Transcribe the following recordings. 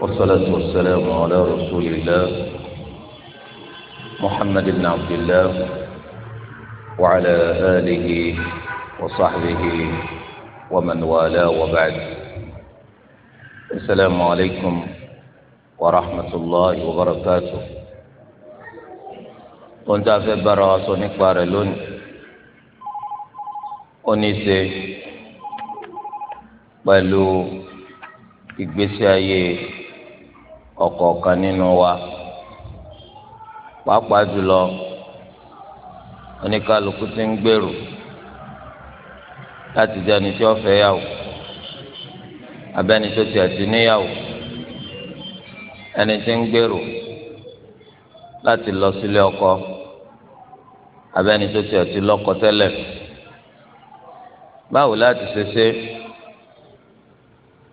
والصلاة والسلام على رسول الله محمد بن عبد الله وعلى آله وصحبه ومن والاه وبعد السلام عليكم ورحمة الله وبركاته كنت في براس ونكبر لون ونسي بلو إجبسي أيه ọ̀kọ̀ọ̀kan nínú wa pàápàá jùlọ oníkálukú ti ń gbèrò láti jẹ́ ẹni tí ó fẹ́ yàwó abẹ́ni tó tiẹ̀ ti níyàwó ẹni tí ń gbèrò láti lọ sílé ọkọ abẹ́ni tó tiẹ̀ ti lọ́kọ tẹ́lẹ̀ báwo láti ṣe ṣe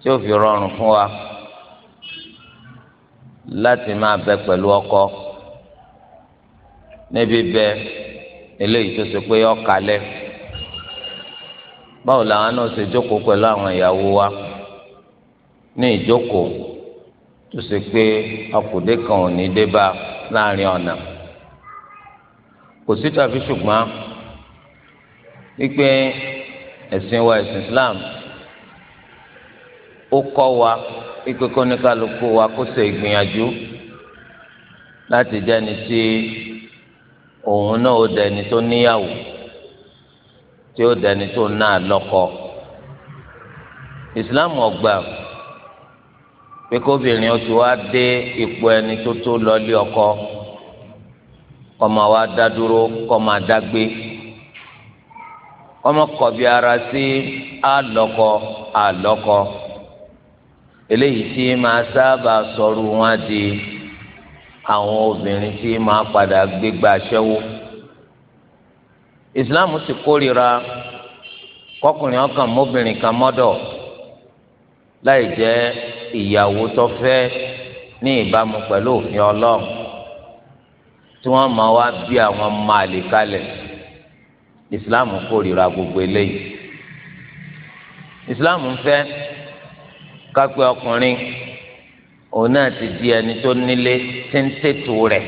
tí ó fi rọrùn fún wa. láti máa bẹ pẹ̀lú ọkọ níbi bẹ eléyìí tó ṣe pé ọkàlẹ̀ báwo làwọn náà ṣe jókòó pẹ̀lú àwọn ìyàwó wa ní ìjókòó tó ṣe pé akùdé kan ò ní dé bá láàrin ọ̀nà kò sí tàbí ṣùgbọ́n wípé ẹ̀sìn wa ẹ̀sìn Islam ó kọ́ wa ikú kóníkàlùkù wa kó ṣe ìgbìyànjú láti dẹni tí òun náà ó dẹni tó níyàwó tí ó dẹni tó náà lọ́kọ islam ọgbà pé kóbìnrin ó ti wá dé ipò ẹni tó tó lọlé ọkọ kọmọ wa dá dúró kọmọ adágbé kọmọ kọbi ara sí àlọkọ àlọkọ eléyìí tí máa sábà sọ̀rọ̀ wọn di àwọn obìnrin tí máa padà gbégbá aṣẹ́wó ìsìláàmù sì kórìíra kọkùnrin ọkàn mọ́bìnrin kan mọ́dọ̀ láì jẹ́ ìyàwó tó fẹ́ ní ìbámu pẹ̀lú òfin ọlọ́run tí wọ́n máa wá bí àwọn máa lè kalẹ̀ ìsìláàmù gbogbo eléyìí ìsìláàmù ń fẹ́ kápẹ́ ọkùnrin òun náà ti di ẹni tó nílé tí ń tètò rẹ̀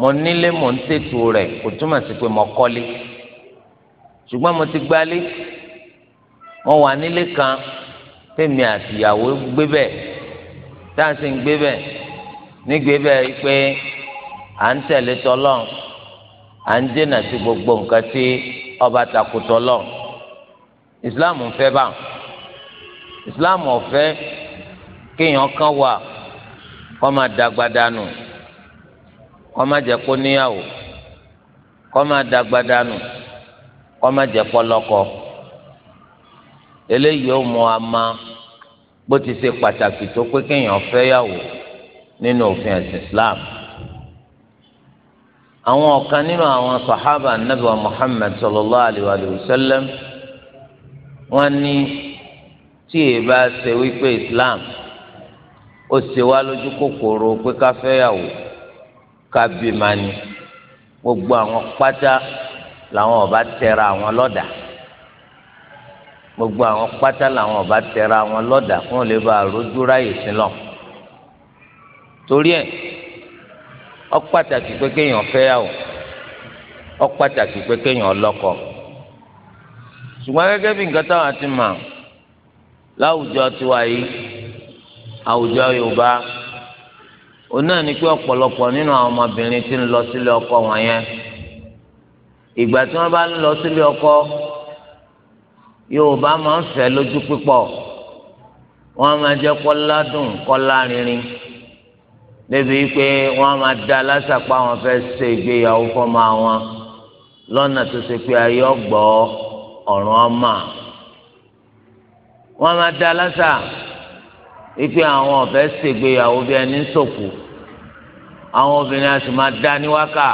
mo nílé mo ń tètò rẹ̀ kò túmọ̀ sí pé mo kọ́lé ṣùgbọ́n mo ti gbálé mo wà nílé kan tèmi àtìyàwó gbé bẹ́ẹ̀ tá a sì ń gbé bẹ́ẹ̀ nígbé bẹ́ẹ̀ pé à ń tẹ̀lé tọ́lọ́n à ń dènà sí gbogbo nǹkan tí ọba takùtọ̀ lọ ìsìláàmù ń fẹ́ báwọn islam ọ̀fẹ́ kéèyàn kan wà kọ́ máa dàgbà dànù kọ́ máa jẹ́ kó níyàwó kọ́ máa dàgbà dànù kọ́ máa jẹ́ kó lọ́kọ eléyìí ó mọ ama bó ti ṣe pàtàkì tó pé kéèyàn fẹ́yàwó nínú òfin ẹ̀sìn islam àwọn ọ̀kan nínú àwọn sàhábà nàbẹ̀wá muhammad sallallahu alayhi wa sallam wọ́n ní tí èèbá ṣe wípé islam ó ṣe wá lójú kòkòrò pé ká fẹ́yàwó ká bímọ ni gbogbo àwọn pátá làwọn ọba tẹra àwọn lọ́dà gbogbo àwọn pátá làwọn ọba tẹra àwọn lọ́dà fún lè bá rojú ráyè sílọ torí ẹ ó pàtàkì pé kéèyàn fẹ́yàwó ó pàtàkì pé kéèyàn lọ́kọ ṣùgbọ́n gẹ́gẹ́ bí nǹkan táwọn ti mọ̀ láwùjọ tiwa yìí àwùjọ yorùbá òun náà ni pé ọ̀pọ̀lọpọ̀ nínú àwọn ọmọbìnrin tí ń lọ sílé ọkọ wọn yẹn ìgbà tí wọ́n bá ń lọ sílé ọkọ yorùbá máa ń fẹ́ lójú pípọ̀ wọ́n máa jẹ́ kọ́ládùn kọ́lárinrin débi pé wọ́n máa da lásàpá wọn fẹ́ ṣe ìgbéyàwó fọ́mọ wọn lọ́nà tó ṣe pé ayé ọgbọ́ ọ̀ràn ọmọ wọ́n máa da lásà wípé àwọn ọ̀fẹ́ ṣègbéyàwó bí ẹni ń sòkò àwọn obìnrin àti máa dá níwákà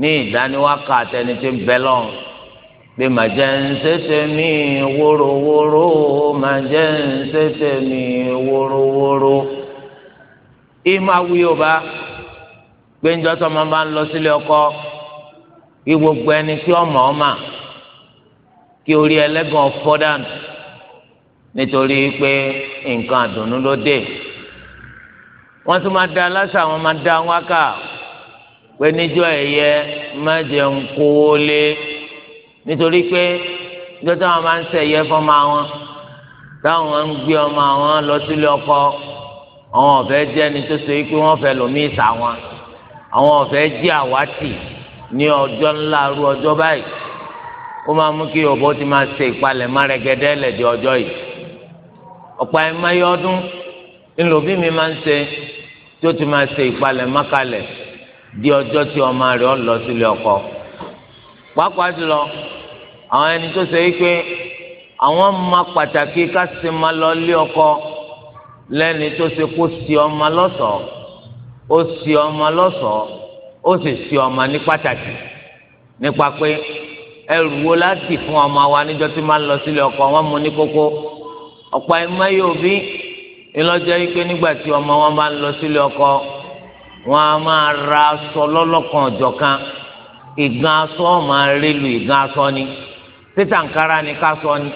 ní ìdániwákà àtẹni tí ń bẹ lọ́n pé màá jẹ́ ń ṣèṣe mí wórówóró màá jẹ́ ń ṣèṣe mí wórówóró. ìmọ̀ awi ò bá gbẹ́njọ́ tó máa bá ń lọ sílé ọkọ kí gbogbo ẹni tí ọmọ ọmọ kí orí ẹlẹ́gàn fọ́ dànù nítorí pé nǹkan àdùnnú ló dé wọ́n tún máa da aláṣà wọ́n máa da wákà pé níjọ́ ẹ̀yẹ má jẹ́ ń kówó lé nítorí pé níjọ́ táwọn máa ń ṣẹ̀yẹ fọ́mọ wọn táwọn ń gbé ọmọ àwọn lọ sílé ọkọ àwọn ọ̀fẹ́ jẹ́ ni tó ṣe pé wọ́n fẹ́ lòmí ìta wọn àwọn ọ̀fẹ́ jẹ́ àwátì ní ọjọ́ ńlá ru ọjọ́ báyìí ó máa mú kí òbó ti máa ṣe ìpalẹ̀mọ́ rẹ̀ lẹ̀dí ọjọ́ yìí ọ̀pọ̀ ẹ̀máyé ọdún ńlọbí mi máa ń ṣe tí ó ti máa ṣe ìpalẹ̀ mọ́kàlẹ̀ di ọjọ́ tí ọmọ rẹ̀ ọ̀ lọ sílé ọkọ. pàápàá jùlọ àwọn ẹni tó ṣe wípé àwọn máa pàtàkì ká ṣe máa lọ lé ọkọ lẹ́ni tó ṣe kó ṣe ọmọ lọ́ṣọ̀ọ́ ó ṣe ọmọ lọ́ṣọ̀ọ́ ó sì ṣe ọmọ ní pàtàkì nípa pé ẹrù wo láti fún ọmọ wa níjọ́ tí máa ń lọ sílé ọkọ wọn mú ní kókó ọ̀pọ̀ ẹ̀ma yóò bí ńlọ́jọ́ yìí pé nígbà tí ọmọ wọn bá ń lọ sílé ọkọ wọn a máa ra aṣọ lọ́lọ́kan ọ̀jọ̀kan ìgbọ̀n aṣọ máa rélu ìgbọ̀n aṣọ ni títàǹkárá ni ká sọ ni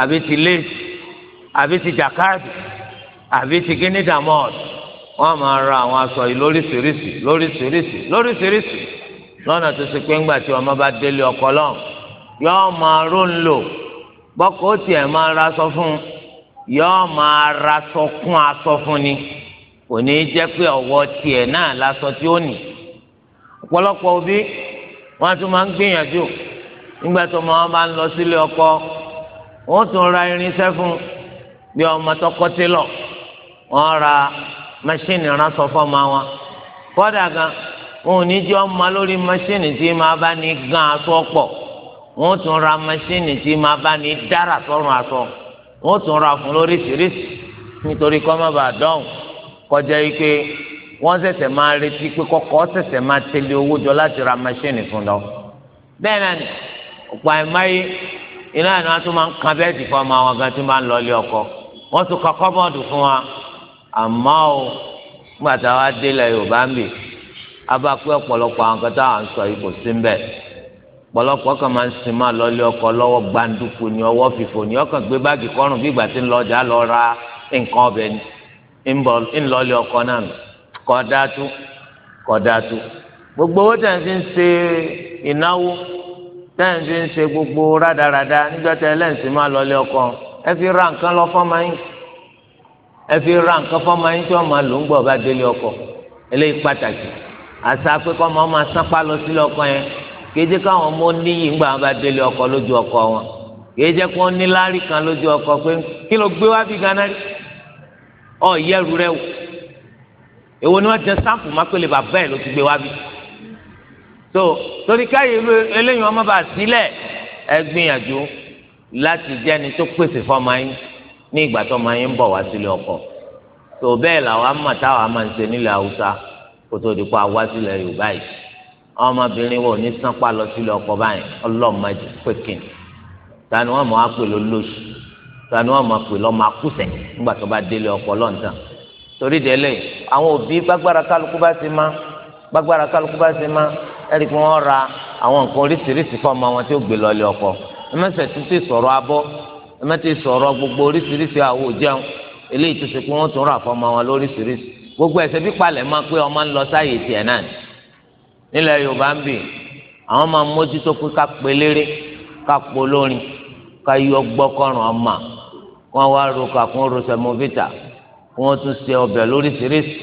àbí ti lace àbí ti jacquard àbí ti guinea damod wọn máa ra àwọn aṣọ yìí lóríṣiríṣi lóríṣiríṣi lóríṣiríṣi lọ́nà tó ṣe pé ńgbà tí ọmọ bá délé ọkọ lọ́hùn yọ́ọ́ máa ró ń bọ́kọ̀ ó tiẹ̀ máa ra aṣọ fún un yọọ máa raṣọ kún aṣọ fún ni kò ní í jẹ́ pé ọwọ́ tiẹ̀ náà láṣọ tí ó nì ọpọlọpọ òbí wọn tún máa ń gbìyànjú nígbà tó máa ń ọkọ wọn tún ra irinṣẹ́ fún bí ọmọ tọkọ lọ wọn ra mẹṣíìnì ránṣọ fọmọ wọn gan wọn ò ní ọmọ lórí mẹṣíìnì tí máa bá ní gan aṣọ ra mẹṣíìnì tí máa bá ní dára wọ́n tún ra fún lóríṣiríṣi nítorí kọ́ má bàa dánwò kọjá yìí pé wọ́n ṣẹ̀ṣẹ̀ máa retí pé kọ́kọ́ ṣẹ̀ṣẹ̀ máa tẹ̀lé owó jọ láti ra mẹ́ṣíìnì fún lọ. bẹ́ẹ̀ náà ni ọ̀pọ̀ àìmáyé iná ìná tó máa ń kan bẹ́ẹ̀dì fún ọmọ àwọn gan tó máa ń lọ ilé ọkọ wọ́n tún kọ́ kọ́bọ̀dù fún wa àmọ́ o nígbà táwa délẹ̀ Yorùbá ń bì abá pé ọ̀pọ̀lọpọ̀ àwọn kan táwọn sọ yìí kò sí ń bẹ́ẹ̀ pọ̀lọpọ̀ kan máa ń sin máa lọlé ọkọ lọ́wọ́ gbanduku ni ọwọ́ fìfò ni ọkàn gbé báàgì kọrùn bí ìgbà tí ń lọjà lọ ra nǹkan ọbẹ̀ ni ń lọlé ọkọ náà nù kọdáàtú kọdáàtú gbogbo owó tẹ̀ ń fi ń ṣe ìnáwó tẹ̀ ń fi ń ṣe gbogbo rádaràda nígbà tẹ̀ lẹ́ǹsìn máa lọlé ọkọ ẹ fi ra nǹkan lọ fọ́mọ yín ẹ fi ra nǹkan fọ́mọ yín tí wọ́n máa lò ń gbọ́ bá délé ọkọ eléyìí pàtàkì àṣà pé kọ́ kéde káwọn ọmọ níyì ńgbà wọn bá délé ọkọ lójú ọkọ wọn kéde kó ní láárí kan lójú ọkọ pé kí ló gbé wá bí gánà rí ọ yẹrù rẹ wò èwo ni wọn jẹ sáǹpù má pélé bàbá ẹ ló ti gbé wá bí tó torí káyé eléyìí wọn má bàa sílẹ̀ ẹ gbìyànjú láti jẹni tó pèsè fọmọ yín ní ìgbà tó ọmọ yín ń bọ̀ wá sílé ọkọ tó bẹ́ẹ̀ làwọn amọ̀ táwọn amọ̀ ń ṣe nílẹ̀ haúsá kó tó di wá sílẹ̀ yorùbá yìí ọmọbìnrin wo ní sánpá lọ sílẹ̀ ọkọ báyìí ọlọ́mọdé pékin tani wọn mọ apè lọlọsù tani wọn mọ apè lọmọ akúsẹ nígbà tó bá délé ọkọ lọ́ntàn torí délé àwọn òbí gbàgbára kálukú bá ti má gbàgbára kálukú bá ti má ẹni pé wọn ra àwọn nǹkan oríṣiríṣi fún ọmọ wọn tí ó gbé lọlé ọkọ ẹmẹsẹ tún ti sọ̀rọ̀ abọ́ ẹmẹsẹ sọ̀rọ̀ gbogbo oríṣiríṣi àwò jẹun eléyìí tó ṣe pé wọn tún rà fún ọmọ wọn lóríṣiríṣi gbogbo ẹsẹ bí palẹ̀ nílẹ̀ yorùbá ń bì àwọn máa mójútó pé ká pelére ká polórin ká yọ gbọ́kọ̀ràn ọmọ wọn wá roka kún rosemovita wọn tún ṣe ọbẹ̀ lóríṣiríṣi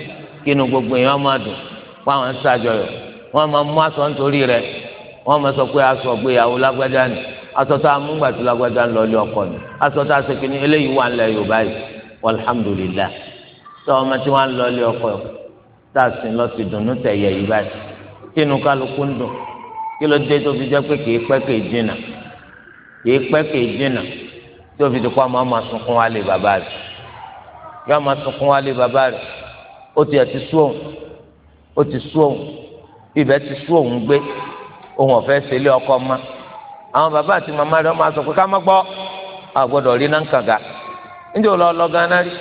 kínú gbogbo èèyàn máa dùn fáwọn ṣàjọyọ̀ wọn máa mú aṣọ nítorí rẹ̀ wọn máa sọ pé aṣọ gbéyàwó lágbájá ni aṣọ tá a mú gbàtú lágbájá ń lọlé ọkọ ni aṣọ tá a ṣe kínní eléyìí wà nílẹ̀ yorùbá yìí walhamdulillah tọ́ ọmọ tí wọ́n á lọlé ọkọ tá a sìn lọ sí dùnú tẹ̀yẹ yìí tínú kálukú ń dùn kí ló dé tó fi jẹ́ pé kì í pẹ́ kì í jìnnà kì í pẹ́ kì í jìnnà tí ó fi ti kọ́ ọmọ ọmọ sunkún wa lé bàbá rẹ̀ yọ ọmọ sunkún wa lé bàbá rẹ̀ ó ti ẹ̀tí sú òun ó ti sú òun ibẹ̀ ti sú òun gbé òun ọ̀fẹ́ sílé ọkọ ma àwọn bàbá àti màmá rẹ̀ ọmọ asọ̀ pé ká má gbọ́ àgbọ̀dọ̀ rí náà ń kàga níjẹ́ òun lọ gan náà rí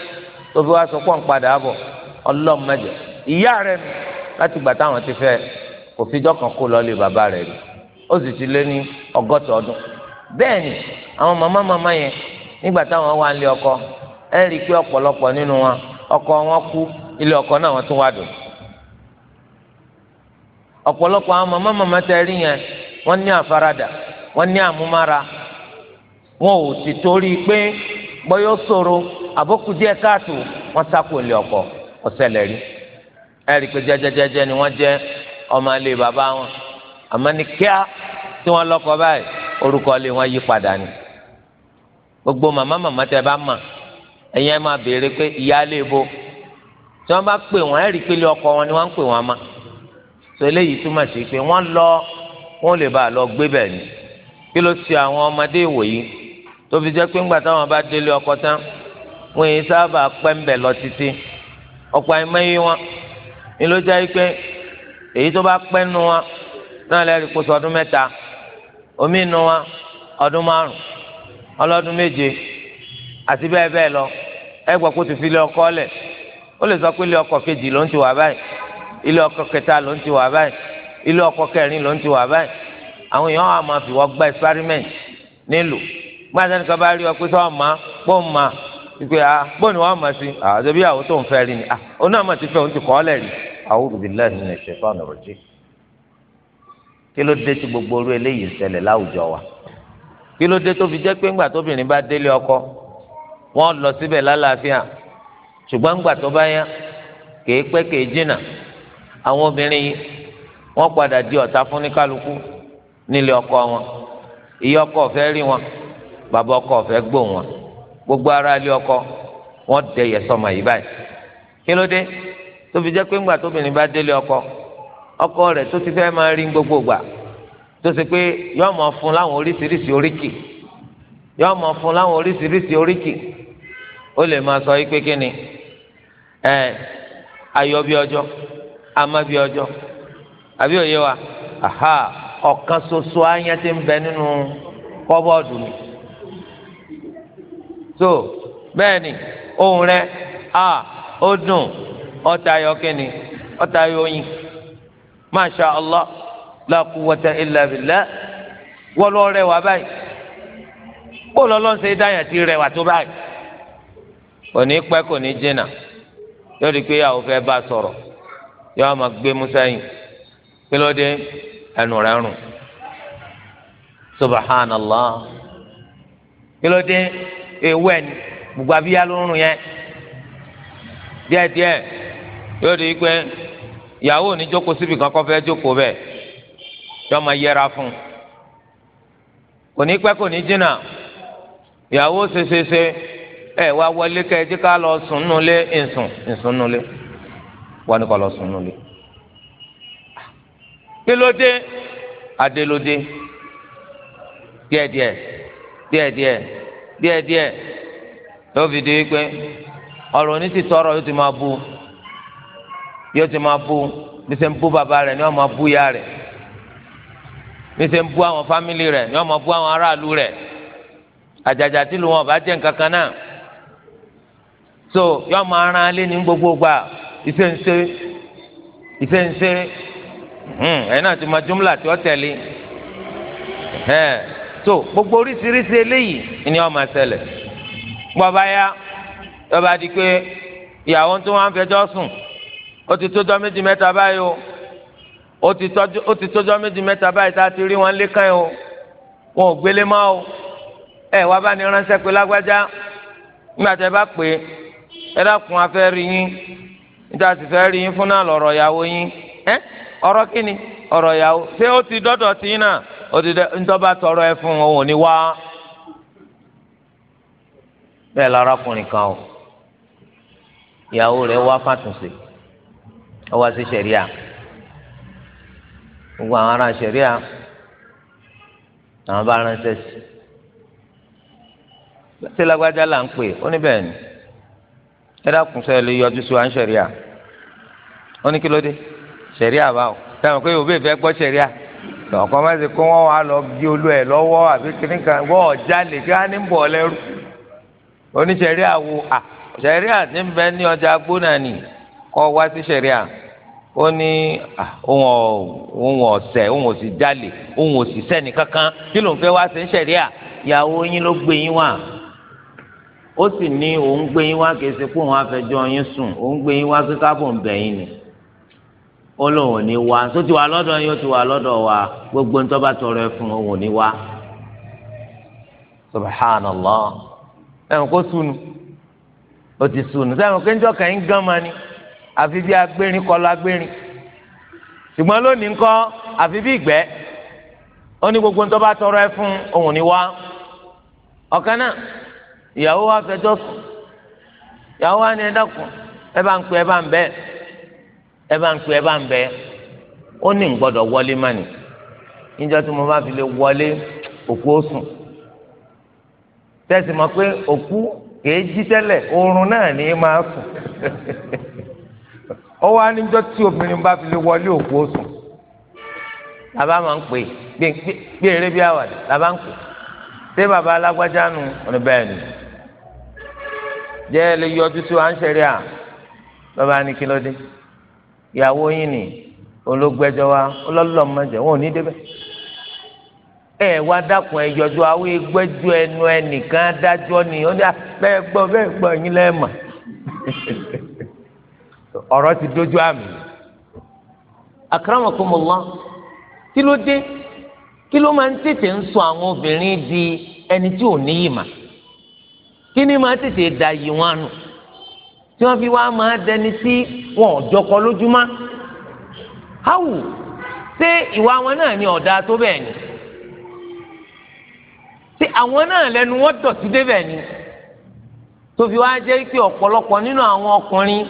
tó fi wá sọ pọ́n padà bọ̀ ọlọ́mọdé ìyá rẹ̀ láti gbà táwọn ti fẹ́ kò fijọ́ kan kó lọ́ọ́ lé bàbá rẹ̀ rí ó sì ti lé ní ọgọ́ta ọdún bẹ́ẹ̀ ni àwọn màmá màmá yẹn nígbà táwọn wá lé ọkọ ẹ rí i pé ọ̀pọ̀lọpọ̀ nínú wọn ọkọ wọn kú ilé ọkọ náà wọn tún wá dùn ọ̀pọ̀lọpọ̀ àwọn màmá màmá tẹ rí yẹn wọ́n ní àfaradà wọ́n ní àmúmára wọn ò sì torí pé bọ́yọ̀ sọ̀rọ̀ àbókù díẹ̀ káàtó wọ́n sáko ilé ọkọ ọ̀sẹ̀ lẹ́rí ẹ rí i pé jẹ́jẹ́jẹ́jẹ́ ni wọ́n jẹ́ ọmọ ilé bàbá wọn àmọ́ ní kíá tí wọ́n lọ́kọ báyìí orúkọ ilé wọn yí padà ni gbogbo màmá màmá tẹ bá mà ẹ̀yin ẹ̀ máa béèrè pé ìyáálé bo tí wọ́n bá pè wọ́n ẹ̀rí pélé ọkọ wọn ni wọ́n ń pè wọ́n ma tó eléyìí túmọ̀ sí pé wọ́n lọ wọ́n lè bá a lọ gbé bẹ̀ ni kí ló ti àwọn ọmọdé ìwòyí tó fi jẹ́ pé ńgbà táwọn bá délé ọkọ tán wọ́n yìí sábà pẹ́ ń bẹ̀ lọ títí ọ̀pọ̀ àìmọye wọn ni ló jẹ́ pé èyí tó bá pẹ́ nu wọn náà lẹ́rìí kó sọ ọdún mẹ́ta omi nu wọn ọdún márùn ọlọ́dún méje àti bẹ́ẹ̀ bẹ́ẹ̀ lọ ẹ gbọ́ kó ti fi ilé ọkọ lẹ̀ ó lè sọ pé ilé ọkọ kejì ló ń ti wà báyìí ilé ọkọ kẹta ló ń ti wà báyìí ilé ọkọ kẹrin ló ń ti wà báyìí àwọn èèyàn wà fi wọ́n gba experiment nílùú gbàdá nìkan bá rí ọ pé sọ ma kó ma ìpè à ah, bó ni wọn ma sí àdébí ah, tó ń fẹ́ rí ni à ah, òun náà mà ti fẹ́ òun ti kọ́ ọ́ lẹ̀ rí a'udhu billahi minash shaitani rajim kí ló dé tí gbogbo orú eléyìí ń ṣẹlẹ̀ láwùjọ wa kí ló dé tó fi jẹ́ pé ńgbà tóbìnrin bá délé ọkọ wọ́n lọ síbẹ̀ lálàáfíà ṣùgbọ́n ńgbà tó bá yá kèé pẹ́ kèé jìnnà àwọn obìnrin yìí wọ́n padà di ọ̀tá fún ní kálukú nílé ọkọ wọn ìyá ọkọ ò rí wọn bàbá ọkọ ò fẹ́ wọn gbogbo ara ọkọ wọ́n dẹyẹ sọmọ yìí báyìí kí ló dé tó fi jẹ́ pé ńgbà tóbìnrin bá délé ọkọ ọkọ tó ti fẹ́ máa rí gbogbo gbà tó ṣe pé yóò máa fún láwọn oríṣiríṣi oríkì yóò máa fún láwọn oríṣiríṣi oríkì sọ pé kí ni ẹ ayọ̀ bí amá bí aha ọ̀kan ṣoṣo ayẹ́ ti ń bẹ nínú kọ́bọ́ọ̀dù mi so bẹ́ẹ̀ ohun rẹ̀ a ó ọta ayọ kẹni ọta yọ oyin masha allah la quwwata illa billah wọlọ rẹwà báyìí kpọlọ lọsẹ dáyà ti rẹwà tó báyìí kò ní pẹ́ kò ní jìnnà yóò di pé yàwó fẹ́ bá sọ̀rọ̀ yóò musa yìí kí ló dé ẹnu rùn subhanallah kí ló dé ewé gbogbo abiyá yóò rí i pé ìyàwó ò jókòó síbi kan kọ́ fẹ́ jókòó bẹ́ẹ̀ yóò máa yẹra fún kò ní pẹ́ kò ní jìnnà ṣeṣeṣe ẹ wá wọlé ká lọ sùn nulẹ̀ ìsùn ìsùn nulẹ̀ lọ sùn nulẹ̀ kí ló dé adé ló dé fi di ti tọrọ yóò ti máa bu. yóò ti máa bú bí ṣe ń bú bàbá rẹ̀ ni wọ́n máa bú ìyá rẹ̀ bí ṣe ń bú àwọn fámìlì rẹ̀ ni wọ́n máa bú àwọn aráàlú rẹ̀ àjàjà tí lu wọn bá jẹ́ nǹkan kan náà so yóò máa rán alé ní gbogbo gbà iṣẹ́ ń ṣe iṣẹ́ ń ṣe hmm, ẹ̀yin náà ti máa jumla tí ó tẹ̀lé so gbogbo oríṣiríṣi eléyìí ni wọ́n máa ṣẹlẹ̀ gbọ́ bá yá yọba di pé ìyàwó tó wọn fẹjọ́ sùn ó ti tójọ́ méjì mẹ́ta báyìí o ó ti tójọ́ méjì mẹ́ta báyìí tá a ti rí wọn lékan yìí o wọn ò gbélé mọ́ o ẹ wá bá ní ránṣẹ́ pé lágbájá nígbà tẹ́ bá pè é ẹ dákun afẹ́ rí yín níta sì fẹ́ rí yín fún náà lọ́rọ̀ ìyàwó yín ẹ ọ̀rọ̀ kí ni ọ̀rọ̀ ìyàwó ṣé ó ti dọ́dọ̀ tí yín náà ó ti dẹ́ ńtọ́ba tọrọ ẹ fún òun ò ní wá bẹ́ẹ̀ lárakùnrin kan o ìyàwó rẹ̀ wá fàtúnṣe. ọwọ́ sí sẹ̀ríà gbogbo àwọn ará sẹ̀ríà àwọn bá ránṣẹ́ sí bẹ́ẹ̀ lágbájá là ń pè ó ní bẹ́ẹ̀ ni ẹ dákun sọ ẹ lè yọjú sí wa ń sẹ̀ríà ó ní kí ló dé sẹ̀ríà báwo táwọn pé òbí ìfẹ́ gbọ́ sẹ̀ríà lọ́kọ́ má ti kó wọ́n wá lọ bí olú ẹ̀ lọ́wọ́ àbí kìnnìkan wọ́n ọ̀já kí wọ́n á ní bọ̀ lẹ́rù oníṣẹ̀ríà wo à sẹ̀ríà ti ń bẹ ní ọjà gbóná nìyí kọ́ wá sí sẹ̀ríà ó ní òun ọ̀sẹ̀ òun ò sì jalè òun ò sì sẹ́ni kankan kí ló ń fẹ́ wá sí sẹ̀ríà ìyàwó yín ló gbé yín wá ó sì ní òun gbé yín wá kìí ṣe pé òun afẹjọ́ yín sùn òun gbé yín wá kíkà bò ń bẹ̀ yín ni ó lóun ò ní wá tó ti wà lọ́dọ̀ yín ó ti wà lọ́dọ̀ wa gbogbo nítorí bá tọrọ ẹ fún òun ò ní wá subhanallah ẹ̀ ń kó sunu ó ti sunu sẹ́wọ̀n kéńjọ́ kàn ń gán ma ni. àfi bí agbérin kọlu agbérin ṣùgbọ́n lónìí ńkọ́ àfi bí ìgbẹ́ ó ní gbogbo ńtọ́ bá tọrọ ẹ fún òun ní wá ọ̀kan náà ìyàwó wa fẹjọ́ sùn ìyàwó wa ní ẹ dákun ẹ bá ń pè ẹ bá ń bẹ ẹ bá ń pè ẹ bá ń bẹ ó ní gbọ́dọ̀ wọlé mání níjọ́ tí mo bá fi lè wọlé òkú ó sùn tẹ̀sí mọ̀ pé òkú kèé jí tẹ́lẹ̀ oorun náà ní máa sùn ó wá níjọ́ tí obìnrin bá fi lè wọlé òkú oṣù làbá máa ń pè bí eré bí àwàdà làbá ń pè ṣé bàbá alágbájá nu ọ̀nà bẹ́ẹ̀ ni jẹ́ ẹ lè yọjú sí wa ń ṣeré à bàbá ní kí ló dé ìyàwó yín ni olóògbẹ́jọ́ wa ọlọ́lọ́mọdé wọn ò ní débẹ̀ ẹ wá dákun ẹyọjọ àwọn egbẹjọ ẹnu ẹnìkan adájọ́ ni ó ní abẹ ah, gbọ́ bẹ́ẹ̀ gbọ́ yín lẹẹmọ ọ̀rọ̀ ti dojú àmì akramakumullah kí ló dé kí ló máa ń tètè ń sọ àwọn obìnrin di ẹni tí ò níyì mà kí ni máa tètè dà yìí wọn nù tí wọn fi wá máa dẹni sí wọn ọjọkọ lójúmọ́ háwù ṣé ìwà wọn náà ni ọ̀dà tó bẹ́ẹ̀ ni ṣé àwọn náà lẹnu wọn dọ̀tí débẹ̀ ni tó fi wá jẹ́ pé ọpọlọpọ nínú àwọn ọkùnrin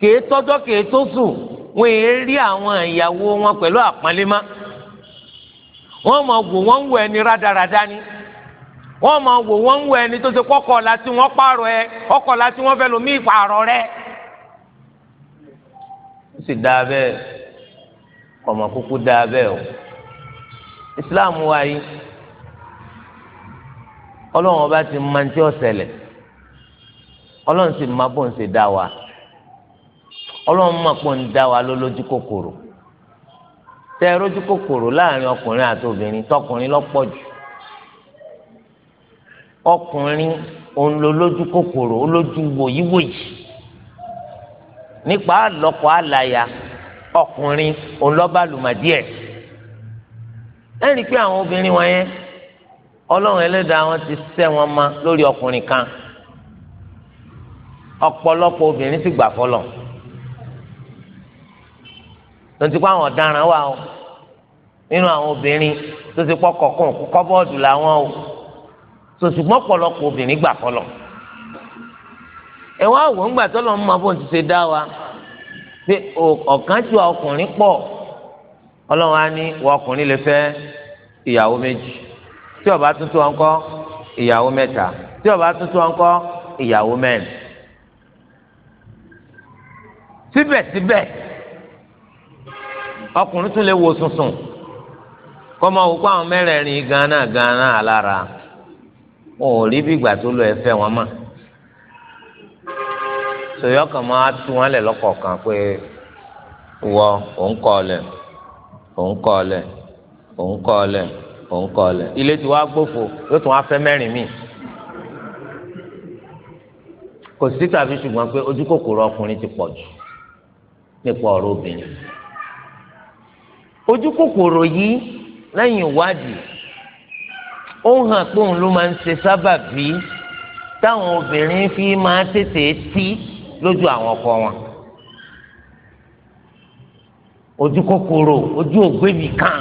kèé tọ́jọ́ kèé tó sùn wọn èé rí àwọn ìyàwó wọn pẹ̀lú àpọ́nlé má wọ́n mọ̀ wò wọ́n ń wọ ẹni rádaràda ni wọ́n mọ̀ wò wọ́n ń ẹni tó ṣe kọ́kọ́ la tí wọ́n ẹ ọkọ̀ la tí wọ́n lomi ìpààrọ̀ rẹ. ó sì dáa bẹ́ẹ̀ ọmọ kúkú dáa bẹ́ẹ̀ o Islam wa yìí ọlọ́run ọba ti máa ń tí ọ̀sẹ̀ lẹ̀ ọlọ́run sì máa bọ̀ ń ṣe dá wa ọlọ́run mọ̀ pé ń dá wa lójú kòkòrò tẹ lójú kòkòrò láàrin ọkùnrin àti obìnrin tọkùnrin lọ́pọ̀ jù ọkùnrin òun lo lójú kòkòrò olójú wòyíwòyí nípa àlọ́kọ̀ àlàyà ọkùnrin òun lọ́ba pé àwọn obìnrin wọn yẹn ọlọ́run ẹlẹ́dàá wọn ti sẹ́ wọn ma lórí ọkùnrin kan ọ̀pọ̀lọpọ̀ obìnrin sì gbà fọlọ́ọ̀ tonti kó àwọn ọ̀daràn wà o nínú àwọn obìnrin tó ti pọ́ kọ̀ọ̀kan kọ́bọ́ọ̀dù làwọn o sòṣùgbọ́n pọ̀lọpọ̀ obìnrin gbà kọlọ̀ ẹ wá wò ń gbà tọ́lọ̀ ń mọ bó ti ṣe dá wa pé ọ̀kan tí ọkùnrin pọ̀ ọlọ́run á ní wọ ọkùnrin lè fẹ́ ìyàwó méjì tí ó bá tuntun ọkọ ìyàwó mẹ́ta tí ó bá tuntun ọkọ ìyàwó mẹ́rin síbẹ̀síbẹ̀. ọkùnrin tún lè wo sunsun kọ́mọ òkú àwọn mẹ́rẹ̀ẹ̀rin gánà gánà alára igba ò rí bí ìgbà tó lọ wọn mọ̀ sòyọ́ kan máa tú wọn lẹ̀ lọ́kọ̀ọ̀kan pé wọ òun ọ òun ọ òun ọ òun ọ ti pọ jù nípa obìnrin. ojú kòkòrò yìí lẹ́yìn ìwádìí ó hàn pé òun ló máa ń ṣe sábàbí táwọn obìnrin fi máa tètè tí lójú àwọn ọkọ wọn ojú kòkòrò ojú ògbébì kan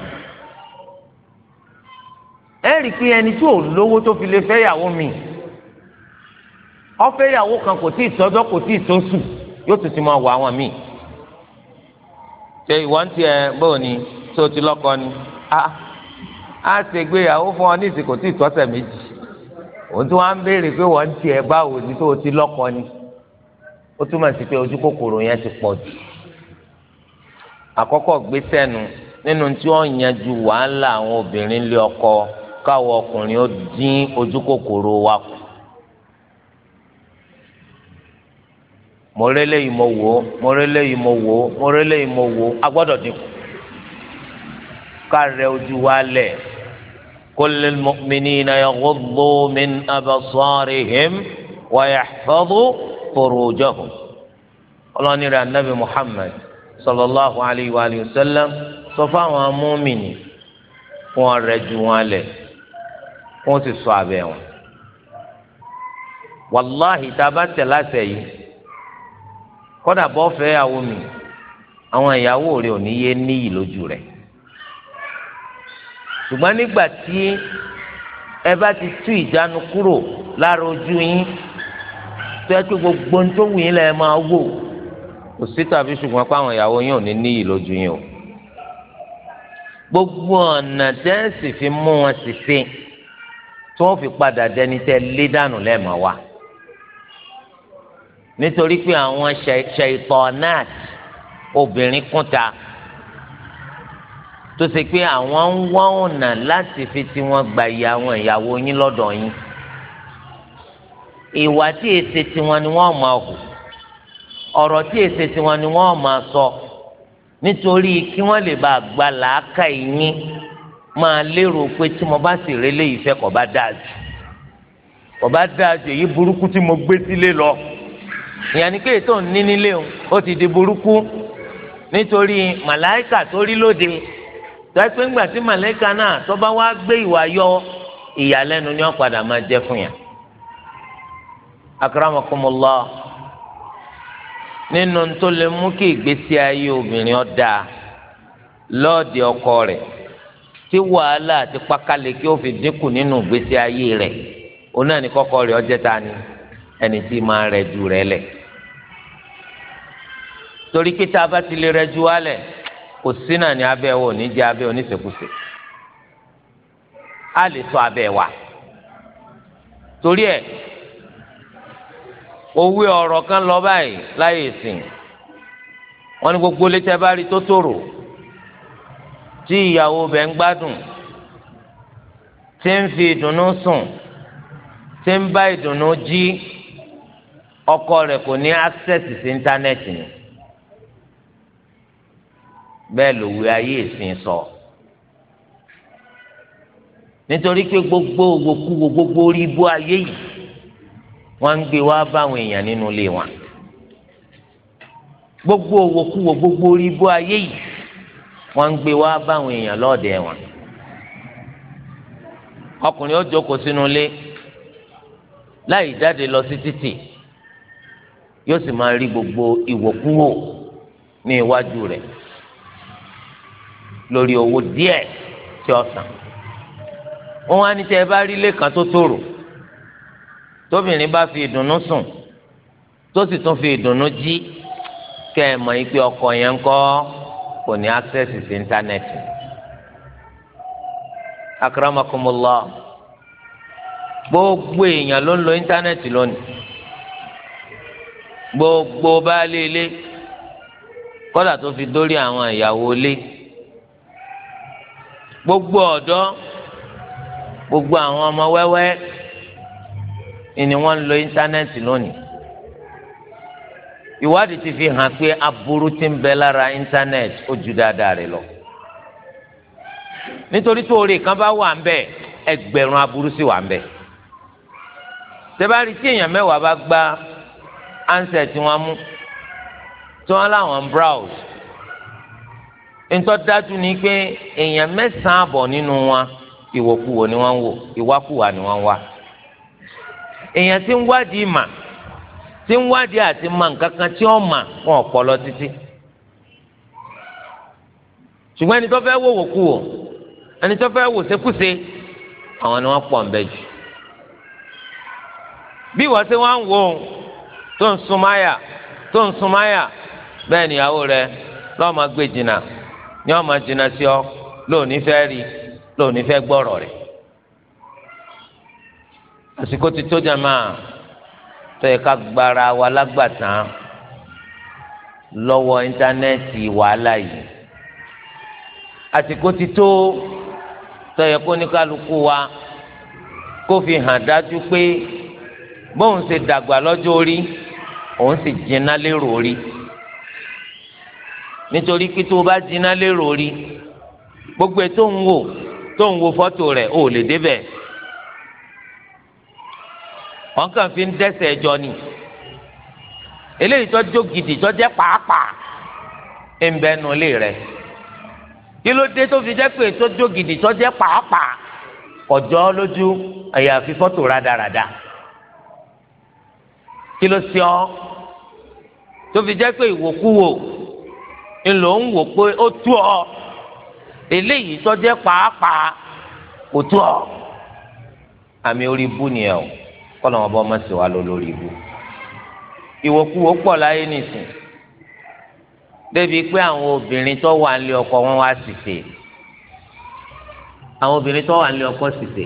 ẹ rí i pé ẹni tí ò lówó tó fi lè fẹ́ yàwó mi ọ fẹ́ yàwó kan kò tí ì sọ́dọ̀ kò tí ì sọ́sù yóò tún ti máa wọ àwọn míì ṣe ìwọ ń tiẹ̀ bò ní tó ti lọ́kọ ni a a ṣe gbéyàwó fún ọ ní ìsìnkú tí ìtọ́sẹ̀ méjì òun tí wọ́n á ń béèrè pé wọ́n ń tiẹ̀ báwo ni tó ti lọ́kọ ni ó túmọ̀ sí pé ojú kòkòrò yẹn ti pọ̀ jù àkọ́kọ́ gbé sẹ́nu nínú tí wọ́n yanjú wàhálà àwọn obìnrin lé ọkọ káwọn ọkùnrin ó dín ojú kòkòrò wa kù mọ̀rẹ́lẹ́ yìí mo wò ó mọ̀rẹ́lẹ́ yìí mo wò ó mọ̀rẹ́lẹ́ yìí mo wò ó a gbọ́dọ̀ dínkù kárẹ ojú wa lẹ̀ kullil mu'minina yaghuddu min abasarihim wa yahfadhu furujahum ọlọ́ni rẹ̀ anabi muhammad sallallahu alayhi wa sallam sọ fáwọn amúmìnì wọn rẹ̀ ju wọn lẹ̀ wọn sì ṣọ́ wọn wàláhì tá a bá tẹ̀ láṣẹ yìí kọ́dà bọ́ fẹ́ ìyàwó mi àwọn ìyàwó rẹ̀ ò ní yé níyì lójú rẹ̀ ṣùgbọ́n nígbà tí ẹ bá ti tú ìjánu kúrò lára ojú yín tó yẹ pé gbogbo ohun tó wù yín lẹ́ẹ̀ máa wò kò sí tàbí ṣùgbọ́n pé àwọn ìyàwó yín ò ní níyì lójú yín o gbogbo ọ̀nà tẹ́ ẹ sì fi mú wọn sì ṣe tí wọ́n fi padà dẹni tẹ́ lé dànù lẹ́ẹ̀mọ́ wa nítorí pé àwọn ṣètọ́nàt obìnrin kúnta tó ṣe pé àwọn ń wá ọ̀nà láti fi tiwọn gba ìyá àwọn ìyàwó yín lọ́dọ̀ yín ìwà tí èsè tiwọn ni wọ́n máa hù ọ̀rọ̀ tí èsè tiwọn ni wọ́n máa sọ nítorí kí wọ́n lè bá gba làákà yín máa lérò pé tí mo bá sì relé ìfẹ́ kò bá dáa jù kò bá dáa jù èyí burúkú tí mo gbé sílé lọ. ìyànní kéè tó ní nílé o ó ti di burúkú nítorí màláìkà tó rí lóde tọ́pẹ́ ńgbà tí màláìkà náà tó bá wá gbé ìwà yọ ìyàlẹ́nu ni wọ́n padà máa jẹ́ fún yàn. akramakumullah nínú tó lè mú kí ìgbésí ayé obìnrin ó dáa lọ́ọ̀dì ọkọ rẹ̀ tí wàhálà àti pákáleke ó fi dínkù nínú ìgbésí ayé rẹ̀ òun náà ní kọ́kọ́ rẹ̀ ó jẹ́ ni. ẹni tí máa rẹ̀ ju rẹ̀ lẹ̀ torí pé tá a bá ti lè rẹ̀ ju wa lẹ̀ kò sí náà ní abẹ́ wo ní jẹ́ abẹ́ oníṣekúṣe a lè sọ abẹ́ wa torí ẹ̀ òwe ọ̀rọ̀ kan lọ báyìí láyé ìsìn wọn ní gbogbo létí bá rí tó tòrò tí ìyàwó bẹ̀ ń gbádùn tí ń fi ìdùnnú sùn tí ń bá ìdùnnú jí. ọkọ rẹ kò ní access sí íńtánẹ́ẹ̀tì ni bẹ́ẹ̀ lòwe ayé ìsìn sọ nítorí pé gbogbo gbogbo gbogbo orí ibú ayé yìí wọ́n ń gbé wá báwọn èèyàn nínú ilé wọn gbogbo òwòkúwò gbogbo orí ibú ayé yìí wọ́n ń gbé wá báwọn èèyàn lọ́ọ̀dẹ wọn ọkùnrin ó jókòó sínú ilé láì jáde lọ sí títì. yóò sì máa rí gbogbo ìwòkúwò ní iwájú rẹ̀ lórí owó díẹ̀ tí ó san wọn wá ní tẹ ẹ bá rí ilé kan tó tòrò tóbìnrin bá fi ìdùnnú sùn tó sì tún fi ìdùnnú jí kẹ ẹ mọ̀ ipe ọkọ yẹn ń kò ní access sí íńtánẹ́ẹ̀tì akramakumullah gbogbo èèyàn ló ń lo íńtánẹ́ẹ̀tì lónìí gbogbo baálé ilé kọ́dà tó fi dórí àwọn ìyàwó ilé gbogbo ọ̀dọ́ gbogbo àwọn ọmọ wẹ́wẹ́ ni wọ́n ń lo íńtánẹ́ẹ̀tì lónìí ìwádìí ti fi hàn pé aburú ti ń bẹ lára íńtánẹ́ẹ̀tì ó ju dáadáa rẹ̀ lọ nítorí tó orí kan bá wà ń bẹ ẹgbẹ̀rún aburú sì wà ń bẹ tẹ́bárí tí èèyàn mẹ́wàá bá gbá ansẹ̀ tí wọ́n mú tí wọ́n láwọn browse ntọ́ ni pé èèyàn mẹ́sàn-án àbọ̀ nínú wọn ìwòkuwò ni wọ́n ń wò ìwákuwà ni wọ́n ń wá èèyàn tí ń wádìí mà tí ń wádìí àti mà nǹkan kan tí wọ́n mà wọn ọ̀pọ̀ títí ṣùgbọ́n ẹni tó fẹ́ wò wòkuwò ẹni tó fẹ́ wò ṣekúṣe àwọn ni wọ́n pọ̀ ń bẹ jù bí wọ́n ṣe wá ń wò ó tó ń súnmáyà tó ń súnmáyà bẹ́ẹ̀ níyàwó rẹ lọ́ọ́ máa gbé jìnnà ni wọ́n máa jìnnà sí ọ lóòní fẹ́ rí lóòní fẹ́ gbọ́rọ̀ rẹ̀ àsìkò ti tó jàmá tó yẹ ká gbára wa lágbàtàn lọ́wọ́ íńtánẹ́ẹ̀tì wàhálà yìí àsìkò ti tó tó yẹ kó ní wa kó fi hàn dájú pé bóun ṣe dàgbà lọ́jọ́ orí. òun sì jiná lérò rí nítorí pé tó o bá jiná lérò gbogbo ẹ̀ tó ń wò tó ń wo fọ́tò rẹ̀ ò lè fi ń dẹ́ṣẹ̀ ẹjọ́ ni eléyìí tó jó gidi tó jẹ́ pàápàá ń bẹ nu ilé fi jẹ́ pé tó jó gidi tó jẹ́ pàápàá ọjọ́ lójú àyàfi fọ́tò rádaràda. Rada kí ló ṣe ọ tó fi jẹ́ pé ìwòkúwò ńlò ń wò pé ó tú ọ eléyìí tó jẹ́ pàápàá kò tú ọ àmì orí ibú nìyẹn o kọ́nà wọn bọ́ ọmọ sí wa lọ lórí ibú ìwòkúwò pọ̀ láyé nìsín débi pé àwọn obìnrin tó wà nílé ọkọ wọn wá sì tè àwọn obìnrin tó wà nílé ọkọ sì tè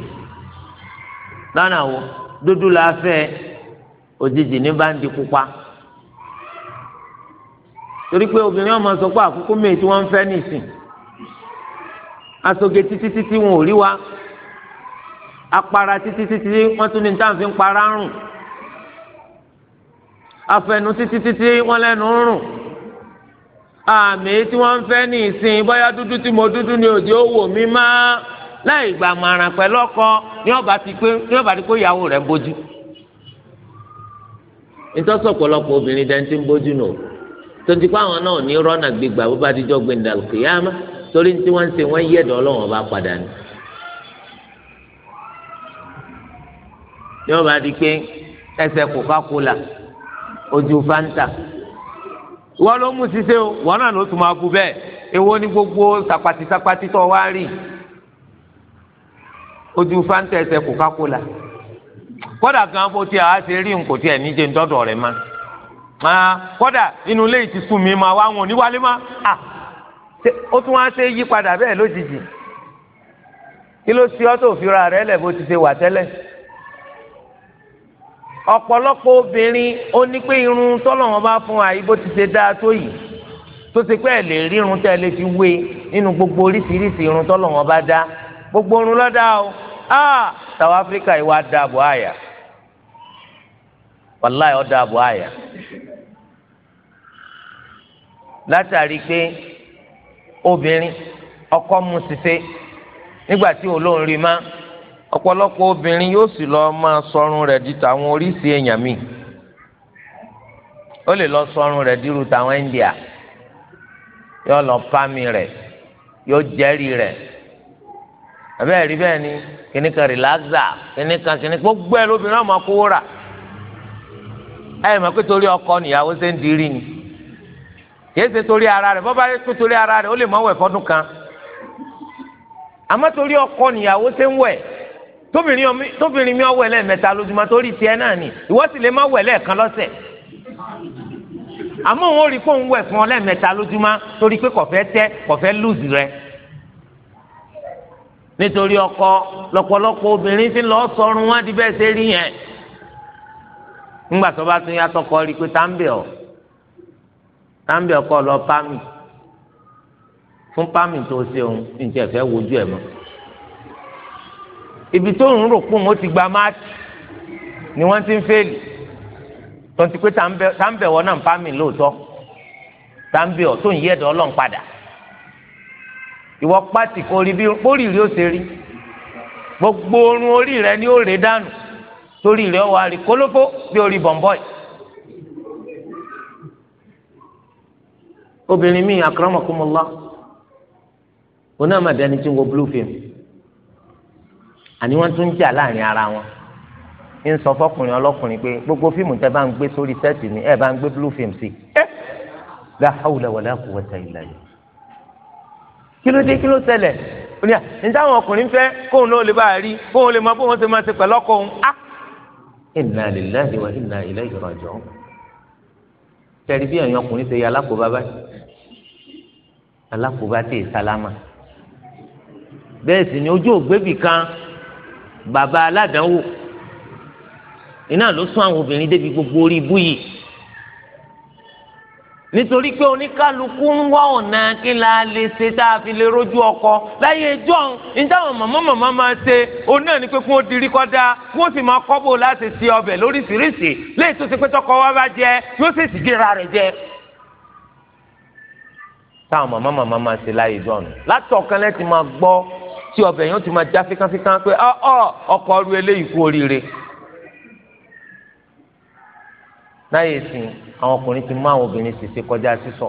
lọ́nà wo dúdú la fẹ́ òjijì ní bá ń di pupa torí pé obìnrin ọmọ sọ pé àkókò míì tí wọ́n ń fẹ́ nìsín asoge títí títí wọn ò rí wa apara títí títí wọ́n tún ní táwọn fi ń para rùn afẹnu títí títí wọ́n lẹ́nu rùn àmì tí wọ́n ń fẹ́ nìsín bóyá dúdú tí mo dúdú ni òjò wò mí máa láì gbàmọ̀ràn pẹ̀lú ọkọ ní ọba ti pé ìyàwó rẹ̀ bójú nítorí ọ̀pọ̀lọpọ̀ obìnrin dẹ́n ti ń bójú nù tó ti kó àwọn náà ní rọ́nà gbígbà bó bá dijọ́ gbẹ̀ndà lùkìyàmá torí tí wọ́n ń ṣe wọ́n yẹ̀dọ̀ ọlọ́wọ́n bá padà ní. yóò bá di pé ẹsẹ̀ Coca-Cola ojú Fanta wọ́n ló mú ṣiṣẹ́ o wọ́n náà ló tún máa bu bẹ́ẹ̀ èwo ni gbogbo sàpàtìsàpàtì tó wá rí ojú Fanta ẹsẹ̀ Coca-Cola kódà gan bó tiẹ̀ á ṣe rí nkò tiẹ̀ níjẹ́ ńdọ́dọ̀ rẹ̀ ma ah, kódà inú ilé ti sùn mi ma wá wọn níwálé ma ah, ó tún wá ṣe yí padà bẹ́ẹ̀ lójijì kí ló ṣe ọ́ tó fi ra rẹ̀ lẹ̀ bó ti ṣe wà tẹ́lẹ̀ ọ̀pọ̀lọpọ̀ obìnrin ó ní pé irun tọ́lọ́wọ́n bá fún wa yìí bó ti ṣe dáa tó yìí tó ṣe pé ẹ̀ lè rí irun tẹ́ ẹ lè fi wé nínú gbogbo oríṣiríṣi irun tọ́lọ́wọ́n bá dá gbogbo irun lọ́dá o ah South Africa yìí wá da buhaya wàláyé ọ da buhaya látàrí pé obìnrin ọkọ mu ṣiṣẹ́ nígbà tí olóhùn rí má ọ̀pọ̀lọpọ̀ obìnrin yóò sì lọ máa sọrun rẹ̀ di tàwọn oríṣi èèyàn mi ó lè lọ sọrun rẹ̀ dírú tàwọn India yóò lọ pàmì rẹ̀ yóò jẹ́rìí rẹ̀ abẹ́ẹ̀ rí bẹ́ẹ̀ ni kìnnìkan rìláxà kìnnìkan kìnnìkan gbogbo ẹ lóbìnrin náà máa kówó rà ẹ mọ̀ pé torí ọkọ nìyàwó ṣe ń dirí ni kìí ṣe torí ara rẹ̀ bọ́ bá yẹ pé torí ara rẹ̀ ó lè máa wẹ̀ fọ́dún kan àmọ́ torí ọkọ nìyàwó ṣe ń wẹ̀ tóbìnrin mi ọwẹ́ lẹ́ẹ̀mẹ́ta lójúmọ́ torí tiẹ̀ náà ni ìwọ sì lè má wẹ̀ lẹ́ẹ̀kan lọ́sẹ̀ àmọ́ òun ò rí kóun wẹ̀ fún ọ lẹ́ẹ̀mẹ́ta lójúmọ́ torí pé kọ̀fẹ́ tẹ́ kọ̀fẹ́ lùzì rẹ̀ nítorí ọkọ lọ́pọ̀lọpọ̀ obìnrin ti lọ sọrun wọn di bẹ́ẹ̀ ṣe rí yẹn ńgbà tó bá tún yàtọ̀ kọ rí i pé táǹbì ọ táǹbì ọkọ lọ pámì fún pámì tó ṣe òun ǹjẹ́ fẹ́ wojú ẹ̀ mọ́ ibi tó ń rò pọ̀ mọ́ ti gba máàkì ni wọ́n ti ń fẹ́ẹ̀lì tó pé táǹbì ọ náà pámì lóòótọ́ táǹbì ọ tó ń yẹ̀dọ̀ ọlọ́run padà ìwọ pàtì kò rí bí bórí rí ó ṣe rí gbogbo orun orí rẹ ni ó rè dànù torí rẹ wà rí kólófó bí orí bọ̀m̀bọ̀ yìí. obìnrin mi akramakumullah oní àmàdání tí ń wo blue film àní wọn tún jà láàrin ara wọn ń sọ fọkùnrin ọlọkùnrin pé gbogbo fíìmù tẹ bá ń gbé sórí sẹẹtì ni ẹ bá ń gbé blue film sí. la hawla wala quwwata illa billah kí ló dé kí ló ṣẹlẹ̀ oníyà níta àwọn ọkùnrin fẹ́ kóun náà lè bá a rí kóun lè mọ bóun ṣe máa ṣe pẹ̀lú ọkọ òun á. inna lillahi wa inna ilayhi raji'un tẹ̀lé bí ẹ̀yin ọkùnrin ṣe yẹ alákòóbá báyìí alákòóbá tẹ̀ sálámà bẹ́ẹ̀ sì ni ojú ògbébì kan bàbá aládàáwò iná ló sún àwọn obìnrin débi gbogbo orí ibú yìí nítorí pé oníkálukú ń wá ọ̀nà kí la lè ṣe tá a fi lè rójú ọkọ láyé ẹjọ́ ìdáhùn màmá màmá máa ṣe òun náà ni pé kí wọ́n dirí kọ́dá kí wọ́n sì máa kọ́bò láti ṣe ọbẹ̀ lóríṣiríṣi léyìí tó ṣe pé tọkọ wa bá jẹ yóò sì sì jẹra rẹ̀ jẹ. táwọn màmá màmá máa ṣe láyé ẹjọ́ nù látọ̀kan lẹ́tì máa gbọ́ tí ọbẹ̀ yẹn ti máa já fíkánfíkán pé ọkọ̀ ọ̀rú eléyìí kú oríire láyé sìn àwọn ọkùnrin ti mú àwọn obìnrin ṣèṣe kọjá sísọ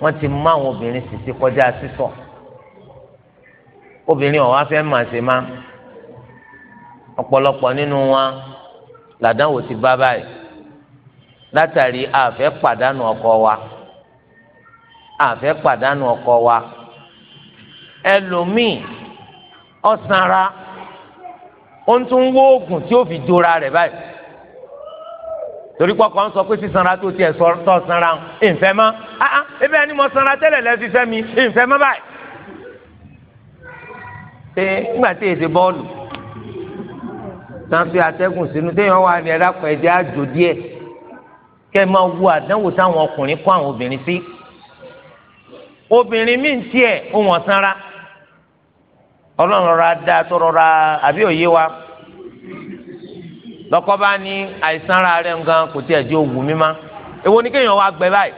wọn ti mú àwọn obìnrin ṣèṣe kọjá sísọ obìnrin ọ̀wá fẹ́ mà ṣe má ọ̀pọ̀lọpọ̀ nínú wọn làdánwò ti bá báyìí látàrí àfẹ́ pàdánù ọkọ wa àfẹ́ pàdánù ọkọ wa ẹlòmíì ọ̀sánra ó ń tún wó oògùn tí ó fi dora rẹ̀ báyìí torí pọ̀ kàn sọ pé sísanra tó tiẹ̀ tọ́ sanra ǹfẹ́ mọ́ ah ah ebe ẹni mo sanra tẹ́lẹ̀ lẹ́sí fẹ́ mi ǹfẹ́ mọ́ báyìí. ṣé nígbà tí èsè bọ́ọ̀lù sanfi atẹ́gùn sínú téèyàn wà ní ẹ̀dá kan ẹ̀dá àjò díẹ̀ kẹ́ ẹ máa wo àdánwò táwọn ọkùnrin kọ́ àwọn obìnrin sí. obìnrin míì tiẹ̀ ó wọ̀n sanra ọlọ́run rọra dáa tó rọra àbí òye wa lọ́kọ́ ní àìsàn ara rẹ̀ nǹkan kò tiẹ̀ di òwú mi má èwo ni kéèyàn wá gbẹ báyìí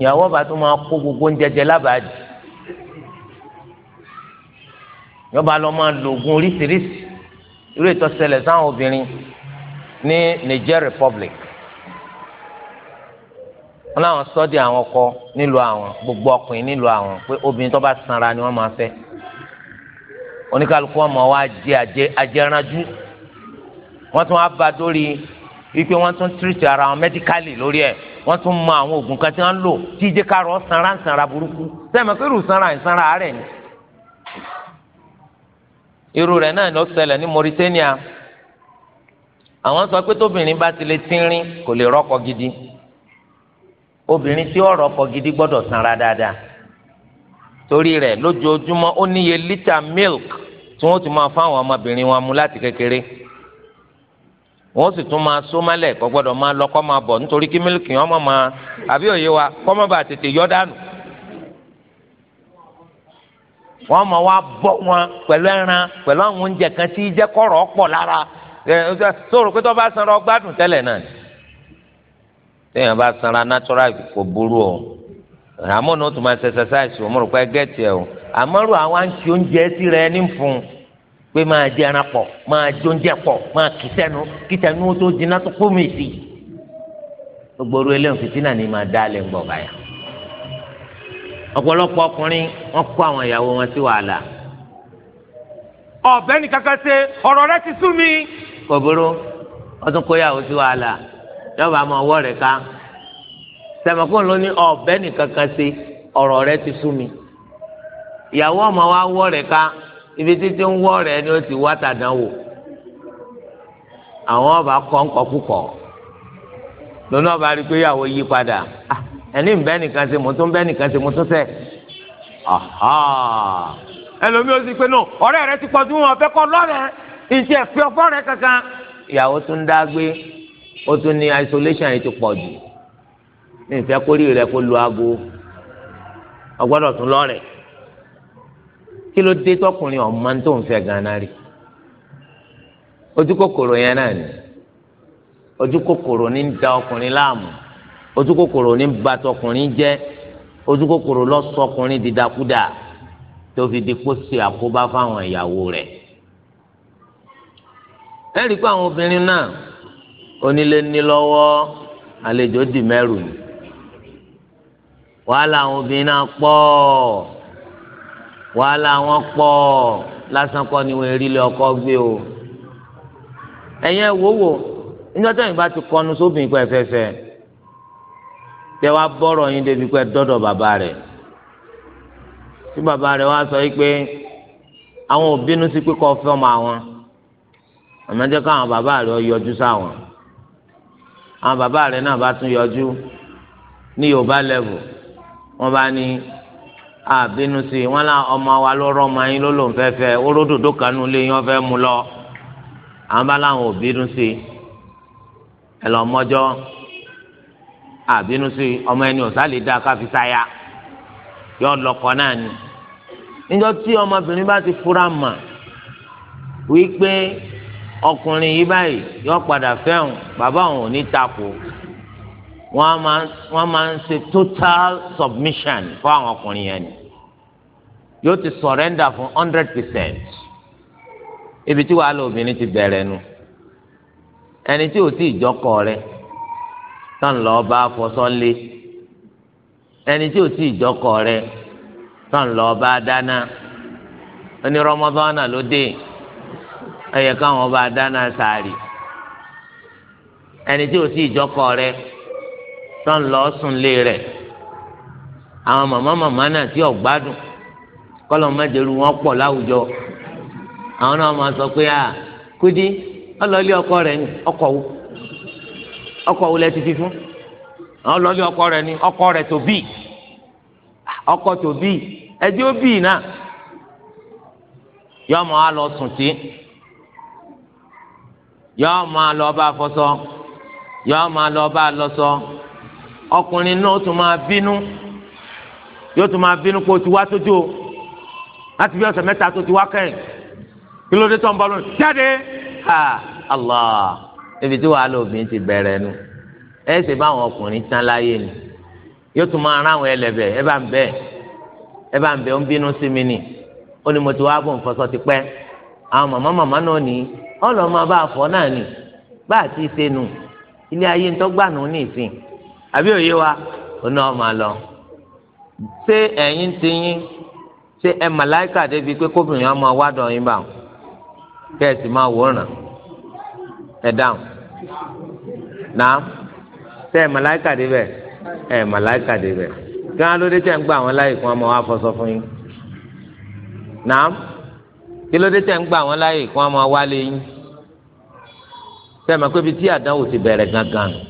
ìyàwó bá tún máa kó gbogbo oúnjẹ jẹ lábàájì yọba lọ máa lo oògùn oríṣiríṣi irú ètò ṣẹlẹ̀ sáwọn obìnrin ní Niger Republic wọn làwọn sọ́ọ̀dì àwọn ọkọ nílùú àwọn gbogbo ọkùnrin nílùú àwọn pé obìnrin tó bá sanra ni wọ́n máa fẹ́ oníkálukú ọmọ wa jẹ ajẹranjú wọ́n tún wá bá dórí wípé wọ́n tún tírìtì ara wọn mẹ́díkálì lórí ẹ̀ wọ́n tún mọ àwọn oògùn kan tí wọ́n ń lò tí ìjẹ́ ká sanra ń sanra burúkú sẹ́mi pé irú sanra ń sanra àárẹ̀ ni. irú rẹ̀ náà ló ṣẹlẹ̀ ní Mauritania àwọn sọ pé tóbìnrin bá ti lè tínrín kò lè rọ́kọ gidi obìnrin tí ó rọ́kọ gidi gbọ́dọ̀ sanra dáadáa torí rẹ̀ lójoojúmọ́ ó níye lítà milk tí wọ́n ti máa fáwọn ọmọbìnrin wọn láti kékeré wọ́n sì tún máa só mọ́lẹ̀ kó gbọ́dọ̀ máa lọ kó máa bọ̀ nítorí kí mílìkì wọn ma máa àbí òye wa kó má bàa tètè yọ dànù wá bọ wọn ẹran àwọn oúnjẹ kan tí lára pé tó bá sanra ọgbádùn o àmọ́ náà tó máa ṣe exercise o mo rò pé gẹ́tì ẹ̀ o àmọ́ rò àwọn àǹtí oúnjẹ sí rẹ ní fún un pé máa jẹ ẹran pọ̀ máa jẹ oúnjẹ pọ̀ máa kì sẹ́nu kì sẹ́nu tó jiná tó kú mi sí i gbogbo orí eléyìí fìtínà ni máa dá lé ńgbọ̀ báyà ọ̀pọ̀lọpọ̀ ọkùnrin wọ́n kó àwọn ìyàwó wọn sí wàhálà. ọ̀bẹ ní kankan ṣe ọ̀rọ̀ rẹ ti sú mi. kò burú wọ́n tún sí wàhálà yọ̀ọ́ sẹmọkùn ló ní ọbẹ nìkan kan ṣe ọ̀rọ̀ rẹ̀ ti sú mi ìyàwó ọmọ wa wọ rẹ ká ibi títí ń wọ rẹ ni ó ti wá tàdán wò àwọn ọba kọ ńkọ púpọ̀ lónà ọba rí pé ìyàwó yí padà ah, ẹni ń bẹ nìkan ṣe mo tún bẹ nìkan ṣe mo tún ṣe ẹlòmí ó sì pé nù ọ̀rẹ́ rẹ̀ ti pọ̀jù wọn ọ̀fẹ́ kọ́ lọ́rẹ̀ ìṣe ẹ̀fẹ́ ọ̀fọ́ rẹ̀ kankan ìyàwó tún dá gbé ó tún ní isolation yìí ti pọ̀ jù ní ìfẹ́ kórìí rẹ kó lu aago ọgbọ́dọ̀ tún lọ́rẹ̀ kí ló dé tọkùnrin ọmọ tó ń fẹ́ ganan rí ojú kòkòrò yẹn náà ni ojú kòkòrò ní ń da ọkùnrin láàmú ojú kòkòrò ní ń ba tọkùnrin jẹ́ ojú kòkòrò ló sọ ọkùnrin di dákúdà tó fi di kó ṣe àkóbá fáwọn ìyàwó rẹ̀ ẹ rí i pé àwọn obìnrin náà onílé ní lọ́wọ́ àlejò dì mẹ́rù ni wàhálà àwọn obìnrin náà pọ̀ wàhálà wọn pọ̀ lásán kọ́ ni wọ́n rí lé ọkọ gbé o ẹ̀yin wò wò níjọ́ tẹ̀yìn bá ti kọnu sóbìn pẹ́ fẹ́fẹ́ tẹ wá bọ́rọ̀ yín débi pẹ́ dọ́dọ̀ bàbá rẹ̀ tí bàbá rẹ̀ wá sọ pé àwọn òbí nu sí pé kọ́ fẹ́ ọmọ àwọn àmọ́ jẹ́ káwọn bàbá rẹ̀ yọjú sáwọn àwọn bàbá rẹ̀ náà bá tún yọjú ní yorùbá level wọ́n bá ní àbínú sí i wọ́n lá ọmọ wa ló rọ́ọ̀mọ yín ló lòún fẹ́ẹ́ fẹ́ olódòdó kanú lé yín wọ́n fẹ́ mú lọ àwọn bá láwọn ò sí i ẹ lọ mọ́jọ́ àbínú sí i ọmọ ẹni ò sálè dá káfí sáyà yọ lọkọ náà ni níjọ́ tí ọmọbìnrin bá ti fura mà wípé ọkùnrin yìí báyìí yọ padà fẹ́hùn bàbá òun ò ní takò wọ́n máa wọ́n máa ń ṣe total submission fún àwọn ọkùnrin yẹn ni yóò ti surrender fún hundred percent ibi tí wàhálà obìnrin ti bẹ̀rẹ̀ nu ẹni tí ò tí ì jọkọ rẹ̀ tán lọ bá fọsọ́lé ẹni tí ò tí ì jọkọ rẹ̀ tán lọ bá dáná ẹni rọmọdọ́nà ló dé ẹ̀yẹ káwọn bá dáná sáré ẹni tí ò tí ì jọkọ rẹ̀. tó ń lọ sùn lé rẹ̀ àwọn màmá màmá náà tí ọ̀gbádùn kọ́lọ́ mẹ́jẹ̀rú wọn pọ̀ láwùjọ àwọn náà máa sọ pé à kúdí ọkọ rẹ ni ọkọ wo ọkọ wo lẹ ti fi fún ọkọ tó lọ sùn lọ bá ọkùnrin náà tún máa bínú yóò tún máa bínú pé o ti wá sójú o láti bí ọ̀sẹ̀ mẹ́ta tó ti wá kẹ́yìn kí ló dé tó ń bọ́ lónìí jáde ha allah ibi tí wàhálà obìnrin ti bẹ̀rẹ̀ nu ẹ ṣe báwọn ọkùnrin tán láyé ni yóò tún máa rán àwọn ẹlẹ́bẹ̀ ẹ bá ń bẹ̀ ẹ bá ń bẹ̀ ó ń bínú sí mi nì ó ní mo ti wá bò ń fọṣọ ti pẹ́ àwọn màmá màmá àbí òye wa ọ̀nà ọ̀ma lọ ṣé ẹ̀yin ti yín ṣé ẹ màláìkà débi pé kóbìnrin ọmọ wádọ̀ yín bá wọn kẹ́ ẹ sì máa wòran ẹ dáhùn náà ṣé ẹ màláìkà débẹ̀ ẹ màláìkà débẹ̀ kí wọn lóde tẹ̀ ń gbà wọn láyè kí wọn máa wá fún yín náà kí lóde tẹ̀ ń gbà wọn láyè kí wọn máa lé yín ṣé ẹ mọ̀ pé ibi tí àdánwò ti bẹ̀rẹ̀ gangan nù.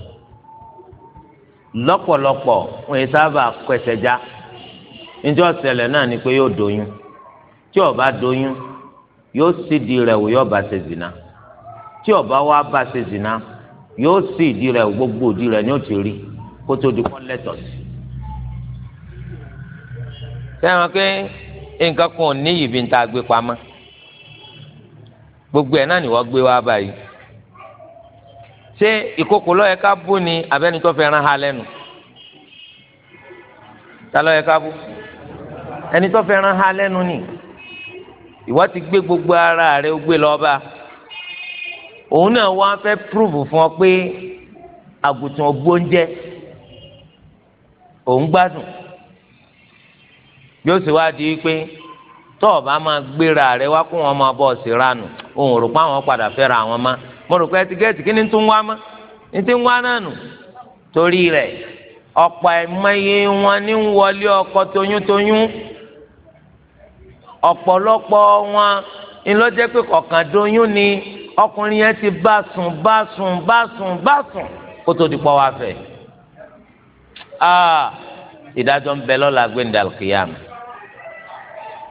lọpọlọpọ wọn yìí sábà kẹsẹ̀ já níjọ́ ṣẹlẹ̀ náà ni pé yóò doyún tí ọba doyún yóò sì di rẹ wò yóò bá ṣe zina tí ó bá ṣe zina sì di rẹ gbogbo di rẹ ni ó ti rí kó tó di ṣé ìkókò lọ́yẹ ká bú ni abẹ́ni tó fẹ́ ran ha lẹ́nu ta lọ́yẹ ká bú ẹni tó fẹ́ ran ha lẹ́nu ni ìwọ ti gbé gbogbo ara rẹ ó gbé lọ́ba òun náà wá fẹ́ púrúfù fún ọ pé àgùntàn gbóúnjẹ òun gbádùn yóò sì wá di pé tọ́ọ̀bù máa gbéra rẹ wá kó wọn máa bọ̀ sí ranù òun rò pé àwọn padà fẹ́ ra àwọn máa mo rò pé ẹtigẹ́tì kí ni tó ń wá mọ́ ní ti ń wá náà nù torí rẹ̀ ọ̀pọ̀ ẹ̀mọye wọn ní ń wọlé ọkọ toyúntoyún ọ̀pọ̀lọpọ̀ wọn ni ló jẹ́ pé kọ̀ọ̀kan doyún ni ọkùnrin yẹn ti bá sùn bá sùn bá sùn bá sùn kó tó di pọ̀ wá fẹ̀. ìdájọ́ ń bẹ lọ́la gbẹ̀ndàlùkìyàm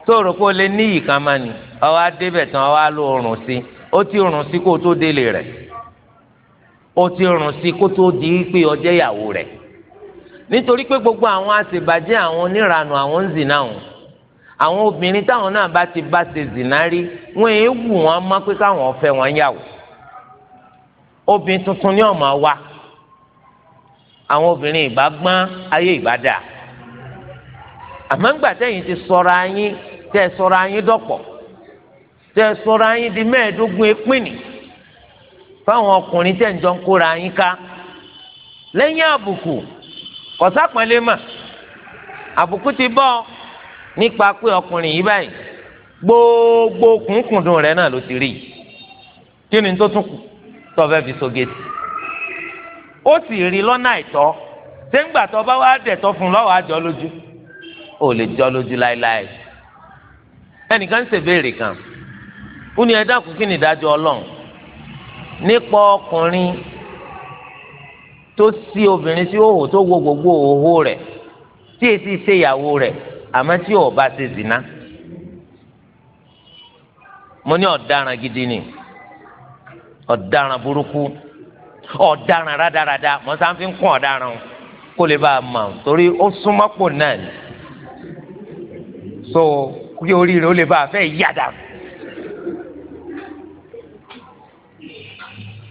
tó rò pé o lè níyì kan máa ní ọwọ́ adébẹ̀ ọwọ́ alóorùn sí i. ó ti rùn sí kó tó délé rẹ̀ ó ti rùn sí kó tó di pé ọjẹ́ ìyàwó rẹ̀ nítorí pé gbogbo àwọn àṣebàjẹ́ àwọn oníranù àwọn ń zìnà wọn àwọn obìnrin táwọn náà bá ti bá ṣe zìnà rí wọn èé wù wọn má pé káwọn wọn yàwó obìnrin tuntun ni ọmọ wa àwọn obìnrin ìbá gbọ́n ayé ìbá dà àmọ́ ti sọ̀rọ̀ ayín tẹ sọra yín di mẹ́ẹ̀ẹ́dógún epínì fáwọn ọkùnrin tẹ̀ ń jọ ń kóra yín ká lẹ́yìn àbùkù kọ̀sápẹ́lẹ́ mà àbùkù ti bọ́ nípa pé ọkùnrin yìí báyìí gbogbo kùnkùndùn rẹ̀ náà ló ti rí kí ni tó tún kù tó fẹ́ fi so géètì ó sì rí lọ́nà àìtọ́ sẹ́ńgbà tó bá wá dẹ̀tọ́ fún lọ́wọ́ àjọ lójú ò lè jọ lójú láéláé ẹnìkan ń ṣèbéèrè kan ó ní ẹ̀dá kù kí ni ìdájọ́ ọlọ́run nípa ọkùnrin tó sí obìnrin sí òhò tó wo gbogbo òhò rẹ̀ tí èsì ṣèyàwó rẹ̀ àmọ́ tí ò bá ṣe zina mo ní ọ̀daràn gidi ni ọ̀daràn burúkú ọ̀daràn rádaràda mo sá fi ń kún ọ̀daràn kó lè bá a mọ̀ torí ó súnmọ́pò náà ni so kí oríire ó lè bá a fẹ́ yàdà fún.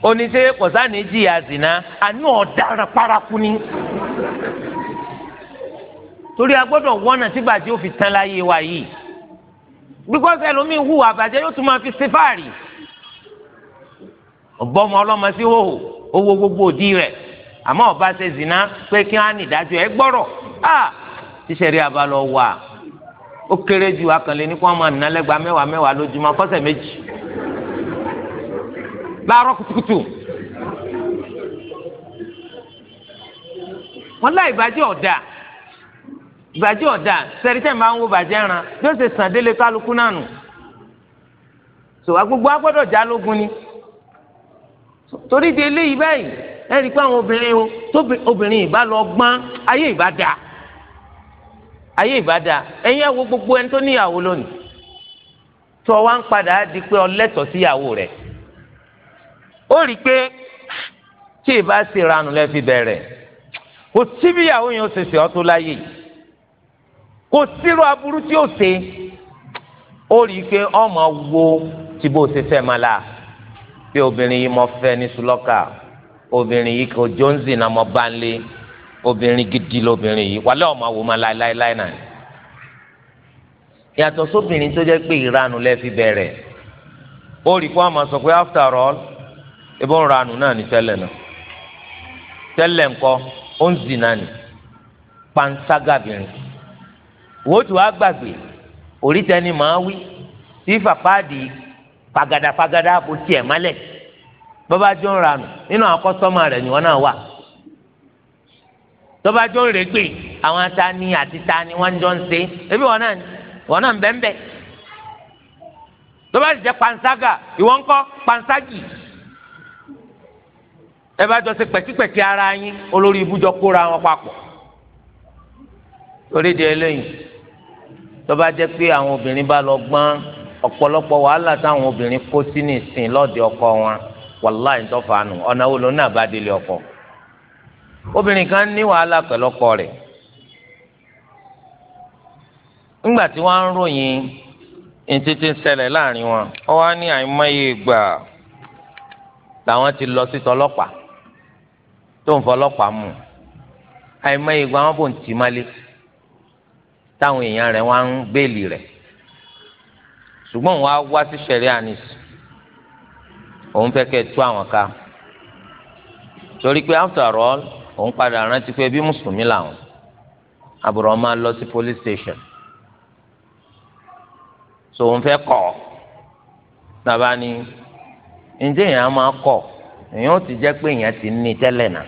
oníṣe kọsáni jìyà zina àánú ọ̀daràn paraku ni torí a gbọ́dọ̀ wọnà sígbà tí ó fi tán láyé wa yìí bíkọ́sì ẹlòmíín hu àbàjẹ́ yóò tún máa fi ṣe fáàrí ọ̀bọ ọmọ ọlọ́mọ sí hòhò owó gbogbo òdì rẹ̀ àmọ́ ọba ṣe zina pé kí wọ́n á nìdájọ́ ẹ gbọ́rọ̀ tíṣẹ̀rí abalọ̀ wà ó kéré ju akànlẹ̀ ní kí wọ́n máa nà lẹ́gbàá mẹ́wàá mẹ́wàá lójúmọ́ fọ́sẹ̀ méjì láàárọ̀ kùtùkùtù. wọn láì bàjẹ́ ọ̀dà bàjẹ́ ọ̀dà sẹ́rìtẹ́ máa ń wo bàjẹ́ ẹran yóò ṣe sàn délé kálukú náà nù. sòwá gbogbo agbọ́dọ̀ já lógun ni torí di eléyìí báyìí ẹ rí i pé àwọn obìnrin o tóbi obìnrin ìbá lọ gbọ́n ayé ìbá dáa ayé ìbá dáa ẹ̀yin àwo gbogbo ẹni tó níyàwó lónìí tó wá ń padà di pé ọlẹ́tọ̀ọ́ síyàwó rẹ̀ ó rí i pé tí ì bá sì ranù lẹ́ fi bẹ̀rẹ̀ kò síbíyàwó yẹn ó ṣe ṣe ọ́tún láyè kò sírò aburú tí ó ṣe ó rí i pé ọmọ wo tí bó ṣe fẹ́ máa la pé obìnrin yìí mọ fẹ́ ní sùlọ́kà obìnrin yìí kò jóńsì náà mọ bá obìnrin gidi lobìnrin yìí wàlẹ́ ọmọ wo máa láéláéláé náà yàtọ̀ sóbìnrin tó jẹ́ pé ìranù lẹ́ fi bẹ̀rẹ̀ ó rí i pé ọmọ sọ pé after all ebó ń ranù náà ní tẹ́lẹ̀ náà tẹ́lẹ̀ ńkọ́ ó ń zì náà ní panṣágàbìnrin wò ó tù wá gbàgbé òrítẹ́ni màá wí tí fàpáàdì fagadafagada kò tiẹ̀ mọ́lẹ̀ bọ́bá jọ ń ranù nínú àwọn kọ́sọ́mà rẹ̀ ni wọ́n náà wà tọ́ba jọ ń rèégbè àwọn atani àti tani wọ́n jọ ń ṣe ebi wọn náà wọn náà ń bẹ́ńbẹ́ tọ́ba ti jẹ́ panṣágà ìwọ ńkọ́ panṣágì ẹ bá jọ ṣe pẹ̀kípẹ̀kí ara yín olórí ibùjọ kóra wọn papọ̀ torí di eléyìí tó bá jẹ́ pé àwọn obìnrin bá lọ gbọ́n ọ̀pọ̀lọpọ̀ wàhálà táwọn obìnrin kó sí ní ìsìn lọ́ọ̀dẹ ọkọ wọn wàláì ń tọ́fà nù ọ̀nà wo ló náà bá ọkọ obìnrin kan ní wàhálà pẹ̀lú ọkọ rẹ̀ ńgbà tí wọ́n á ń ròyìn ìtìtì ṣẹlẹ̀ láàrin wọn ọ wá ní àìmọye ìgbà làwọn ti lọ sí tọlọ́pàá tó ń fọlọ́pàá mú àìmọ ìgbà wọn bò ń tì má lé táwọn èèyàn rẹ̀ wá ń béèlì rẹ̀ ṣùgbọ́n wọn á wá sí sẹ̀rí ànis òun fẹ́ kẹ́ tú àwọn ká torí pé after all òun padà rántí pé bí mùsùlùmí làwọn àbúrò máa lọ sí police station so òun fẹ́ kọ̀ ọ́ nàbà ni ǹjẹ́ èèyàn máa kọ̀ ọ́ èèyàn ó ti jẹ́ pé èèyàn ti ní tẹ́lẹ̀ náà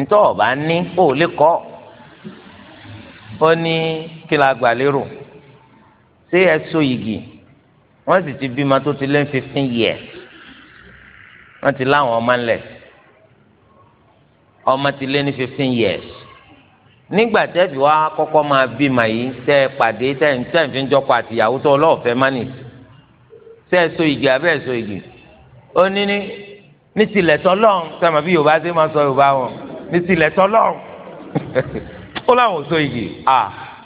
ntọ́ ọba ní ó lè kọ́ ó ní kí la gbà lérò ṣé ẹ so yìgì wọ́n sì ti bímọ tó ti lé ní fifteen years wọ́n ti láwọn ọmọ ńlẹ̀ ọmọ ti lé ní fifteen years nígbà tẹ́ fi wá kọ́kọ́ máa bímọ yìí tẹ́ ẹ pàdé tẹ́ ẹ fi ń jọkọ̀ àtìyàwó tó ọlọ́ọ̀fẹ́ mánì tẹ́ ẹ so yìgì abẹ́ ẹ so yìgì ó ní ní ní tilẹ̀ tọ́lọ́hún sàmà bí yorùbá ṣe máa sọ yorùbá wọn ní tilẹ̀ tọ́lọ́hún ó láwọn ò so igi à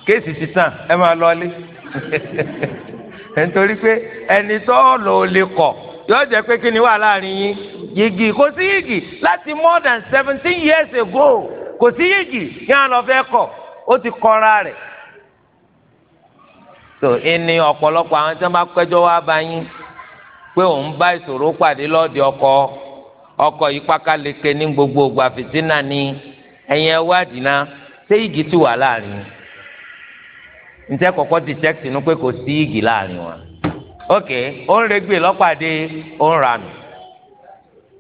kéèsì ti tàn ẹ máa lọlé nítorí pé ẹni tọ́ọ̀lù ò lè kọ̀ yóò jẹ́ pé kí ni wà láàrin yín yìgì kò sí yìgì láti more than seventeen years ago kò sí yìgì yẹn lọ fẹ́ kọ̀ ó ti kọ́ra rẹ̀ so ẹni ọ̀pọ̀lọpọ̀ àwọn tí wọ́n bá pẹ́jọ́ wá bá yín pé òun bá ìṣòro pàdé lọ́ọ̀dì ọkọ ọkọ yìí pákáleke ní gbogbo ògbà fìtínà ni ẹ̀yin ẹwádìí náà ṣé igi ti wà láàrin ntẹ kọ́kọ́ detect nu pé kò sí igi láàrin wọn ok ó ń regbè lọ́pàdé ó ń ranù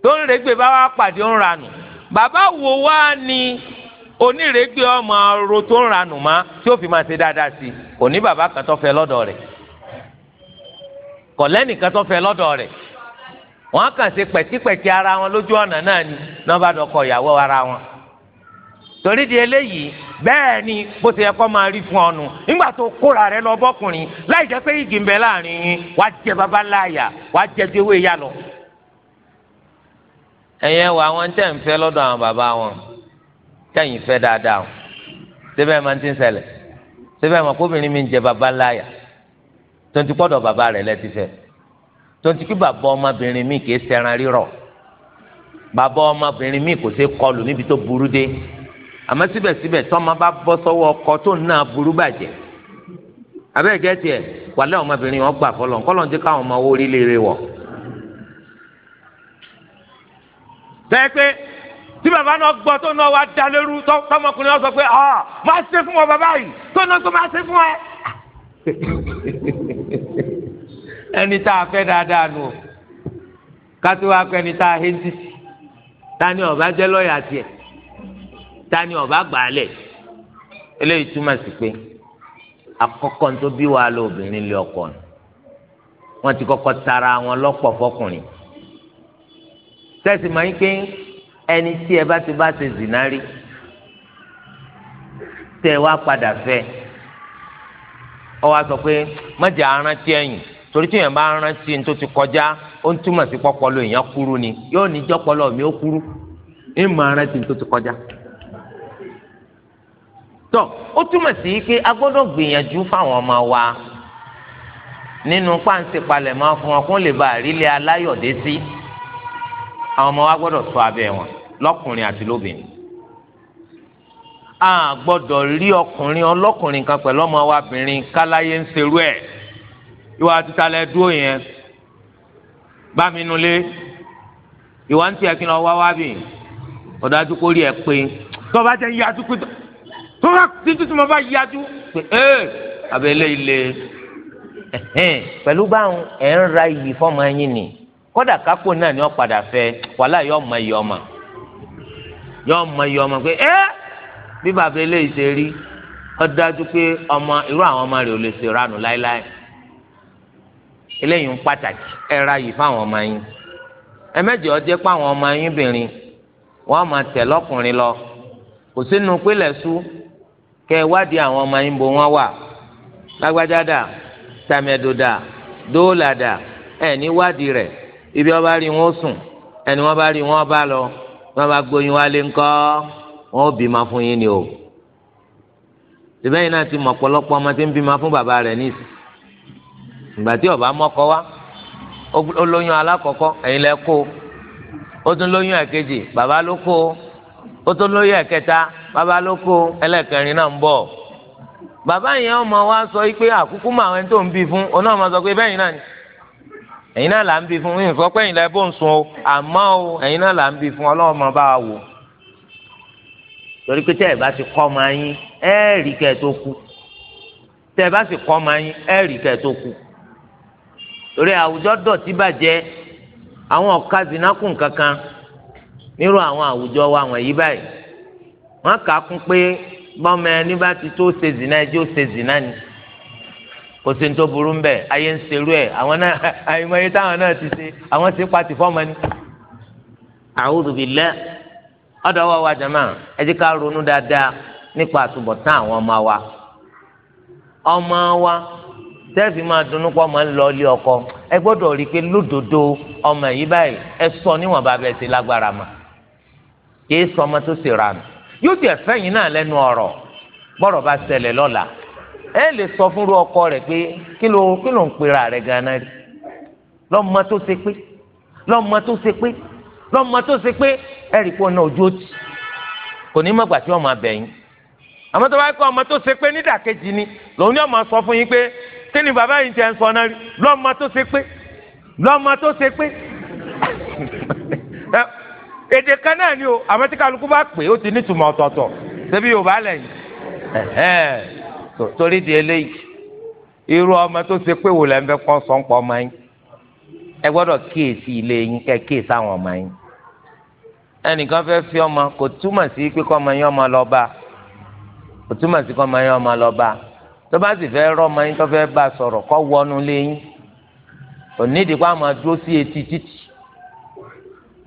tó ń regbè bá wà pàdé ó ń ranù bàbá wo wá ni onírègbè ọmọ aró tó ń ranù má tí ó fi máa ṣe dáadáa sí i kò ní kọ̀lẹ́nìkan tó fẹ́ lọ́dọ̀ rẹ̀ wọ́n kàn ṣe pẹ̀kípẹ̀kí ara wọn lójú ọ̀nà náà ni náà bá dọkọ ìyàwó ara wọn torí di eléyìí bẹ́ẹ̀ ni bó ti yẹ kó máa rí fún ọnu nígbà tó kóra rẹ lọ bọ́kùnrin láì jẹ́ pé igi ń bẹ láàrin yín wàá jẹ bàbá láàyà wàá jẹ déwé yá lọ. ẹ̀yẹ́ wà wọ́n tẹ̀ ń fẹ́ lọ́dọ̀ àwọn bàbá wọn tẹ̀yìn fẹ́ dáadáa síbẹ̀ máa ti ń ṣẹlẹ̀ síbẹ̀ máa kóbìnrin mi ń jẹ bàbá tonti kpọdọ baba rẹ̀ lẹ ti fẹ́ tonti kí bàbá ọmọbìnrin mi kì í ṣẹran rírọ̀ bàbá ọmọbìnrin mi kò ṣe kọlù níbi tó burú dé àmọ́ síbẹ̀síbẹ̀ tọ́mọ bá bọ́ sọ́wọ́ ọkọ tó ń náà burú bàjẹ́ abẹ́ẹ̀kẹ́ tiẹ̀ wàlẹ́ ọmọbìnrin wọn gbà fọlọ́ kọ́lọ́ ń jẹ́ káwọn ọmọ owó líle wọ̀. bẹ́ẹ̀ pé tí bàbá náà gbọ́ tó náà wá dalérú tọ́mọkùnrin náà sọ pé ah, máa ṣe fún ọ bàbá yìí tó náà tó máa ṣe fún ẹ ẹni tá a fẹ́ dáadáa nù o kátó wá pẹ́ ẹni tá a hé sí tani ọba jẹ́ lọ́ọ̀yà tiẹ̀ tani ọba gbàálẹ̀ eléyìí túmọ̀ sí pé àkọ́kọ́ tó bí wàá lọ obìnrin lé ọkọ ni wọ́n ti kọ́kọ́ tara wọn lọ́pọ̀ fọkùnrin tẹ́sí máa ń pín ẹni tí ẹ bá ti bá ṣe zìnnà rí tẹ wá padà fẹ́ ẹ ọ wá sọ pé mọ̀jẹ̀ arántí ẹ̀yìn torí tí èèyàn bá arántí ní tó ti kọjá ó ń túmọ̀ sí pọ́pọ́lọ́ èèyàn kúrú ni yóò ní jọ́pọ́lọ́ mi ó kúrú ìmọ̀ arántí ní tó ti kọjá. tọ́ ó túmọ̀ sí pé a gbọ́dọ̀ gbìyànjú fáwọn ọmọ wa nínú páǹsì palẹ̀ máa fún wọn kó lè bá àrílẹ̀ aláyọ̀dé sí àwọn ọmọ wa gbọ́dọ̀ ṣọ́ abẹ́ wọn lọ́kùnrin àti lóbìnrin a gbọ́dọ̀ rí ọkùnrin ọlọ́kùnrin kan pẹ̀lú ọmọ wa obìnrin káláyé ń serú ẹ̀ ìwà títa lẹ dúró yẹn bá mi nulẹ̀ ìwà ń tiẹ̀ kí ni ọwọ́ wa bì ọ̀dájú kò rí ẹ pé tó bá jẹ́ yíyájú pé tó bá títí tí mo bá yíyájú pé ee abẹ́lé ilé pẹ̀lú báwọn ẹ̀ ń ra iyì fọ́ọ̀mù ẹ̀yìn nìyí kódà kákó náà ni wọn padà fẹ́ wàhálà yọ ọmọ yọ ọmọ yọ ọmọ yọ ọmọ pé ẹ bí bàbá eléyìí ṣe rí ó dájú pé ọmọ irú àwọn ọmọ rẹ̀ ò lè ṣe ránù láéláé eléyìí ń pàtàkì ẹ ra yìí fáwọn ọmọ yín ẹ mẹ́jọ jẹ́ pé àwọn ọmọ yín bìnrin wọ́n máa tẹ̀ lọ́kùnrin lọ kò sínú pélé sú kẹ́ ẹ wádìí àwọn ọmọ yín bo wọ́n wà lágbájá dà tàmẹ̀dò dà ní wádìí rẹ̀ ibi wọ́n bá rí wọn sùn ẹni wọ́n bá rí wọn bá lọ wọ́n bá gbóyún wálé ńkọ́ wọn ò bímọ fún yín ni o tìbẹ́yìn náà ti mọ̀ ọ̀pọ̀lọpọ̀ ọmọ tí ń bímọ fún bàbá rẹ̀ níìsì ìgbà tí ọba mọ́kọ wá ó lóyún alákọ̀ọ́kọ́ ẹ̀yin lẹ kó ó tún lóyún ẹ̀kejì bàbá ló kó ó tún lóyún ẹ̀kẹta bàbá ló kó ẹlẹ́kẹrin náà ń bọ̀ bàbá yẹn ọmọ wa sọ pé àkúkú mọ àwọn ẹni tó ń bí fún ọ náà máa sọ pé bẹ́yìn náà ni ẹ̀yin náà là ń bí fún ìfọ́pẹ́yìn lẹ bó ń sun o àmọ́ o ẹ̀yin náà là ń bí fún ọlọ́run máa bá wa wò torí pé tẹ́ ẹ̀ bá ti kọ́ ọmọ yín ẹ́ rí kẹ́ ẹ tó kú tẹ́ ẹ bá ti kọ́ ọmọ yín ẹ́ rí kẹ́ ẹ tó kú torí àwùjọ dọ̀tí bàjẹ́ àwọn ọ̀ka zinakun kankan nírú àwọn àwùjọ wa wọ̀n yí báyìí wọ́n kà á kún pé bọ́mọ ẹni bá ti tó ṣe zina ẹjọ́ ṣe zina ni kò sí ní tó burú ń bẹ̀ ayé ń ṣerú ẹ̀ àwọn náà àyìnbó ayé táwọn náà ti ṣe àwọn ti pati fọ́ọ̀mù ẹni. a'udhu billah ọ̀dọ̀ wa wa jama ká ronú dáadáa nípa àtúbọ̀tán àwọn ọmọ wa ọmọ wa tẹ́ẹ̀fì máa pọ̀ máa ń ọkọ ẹ gbọ́dọ̀ rí i ọmọ yìí báyìí ẹ sọ níwọ̀n bá bẹ́ẹ̀ ma kìí sọ ọmọ tó yóò tiẹ̀ fẹ́yìn náà lẹ́nu ọ̀rọ̀ bọ́rọ̀ bá ṣẹlẹ̀ lọ́la ẹ lè sọ fúnru ọkọ pé kí ló ń pera rí lọ́mọ tó ṣe pé ẹ̀rì pọ̀ náà ojú ó ti kò ní mọ̀gbà tí wọ́n máa yín àmọ́ tó bá kọ́ ọmọ tó ṣe pé nídàkejì ni lòun yóò máa sọ fún yín pé kí ni bàbá yìí ti ẹ̀ ń sọ náà rí lọ́mọ tó ṣe pé lọ́mọ tó ṣe pé èdè kan náà ni o àmọ́ tí kálukú bá pè ó ti nítumọ̀ ọ̀tọ̀ọ̀tọ̀ ṣebí Yorùbá lẹ́yìn torí di eléyìí irú ọmọ tó ṣe pé wò lẹ́nu fẹ́ kọ́ sọ́ńpọ̀ ọmọ yín ẹ gbọ́dọ̀ kíyèsí ilé yín kẹ́ kíyèsí àwọn ọmọ yín ẹnìkan fẹ́ fi ọmọ kò túmọ̀ sí pé kọ́ ọmọ yín ọmọ lọ bá kò túmọ̀ sí kọ́ ọmọ yín ọmọ lọ bá tó bá sì fẹ́ rọ́ ọmọ yín tó fẹ́ bá sọ̀rọ̀ kọ́ wọnú lé yín onídìí pa máa dúró sí etí títì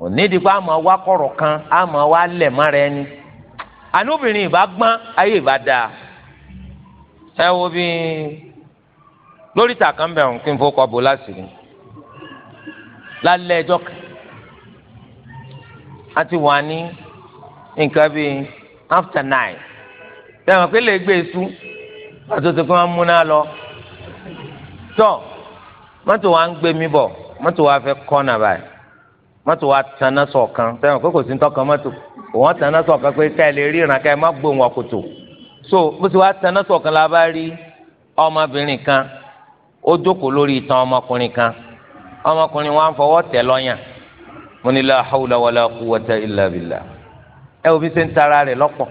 onídìí pa máa wá kọ̀rọ̀ kan á máa wá lẹ̀ mọ́ra ẹni ànúbìnrin ìbá gbọ́n ayé ìbá dáa ẹ wo bí lórí ìtàkàn bẹ̀rù kí n fọkọ̀ bò láṣìírí lálẹ́ ẹjọ́ kan a ti wà ní nǹkan bíi after nine tẹ̀wọ̀n pé lè gbé esu àtúntò kí wọ́n múná lọ tọ́ mọ́tò wa ń gbé mi bọ̀ mọ́tò wa fẹ́ kọ́nà báyìí mọ́tò wa tanná sọ̀kan tẹ̀wọ̀n pé kò sí tọ́kan mọ́tò wọ́n tanná sọ̀kan pé ká ẹ lè ríran ká ẹ má gbóhùn ọkùtò so bó ti wá tanná sọ̀kan la bá rí ọmọbìnrin kan ó jókòó lórí itan ọmọkùnrin kan ọmọkùnrin wa ń fọwọ́ tẹ̀ lọ́yàn mo ní la hawla wala quwwata illa billah ẹ òbí ṣe ń tara rẹ̀ lọ́pọ̀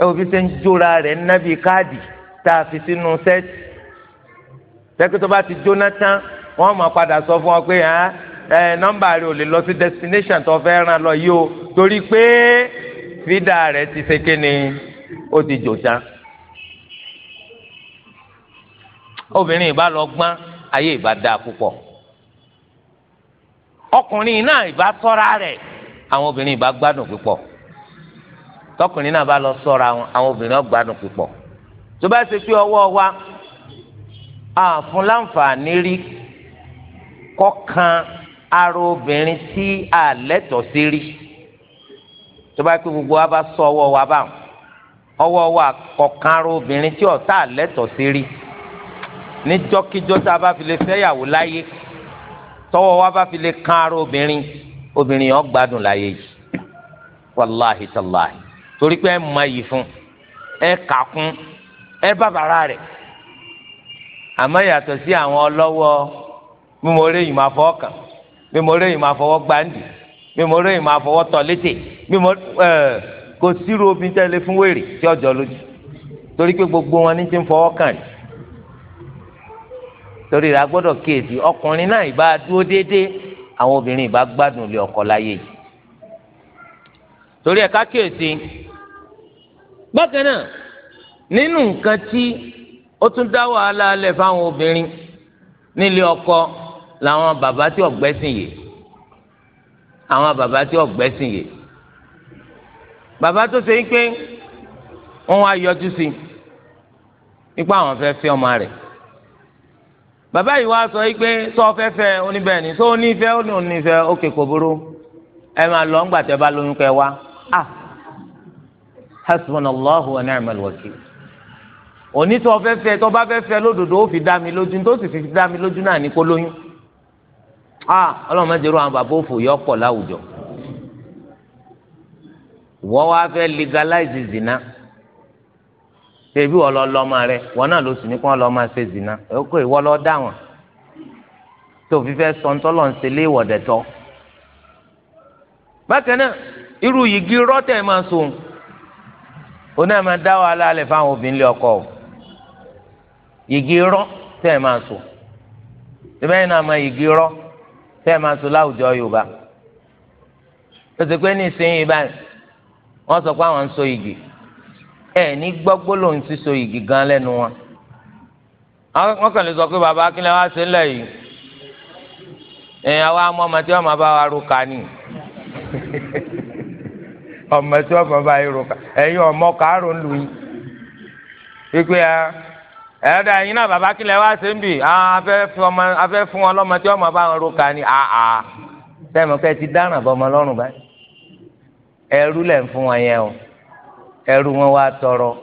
ẹ òbí ṣe ń jóra rẹ̀ nábì káàdì tá a fi sínú sẹ́ẹ̀tì tẹ́kítọ́ bá ti jóná tán wọ́n máa padà sọ fún ọ pé ẹ nọ́mbà rẹ̀ ò lè lọ sí destination tó fẹ́ ràn lọ yìí o torí pé fídà rẹ̀ ti ṣe kéne ó ti jò tán obìnrin ìbá lọ gbọ́n ayé ìbá dáa púpọ̀ ọkùnrin náà ìbá ṣọ́ra rẹ̀ àwọn obìnrin ìbá gbádùn púpọ̀ tọkùnrin náà bá lọ ṣọ́ra wọn àwọn obìnrin náà gbádùn púpọ̀ tó bá ṣe pé ọwọ́ wa àfun láǹfààní rí kọ́kan ara obìnrin tí àlẹ́tọ̀ sí rí tó bá pé gbogbo wa bá sọ ọwọ́ wa báwọn ọwọ́ wa kọ̀kan ara obìnrin tí ọ̀tá àlẹ́tọ̀ sí rí níjọ́kíjọ́ tá a bá fi lè fẹ́yàwó láyé tọ́wọ́ wa bá fi lè kan ara obìnrin obìnrin yẹn gbádùn láyé yìí wàláhi tàláhi torí pé ẹ mọ iyì fún ẹ kà kún ẹ bàbàrà rẹ̀ àmọ́ yàtọ̀ sí àwọn ọlọ́wọ́ mímọ réyìn máa fọwọ́ kàn mímọ réyìn máa fọwọ́ gbàǹdì mímọ réyìn máa fọwọ́ tọ̀ mímọ ẹ kò sírò obìnrin tẹ́lẹ̀ fún wèrè tí ọjọ́ lójú torí pé gbogbo wọn ní ti ń fọwọ́ kàn yìí torí rẹ̀ agbọ́dọ̀ kéèdì ọkùnrin náà ìbá dúró déédéé àwọn obìnrin ìbá gbádùn lé ọkọ láyé yìí torí ẹ̀ ká kéèsì bákan náà nínú nǹkan tí ó tún dá wàhálà lẹ̀ fáwọn obìnrin nílé ọkọ làwọn bàbá tí ọ̀gbẹ́sìn yìí àwọn bàbá tí ọ̀gbẹ́sìn yìí bàbá tó ṣe pé wọ́n wá yọjú sí i nípa àwọn fẹ́ fẹ́ ọmọ rẹ̀ bàbá yìí wá sọ yìí pé sọ fẹ́fẹ́ oníbẹ̀ẹ́ni sọ onífẹ́ onífẹ́ òkè kò burú ẹ máa lọ ńgbà tẹ́ bá lóyún kẹ́ wá ah hasbunallahu wa ni'mal wakil òní tó fẹ́fẹ́ tó bá fẹ́fẹ́ lódodo ó fi dá mi lójú tó sì fi dá mi lójú náà ní kó lóyún ah ọlọ́run má jẹ́rú àwọn bàbá òfò yọ pọ̀ láwùjọ wọ́n wá fẹ́ legalize zina. ebi wọ́n lọ lọ́mọ rẹ wọ́n náà ló sì ní kí lọ máa ṣe zina èkó ìwọ lọ dá wọn tó fi fẹ́ sọ ńtọ́lọ̀ ń lé ìwọ̀dẹ̀ bákan irú yìgì máa náà máa dá wàhálà fáwọn ọkọ yìgì máa yìí yìgì máa ẹ ní gbọ́gbó lòun sísọ igi gan lẹ́nu wọn. wọ́n kàn lè sọ pé bàbá akínlẹ̀ wá sí ńlẹ̀ yìí ẹ̀yin àwa mọ ọmọ tí wọ́n máa bá wa ro kà ní. ọmọ tí wọ́n máa bá yín ro kà ẹ̀yin ọmọ kàárò ń lu yín. wípé ẹ̀ẹ́dà ẹ̀yin náà bàbá akínlẹ̀ wá sí ń bì afẹ́ fún wọn lọ́mọ tí wọ́n máa bá wọn ro kà ní. sẹ́mi ọ̀kẹ́ ti dáràn bọ́ ọmọ lọ́rùn báyìí ẹ̀rú lẹ̀ ń fún wọn yẹn o ẹrú wọn wá tọrọ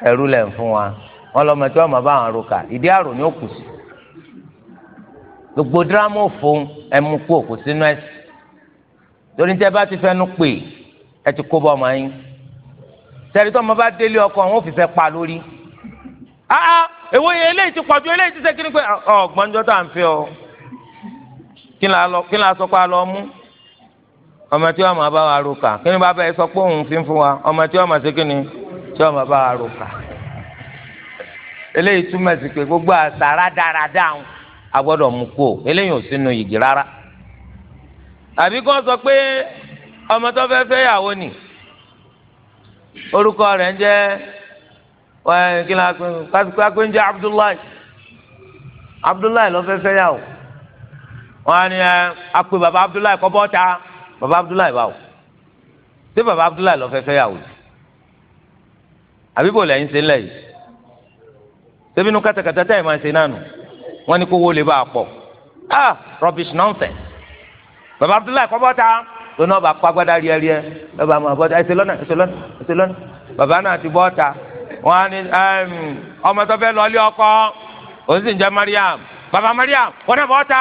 ẹrú lẹ̀ ń fún wa wọn lọ́mọ tí wọ́n mọ̀ bá àwọn roka ìdí àrò ni ó kù sí gbogbo dírámù fún ẹmu kú òkú sínú ẹsì torí tẹ bá ti fẹnu pè ẹ ti kó bọ́ ọmọ yín sẹ́ni ọmọ bá délé ọkọ àwọn òfìfẹ́ pa lórí aa èwo yẹn eléyìí ti pọ̀jù eléyìí ti sẹ́kìnnì pé ọ̀gbọ́njọ́ tá à ń fẹ́ ọ kí ni a sọ pé a lọ mú ọmọ tí wọn máa bá wa ro kà kí ni bá bẹ sọ pé òun fi ń fún wa ọmọ tí wọn máa ṣe kí ni tí wọn máa bá wa ro kà. eléyìí túmọ̀ sí pé gbogbo àṣàrà dáradá àwọn a gbọ́dọ̀ mú kó eléyìí ò sínú yìgì rárá. àbí kọ́ sọ pé ọmọ tó fẹ́ fẹ́ yàwó nì orúkọ rẹ̀ ń jẹ́ kí ń jẹ́ Abdullahi Abdullahi ló fẹ́ fẹ́ yàwó wọn á ẹ apè bàbá Abdullahi kọ́ bọ́ta baba abdullahi báwo ṣé baba Abdullah lọ fẹ́ẹ́ fẹ́ yàwó yìí àbíbò lẹ́yìn ṣe ńlẹ̀ yìí sẹ́bínú kátàkátà táyì máa ṣe náà nù wọ́n ní kó wó lè bá a pọ̀ ah rubbish nonsense baba Abdullah kọ́ bọ́ta lónà bá kó agbádá rí ẹ rí ẹ bàbá máa bọ́ta ẹsẹ̀ lọ́nà ẹsẹ̀ lọ́nà ẹsẹ̀ lọ́nà bàbá náà ti bọ́ta wọ́n á ní ọmọ tó fẹ́ lọ́ọ́lé ọkọ òun sì ń jẹ́ mariam baba mariam wọ́n náà bọ́ta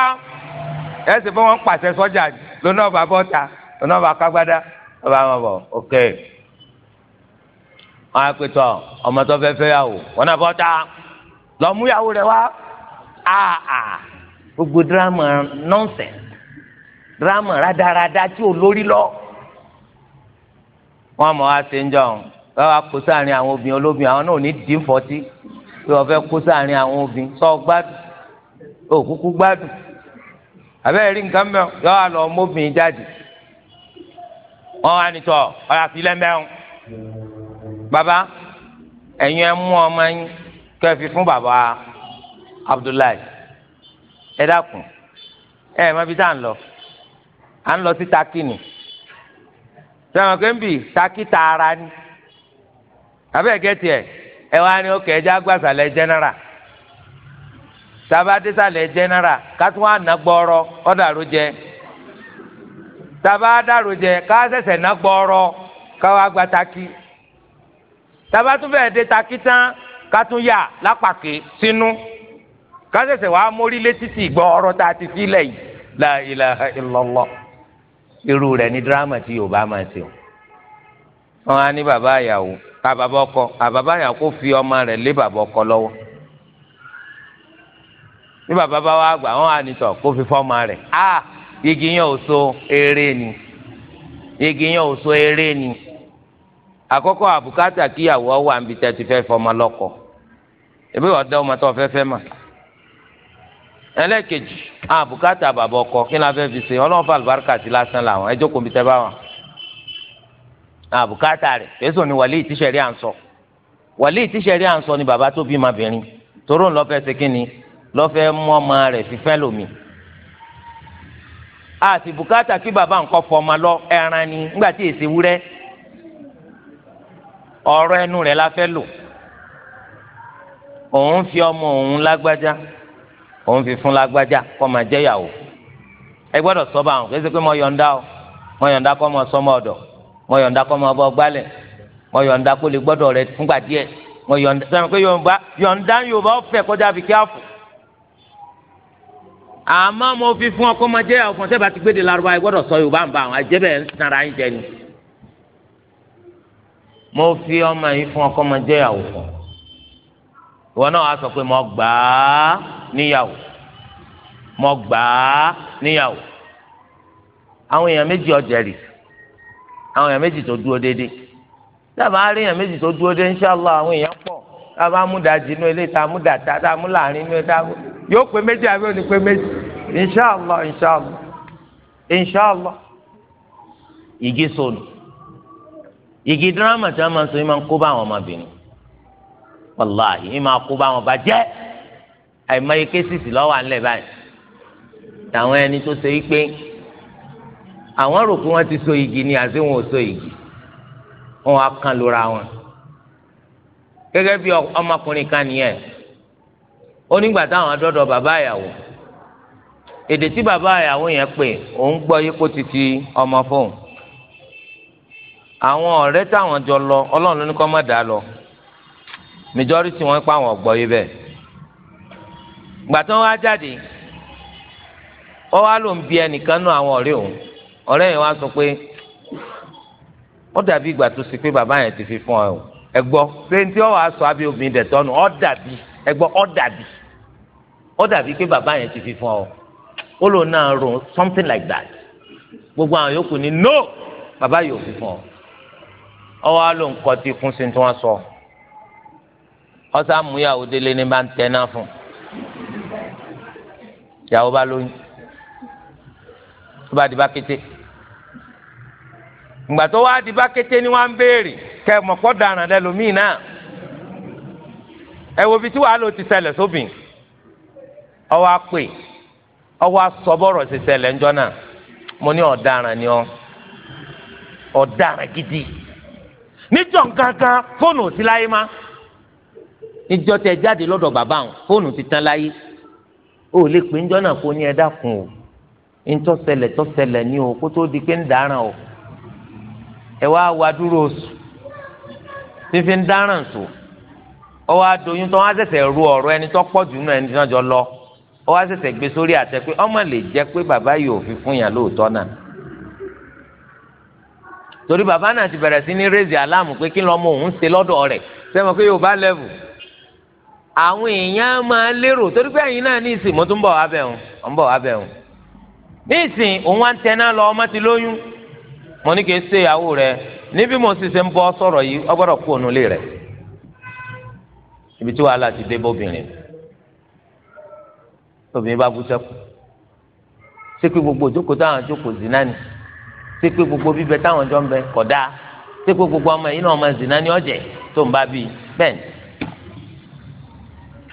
ẹ sì fún wọn pàṣẹ sọ́jà ni lónà ọba bọ́ta lónà ọba kágbádá ọba àwọn ọbọ ok wọn á pètò ọmọ tó fẹ́ fẹ́ yàwó wọn náà bọ́ta lọ mú yàwó rẹ wá àà gbogbo dírámà nọ́ọ̀sẹ̀ dírámà rádaràda tí ò lórí lọ wọn mọ wá sí ń jọ báwa kó sáàrin àwọn obìnrin olóbìn àwọn náà ò ní dín fọtí pé wọn fẹ́ kó sáàrin àwọn obìnrin sọ gbádùn òkúkú gbádùn abẹ́rẹ́ rí nǹkan mẹ́wọ́ yọ wà lọ mọ́bìnrin jáde wọ́n wà nìtọ́ ọ̀yà sílẹ̀ mẹ́wọ́ bàbá ẹ̀yin ẹ̀ mú ọmọ yín kẹfì fún bàbá Abdullahi ẹ dákun ẹ ẹ̀ mọ tá à ń lọ à ń lọ sí Takí ni sọ̀rọ̀ pé Takí tààrà ni abẹ́rẹ́ gẹ́tì ẹ̀ ẹ wá ní ó kẹ́ ẹ já general tàbá désàlẹ̀ jẹ́nẹ́rà kátó àná gbọ́rọ̀ ọ̀dàrú jẹ tàbá dàrú jẹ káṣẹ̀ṣẹ̀ ná gbọ́rọ̀ káwá gba takí tàbá tún fẹ́ẹ́ dé takí tán kátó yà lápàkè sínú káṣẹ̀ṣẹ̀ wàá mórí ti fi lẹ̀ yìí la ilaha illallah irú rẹ̀ drama dírámà tí yorùbá máa ṣe wọn á ní bàbá àyàwó àbàbà ọkọ àbàbà àyàwó kó fi ọmọ rẹ̀ lé bàbá ọkọ lọ́wọ́ ní bàbá bá wá gbà wọn á nìtọ kó fi fọmọ rẹ a igi yẹn ò so eré ni igi yẹn ò so eré ni àkọ́kọ́ àbùkátà kíyàwó wà níbi tẹ́ ti fẹ́ fọmọ lọ́kọ ebi wà dá ọmọ tó fẹ́ fẹ́ mà ẹlẹ́kejì àbùkátà bàbá ọkọ kí ni a fẹ́ fi ṣe ọlọ́run fà àlùbáríkà sí lásán làwọn ẹjọ́ kò ń bá wọn àbùkátà rẹ̀ fẹ́sọ̀ ni wàlíì tíṣẹ̀rí à ń sọ wàlíì tíṣẹ̀rí à ń sọ ni bàbá tó bí ma bìnrin lọ fẹ́ ṣe kí ni lọ́fẹ́ mú ọmọ rẹ fífẹ́ lomi àti bukata kí baba nǹkan fọmọ lọ ẹran ni nígbà tí èsì wúrẹ́ ọ̀rọ̀ ẹnu rẹ la fẹ́ lò òun fi ọmọ òun lágbájá òun fi fún lágbájá kọ́ máa jẹ́ ìyàwó ẹ gbọ́dọ̀ sọ kí ẹ pé mo mo mọ sọmọ ọ̀dọ̀ mọ yọnda gbálẹ̀ mo yọ̀ǹda kó lè rẹ fúngbà mo sọ àmọ́ mo fi fún ọkọ máa jẹ́ ọkàn tẹ́bà ti gbé de Lárúbáwá gbọ́dọ̀ sọ Yorùbá ń bá àwọn àjẹ́ bẹ́ẹ̀ ń sanra ń jẹ ni. mo fi ọmọ yìí fún ọkọ máa jẹ́ ìyàwó fún ìwọ náà wàá sọ pé mo gbà á níyàwó mo gbà á níyàwó àwọn èèyàn méjì ọjà rì àwọn èèyàn méjì tó dúró déédéé dábàá rí èèyàn méjì tó dúró déédéé inṣàlá àwọn èèyàn pọ̀ tá a bá mú dàjì inú ilé tá a mú dàtà tá a mú láàrin inú ilé tá a mú yóò pé méjì àbí òní pé méjì inṣàlá inṣàlá inṣàlá igi sọnù igi dírámà tí wọn máa ń sọ yìí máa ń kó bá àwọn ọmọbìnrin wàláhì yìí máa kó bá àwọn bàjẹ́ àìmọye kéṣìṣì lọ́wọ́ àńlẹ̀ báyìí tàwọn ẹni tó ṣe wípé àwọn rò pé wọ́n ti so igi ni àti wọn ò so igi wọn á kan lóra wọn gẹ́gẹ́ bí ọmọkùnrin kan nìyẹn onígbà táwọn adọ́dọ̀ bàbá ìyàwó èdè tí bàbá ìyàwó yẹn pè òun gbọ́ yípo títí ọmọ fóun àwọn ọ̀rẹ́ táwọn jọ lọ ọlọ́run ló ní kọ́ má dà á lọ majority wọn pa àwọn ọ̀gbọ́ yìí bẹ́ẹ̀ gbàtàn wá jáde ọ wá ló ń ẹnìkan nú àwọn ọ̀rẹ́ òun ọ̀rẹ́ yẹn wá sọ pé ó dàbí ìgbà tó sì pé bàbá yẹn ti fi fún ọ o ẹgbọ́ pé tí ọ wàá sọ abẹ obìnrin dẹ̀ tọ́nu ọ dàbí ẹgbọ́ ọ dàbí ọ dàbí pé bàbá yẹn ti fi fún ọ ó lò náà rò something like that gbogbo àwọn yòókù ni no bàbá yóò fi fún ọ ọ wá ló ń kọ́ tí kún sí tí wọ́n sọ ọ sá mú ìyàwó délé ní bá ń tẹ́ náà fún ìyàwó bá lóyún tó bá di bá kété ìgbà tó wá di bá kété ni wọ́n ń béèrè. kẹ mọ̀pọ̀ dànù lẹ́lòmíì náà ẹ wo ibi tí wàhálà ó ti ṣẹlẹ̀ sóbìn ọwọ́ apè ọwọ́ asọ́bọ̀rọ̀ ti ṣẹlẹ̀ ńjọ́ náà mo ní ni ọ ọ̀daràn gidi níjọ́ kankan fóònù ò láyé má tẹ jáde bàbá fóònù ti tán láyé ó lè pè ńjọ́ náà kó ní ẹ dákun o tọ́sẹlẹ̀ ni o kó tó di pé ń dáràn o ẹ wá wá dúró fífi ń dáràn sùn ó wá doyún tó wá ṣẹ̀ṣẹ̀ ru ọ̀rọ̀ ẹni tó pọ̀ jù nínú ẹni tó jọ lọ ó wá ṣẹ̀ṣẹ̀ gbé sórí àtẹ pé ọmọ lè jẹ́ pé bàbá yìí ò fi fún yàn lóòótọ́ náà torí bàbá náà ti bẹ̀rẹ̀ sí ní rẹ́sì aláàmù pé kí lọ́mọ òun ṣe lọ́dọ̀ rẹ̀ sẹ́wọ̀n pé yorùbá lẹ́vù àwọn èèyàn máa lérò torí pé ẹ̀yin náà ní ìsìn mo tún bọ̀ wá bẹ̀ wọn ń bọ̀ wá bẹ̀ wọn ní ìsìn òun wá ń tẹná lọ ọmọ ti lóyún mo ní kí n ṣe ìyàwó rẹ̀ níbi mo sì ṣe ń bọ́ sọ̀rọ̀ yìí ọ gbọ́dọ̀ kú ònú rẹ̀ ibi tí wàhálà ti dé bóbìnrin obìnrin bá bú sẹ́kù ṣé pé gbogbo òjókòó táwọn jókòó zì náà ni ṣé pé gbogbo bíbẹ táwọn jọ ń bẹ kódà ṣé pé gbogbo ọmọ yìí náà ọmọ zì náà ni ọ̀jẹ̀ tó ń bá bíi bẹ́ẹ̀ ni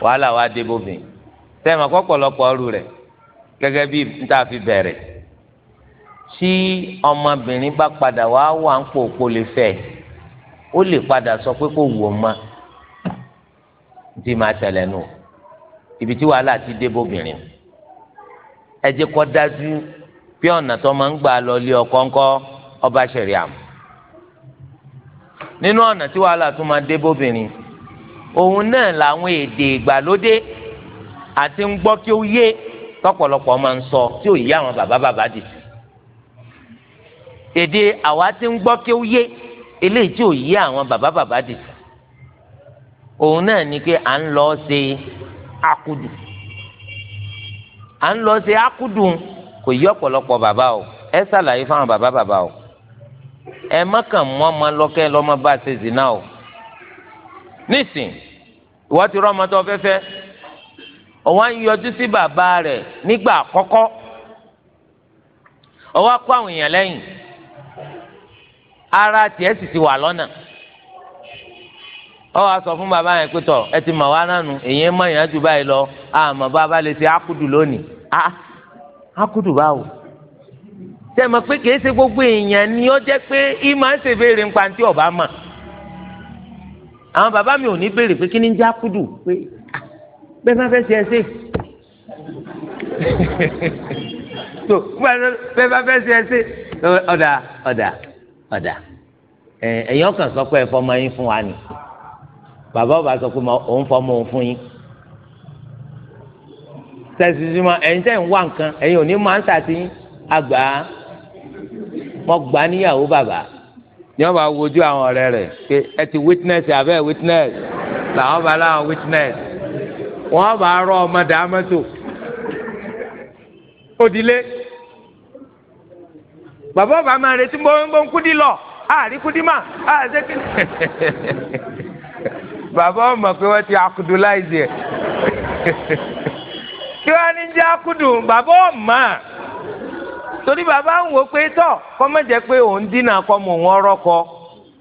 wàhálà wa dé bóbìnrin sẹ́yìn àkọ́pọ̀lọpọ̀ ọrù rẹ̀ gẹ́gẹ́ bí n ta fi bẹ̀rẹ̀ tí ọmọbìnrin bá padà wá wà ń pò kó lè fẹ́ ó lè padà sọ pé kò wù ọ́ mọ́ tí máa tẹ̀lé nù ibi tí wàhálà ti dé bóbìnrin ẹ jẹ́ kó dájú bí ọ̀nà tó máa ń gbà lọ lé ọkọ ńkọ́ ọba ṣẹ̀rí àmọ́ nínú ọ̀nà tí wàhálà tó máa dé bóbìnrin òun náà làwọn èdè ìgbàlódé àti ń gbọ́ kí ó yé tọ́pọ̀lọpọ̀ máa ń sọ tí ò yí àwọn bàbá bàbá dì sí èdè àwa ti ń gbọ́ kí ó yé eléyìí tí ò yé àwọn bàbá bàbá dì sí òun náà ni pé à ń lọ ṣe akudu à ń lọ ṣe akudu kò yí ọ̀pọ̀lọpọ̀ bàbá o ẹ ṣàlàyé fáwọn bàbá bàbá o ẹ má kàn mú ọmọ lọ́kẹ́ lọ́mọ bá ṣe zina o nísìn ìwọ ti rọ́ ọmọ tó fẹ́fẹ́ ń yọjú sí bàbá rẹ̀ nígbà àkọ́kọ́ ọwọ́ kó àwọn èèyàn lẹ́yìn ara tiẹ̀ sì ti wà lọ́nà ọ wá sọ fún bàbá yẹn pé tọ ẹ ti mọ̀ wá nánu èyí mọ̀ yẹn jù báyìí lọ àmọ́ bàbá lè ṣe ákùdù lónìí á ákùdù báwo tẹ mọ̀ pé kìí ṣe gbogbo èèyàn ni ó jẹ́ pé í máa ń ṣe béèrè ń pantí ọba mọ̀ àwọn bàbá mi ò ní béèrè pé kí ni ń jẹ́ ákùdù pé ah, bẹ́ẹ̀ bá fẹ́ ṣe ẹ ṣe bẹ́ẹ̀ bá fẹ́ ṣe ẹ ṣe ọ̀dà ọ̀dà ọ̀dà ẹ̀yìn ọkàn sọ pé ẹ fọmọ yín fún wa ni bàbá ọba sọ pé òun fọmọ òun fún yín tẹ̀sí sí ma ẹ̀yin tẹ̀ ń wá nǹkan ẹ̀yin ò ní máa ń tàtí àgbà mọ gbà níyàwó bàbá ni wọn bá wojú àwọn ọ̀rẹ́ rẹ̀ pé ẹ ti witness abẹ witness làwọn bá láwọn witness wọn bá rọ ọmọ dàámẹtò òdìlé bàbá ọba máa retí gbọ́ngbọ́n kúdí lọ àrí kúdí mà àṣẹ kí bàbá ọmọ pé wọ́n ti akudu láìsí ẹ̀ kí wọ́n á ní jẹ́ akudu bàbá ọmọ torí bàbá ń wò pé tọ́ kọ́mọ̀jẹ́ pé òun dínà kọ́mọ òun ọ̀rọ̀ kọ́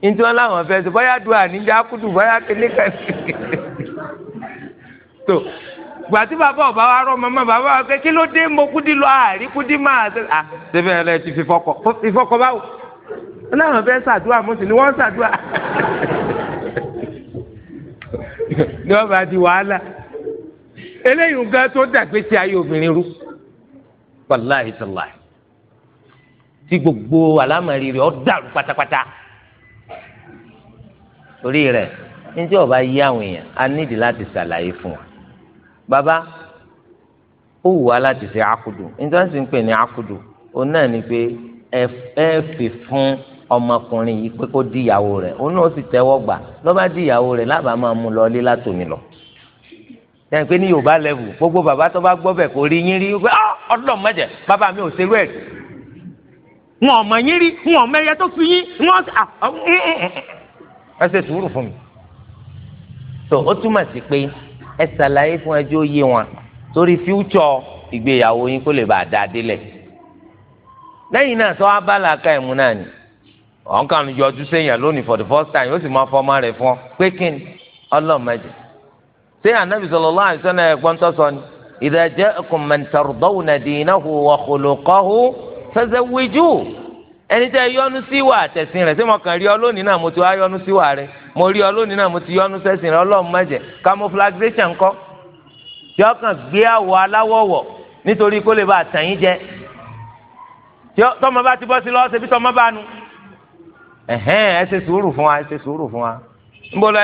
nítorí wọn láwọn fẹ́ sọ bóyá dùn àníjẹ́ akudu bóyá kíní kan tó gbà tí bàbá ọba wa rọ màmá bàbá wa pé kí ló dé mo kú di lọ àárí kú di máa ṣe à ṣẹbẹ ẹ lẹ ti fi fọkọ fi fọkọ báwo Ọlọ́run fẹẹ ṣàdúrà mo sì ni wọn ṣàdúrà ní wọn bá di wàhálà eléyìí nǹkan tó dàgbé tí ayé obìnrin rú wàláhì sàláhì tí gbogbo àlámọ̀rí rẹ̀ ọ́ dàrú pátápátá torí rẹ̀ níjẹ́ ọba yí àwọn èèyàn a nídìí láti ṣàlàyé fún wa Baba, ó wù wá láti ṣe àkùdù nítorí sì ń pè ní àkùdù òun náà ni pé ẹ fi fún ọmọkùnrin yìí pé kó di ìyàwó rẹ̀ òun náà sì tẹ́wọ́ gbà ló bá di ìyàwó rẹ̀ lábàá máa mú lọ ilé látòmí lọ yẹn pé ní yorùbá lẹ́wù gbogbo bàbá tó bá gbọ́ bẹ̀ kó rí yín rí pé ah, ọdún mẹ́jẹ bàbá mi ò ṣerú ẹ̀ wọn ò mọ̀ yín rí wọn ò mẹ́yẹ tó fi yín wọn ah, ah, mm, mm, mm, ẹ ṣe sùúrù fún mi. tó o túmọ̀ sí pé ẹ ṣàlàyé fún ẹjọ́ yé wọn torí fíútsọ̀ ìgbéyàwó yín kó lè bàa dá délẹ̀ lẹ́yìn náà sọ abala ká ẹ̀mú náà ni ọ̀n kàn yọjú sẹ́yìn lónìí for the first time ó sì máa fọ́ ọmọ rẹ̀ fún ọ pé kí ni ọlọ́mọdé ṣé anabi sallallahu alaihi wasallam ẹ̀gbọ́n tó sọ ni idha ja'akum man tardawna dinahu wa khuluqahu fazawwijuhu ẹni tẹ yọnu sí wà tẹ̀sìn rẹ̀ ṣé mo kàn rí ọ náà mo ti wá yọnu sí mo rí ọ lónìí náà mo ti yọnu sẹ́sìn rẹ̀ ọlọ́run má camouflagration kọ́ tí ó kàn gbé àwọ̀ aláwọ̀ wọ̀ nítorí kó lè bá jẹ ti bọ́ sí lọ́wọ́ ṣe bí bá nu ẹ̀hẹ́n ẹ sùúrù fún wa ẹ sùúrù fún wa níbo lọ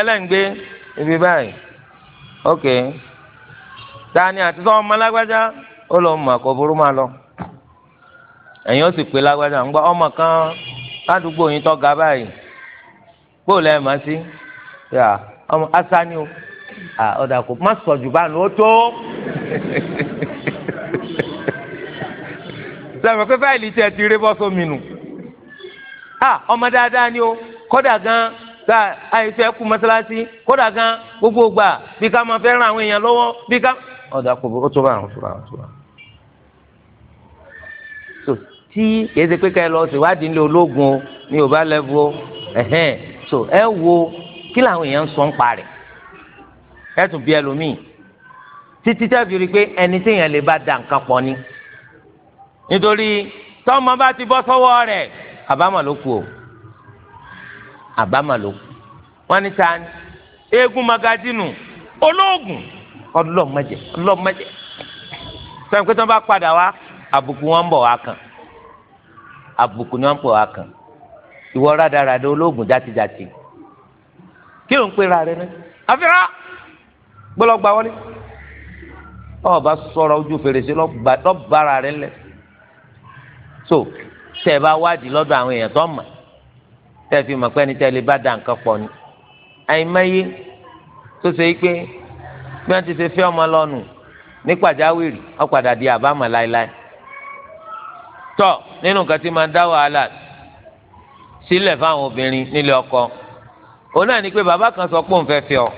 ibi ok tani àti ọmọ alágbájá ó lọ ẹ̀yin ó sì pé lágbájá ń gbọ́ ọmọ kan ládùúgbò yín tọ́ ga báyìí bó lẹ́ẹ̀ máa sí ọmọ asani o ọ̀dà kò má sọ jù báyìí ó tó sọ̀rọ̀ pé fáìlì tiẹ̀ ti rí bọ́sọ̀ mi nù ọmọ dáadáa ni o kódà gan ká àìsàn ẹkú mọ́sálásí kódà gan gbogbo gbà bí ká máa fẹ́ ran àwọn èèyàn lọ́wọ́ bí ká ọ̀dà kò ó tó báyìí ó tó báyìí ó tó báyìí tí kìí ṣe pé ká ẹ lọ ṣèwádìí nílé ológun o ní yorùbá lẹ́fù o ẹ̀hẹ́n so ẹ wo kí làwọn èèyàn ń sọ ń parẹ́ ẹ tún bí ẹlòmíì títí tẹ́ fi rí i pé ẹni tí èèyàn lè bá da nǹkan pọ̀ ni nítorí tọ́mọ bá ti bọ́ sọ́wọ́ rẹ̀ àbámọ̀ ló kù o àbámọ̀ ló kù wọ́n ní ta ni eégún magadínù olóògùn ọlọ́mọdé ọlọ́mọdé sọ pé tí wọ́n bá padà wá àbùkù wọn ń bọ̀ wá kàn àbùkù ni wọ́n ń pè wá kàn ìwọ rádaràda olóògùn játijàti kí ló ń pera rẹ náà àfihàn gbọlọgba wọlé ọba sọ̀rọ̀ ojú fèrèsé lọbàrà rẹ lẹ so tẹ bá wádìí lọ́dọ̀ àwọn èèyàn tó mọ̀ tẹ fi mọ̀ pé ẹni tẹ lè bá da nǹkan pọ̀ ni àyìnmáyé tó ṣe yí pé bí wọ́n ti ṣe fẹ́ ọmọ lọ́nu ní pàjáwìrì ọ̀padà di àbámọ̀ láéláé tọ nínú nǹkan tí máa ń dá wàhálà sílẹ̀ fáwọn obìnrin nílé ọkọ òun náà ni pé bàbá kan sọ pé òun fẹ́ fi ọ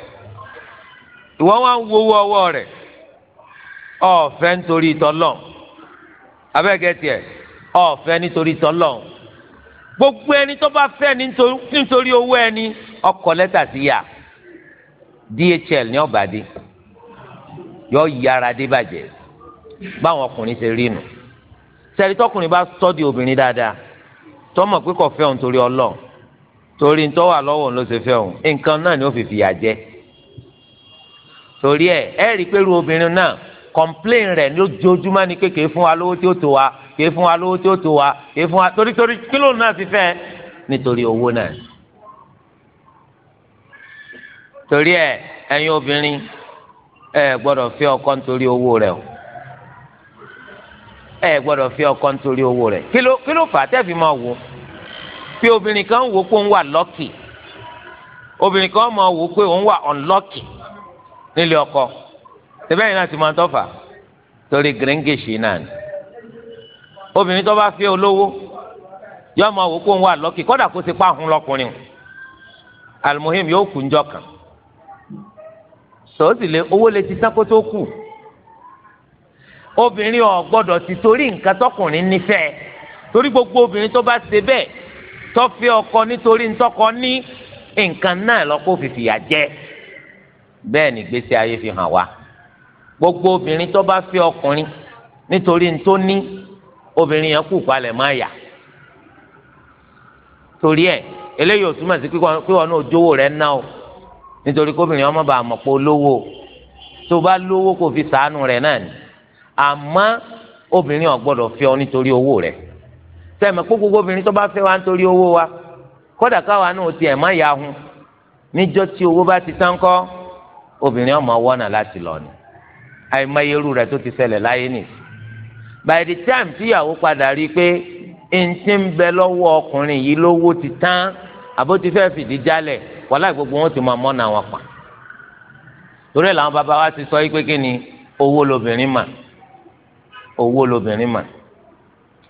ìwọ wá ń wo owó ọwọ́ rẹ̀ ọ̀fẹ́ nítorí tọ́lọ̀ abẹ́gẹ́ tiẹ̀ ọ̀fẹ́ nítorí tọ́lọ̀ gbogbo ẹni tó bá fẹ́ nítorí owó ẹni ọkọ̀ lẹ́tà sí yà DHL ní ọ̀bàdì yọ yára dé bàjẹ́ báwọn ọkùnrin ṣe rí nù sẹ́ni tọkùnrin bá sọ́ di obìnrin dáadáa tọ́mọ̀ pé kò fẹ́ òun torí ọlọ́ torí ń tọ́wà lọ́wọ́ ló ṣe fẹ́ òun nǹkan náà ni ó fi fìyà jẹ torí ẹ ẹ rí i pé irú obìnrin náà kọ̀ǹpléìn rẹ̀ lójoojúmọ́ ni pé kìí fún wa lówó tí ó tó wa kìí fún wa lówó tí ó tó wa kìí fún wa torí torí kílò náà ti fẹ́ nítorí owó náà torí ẹ ẹ̀yin obìnrin ẹ gbọ́dọ̀ fẹ́ ọkọ nítorí owó rẹ̀ o ẹ gbọ́dọ̀ fi ọkọ nítorí owó rẹ̀ kí ló kí ló fà á tẹ́ fi máa wò pé obìnrin kan wò pé òun wà lọ́kì obìnrin kan máa wò pé òun wà ọ̀nlọ́kì nílé ọkọ tẹ́bẹ́ yìí náà ti máa tọ́fà torí gíríngèsì náà ni obìnrin tó bá fi olówó yóò máa wò pé òun wà lọ́kì kódà kó ti pa àhún lọkùnrin almuhim yóò kú njọ kan sọ́ọ́ sì lé owó lè ti sákótó kù. So, obìnrin ò gbọ́dọ̀ ti torí nǹkan tọkùnrin nífẹ̀ẹ́ torí gbogbo obìnrin tó bá ṣe bẹ́ẹ̀ tó fẹ́ ọkọ nítorí ntọ́kọ ní nǹkan náà lọ́kọ́ fìfì yà jẹ́ bẹ́ẹ̀ ni gbèsè ayé fi hàn wá gbogbo obìnrin tó bá fẹ́ ọkùnrin nítorí ntó ní obìnrin yẹn kù palẹ̀ má yà torí ẹ̀ eléyìí ò túmọ̀ sí pé wọn náà jówó rẹ̀ ná o nítorí kóbìnrin ọmọ bàá mọ̀ pé olówó tó bá lówó kò fi sàánú rẹ̀ náà ni àmọ́ obìnrin ò gbọ́dọ̀ fẹ́ ọ nítorí owó rẹ̀ sẹ́mi kó gbogbo obìnrin tó bá fẹ́ wa nítorí owó wa kódà káwa náà tiẹ̀ má ya hun níjọ́ tí owó bá ti tán kọ́ obìnrin ọmọ wọ́nà láti lọ ni àìmọyeru rẹ̀ tó ti ṣẹlẹ̀ láyé nì by the time tíyàwó padà rí i pé ntí ń bẹ lọ́wọ́ ọkùnrin yìí lówó ti tán àbó ti fẹ́ẹ́ fìdí jálẹ̀ wàhálà gbogbo wọn ti máa mọ́nà wọn pa torí ẹ̀ làwọn bàbá wa ti sọ yí pé kí ni owó lobìnrin mà owó lobìnrin mà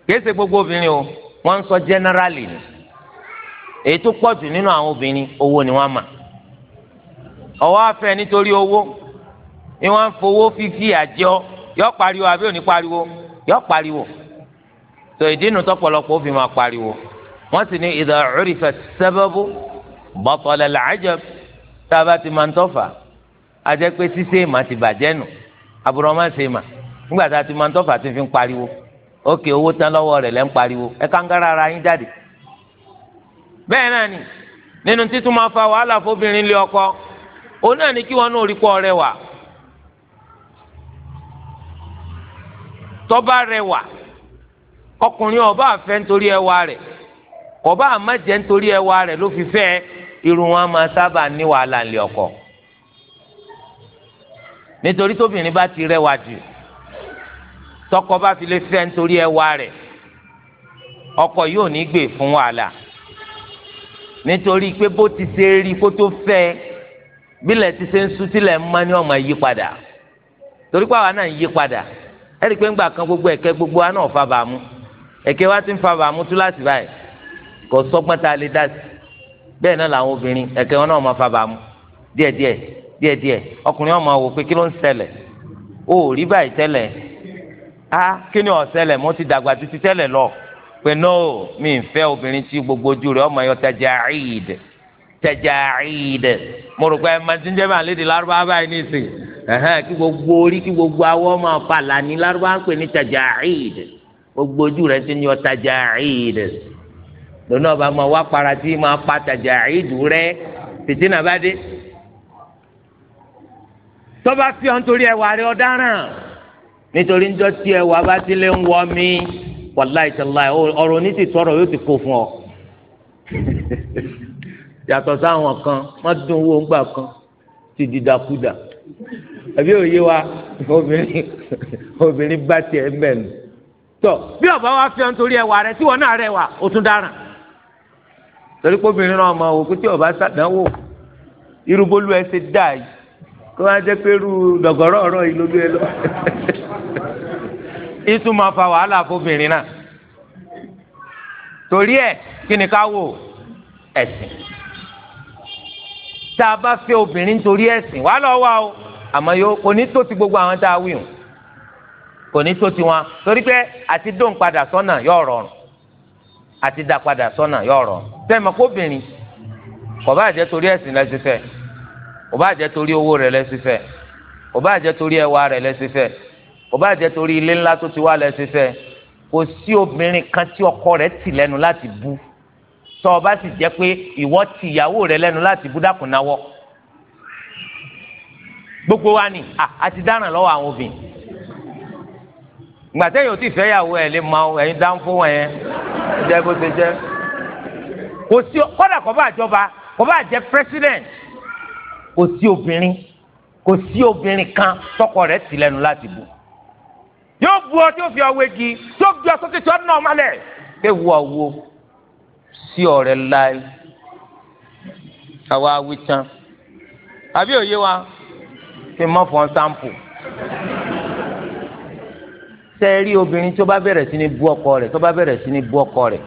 kìí ṣe gbogbo obìnrin o wọ́n ń sọ jẹ́nẹ́rálì ni èyí tó pọ̀ jù nínú àwọn obìnrin owó ni wọ́n mà ọwọ́ afẹ́ nítorí owó ni wọ́n ń fowó fífi àjọ yọ pariwo àbí òní pariwo yọ pariwo tó ìdínú tọ́pọ̀lọpọ̀ obìnrin máa pariwo wọ́n sì ní idha urifa sababu batala al-ajab ti máa ń tọ́fà a jẹ́ pé ti bàjẹ́ nù àbúrò máa ń ṣe nígbà tá a ti máa ń tọ́fà tí fi ń pariwo ókè owó tán lọ́wọ́ rẹ̀ lẹ́ ń pariwo ẹ káńgára ara yín jáde. bẹ́ẹ̀ náà ni nínú títún máa fa wàhálà fóbìnrin lé ọkọ òun náà ní kí wọn náà rí pọ rẹwà tọ́ba rẹwà ọkùnrin ọba àfẹ́ nítorí ẹwà rẹ̀ ọba àmàjẹ́ nítorí ẹwà rẹ̀ ló fi fẹ́ irun wọn máa sábà ní wàhálà lé ọkọ nítorí tóbìnrin bá ti rẹwà jù tọkọ bá fi lè fẹ́ nítorí ẹwà rẹ̀ ọkọ yóò ní gbè fún wàhálà nítorí pé bó ti ṣe rí kó tó fẹ́ bílẹ̀ ti ṣe ń sùn ń ní ọmọ yí padà torí pé àwa náà ń yí padà ẹ̀rí pé kan gbogbo ẹ̀kẹ́ gbogbo wa náà fa ẹ̀kẹ́ wa ti ń tú láti báyìí kò sọ́gbọ́n a lè dá sí bẹ́ẹ̀ náà làwọn obìnrin ẹ̀kẹ́ wọn náà fa a ah, Kini ni ọ̀sẹ̀lẹ̀ mo ti dàgbà lọ pé no mi n fẹ obìnrin tí gbogbo ojú ọmọ yọ tajaid tajaid mo rò pé ẹ lédè lárúbá báyìí kí gbogbo orí kí gbogbo awọ máa palà ní lárúbá ń pè ní gbogbo ojú rẹ̀ ti ń yọ tajaid lónà wá para tí pa tọ́ba fi ọ́n torí ọ nítorí njọ́ tí ẹ wà bá tilẹ̀ ń wọ mí wàláì tàláì ọ̀rọ̀ ní ti tọrọ yóò ti kó fún ọ. yàtọ̀ sáwọn kan wọ́n dún owó ńgbà kan ti dìdàkudà àbí òye wa obìnrin obìnrin bá tiẹ̀ ń tọ bí ọba wa fi ọ nítorí ẹwà rẹ tí wọn náà rẹwà ó tún dáràn torí pé obìnrin náà mọ òkú tí ọba sàdánwò irúgbólú ẹ ṣe dáa yìí kó wá jẹ́ pé irú dọ̀gọ́rọ̀ ọ̀rọ̀ yìí ló gbé lọ. ìtú máa fa wàhálà fóbìnrin náà torí ẹ̀ kí ni ká wò ẹ̀sìn tá a bá fẹ́ obìnrin torí ẹ̀sìn wàá lọ wá o àmọ́ yóò kò ní tó ti gbogbo àwọn tá a wí hùn kò ní tó tiwọn torí pé àti dóun padà sọ́nà yóò rọrùn àti dá padà sọ́nà yóò rọrùn tẹ́ kó obìnrin kò bá jẹ́ torí ẹ̀sìn lẹ́sìn fẹ́ẹ́ kò bá jẹ́ torí owó rẹ̀ lẹ́sìn fẹ́ kò bá jẹ́ torí ẹwà rẹ̀ lẹ́sìn fẹ́ kò bá jẹ́ torí ilé ńlá tó ti wá lẹ́sìn fẹ́ kò sí obìnrin kan tí ọkọ rẹ̀ tì lẹ́nu láti bú tọ́ ọ bá sì jẹ́ pé ìwọ ti ìyàwó rẹ̀ lẹ́nu láti bú dákun náwọ́ gbogbo wa ni àti dáràn lọ́wọ́ àwọn obìnrin gbàtẹ́ yóò ti fẹ́ ẹ̀ lè máa ẹ̀yin dáńfó wọn yẹn jẹ́ bó ṣe jẹ́ kò sí kọ́dà kọ́ bá jọba kọ́ bá jẹ́ president kò sí obìnrin kò sí obìnrin kan tọkọ rẹ̀ sì lẹ́nu láti bù yóò bu ọ tí ó fi ọwọ́ egi tí ó gbé ọ sókè tí ó nà ọ mọ́lẹ̀ ewu ọwọ́ sí ọ̀rẹ́ láì àwa awi tán àbí òye wa fi mọ fọn sáǹpù ṣe rí obìnrin tó bá bẹ̀rẹ̀ sí ní bú ọkọ rẹ̀ tó bá bẹ̀rẹ̀ sí ní bú ọkọ rẹ̀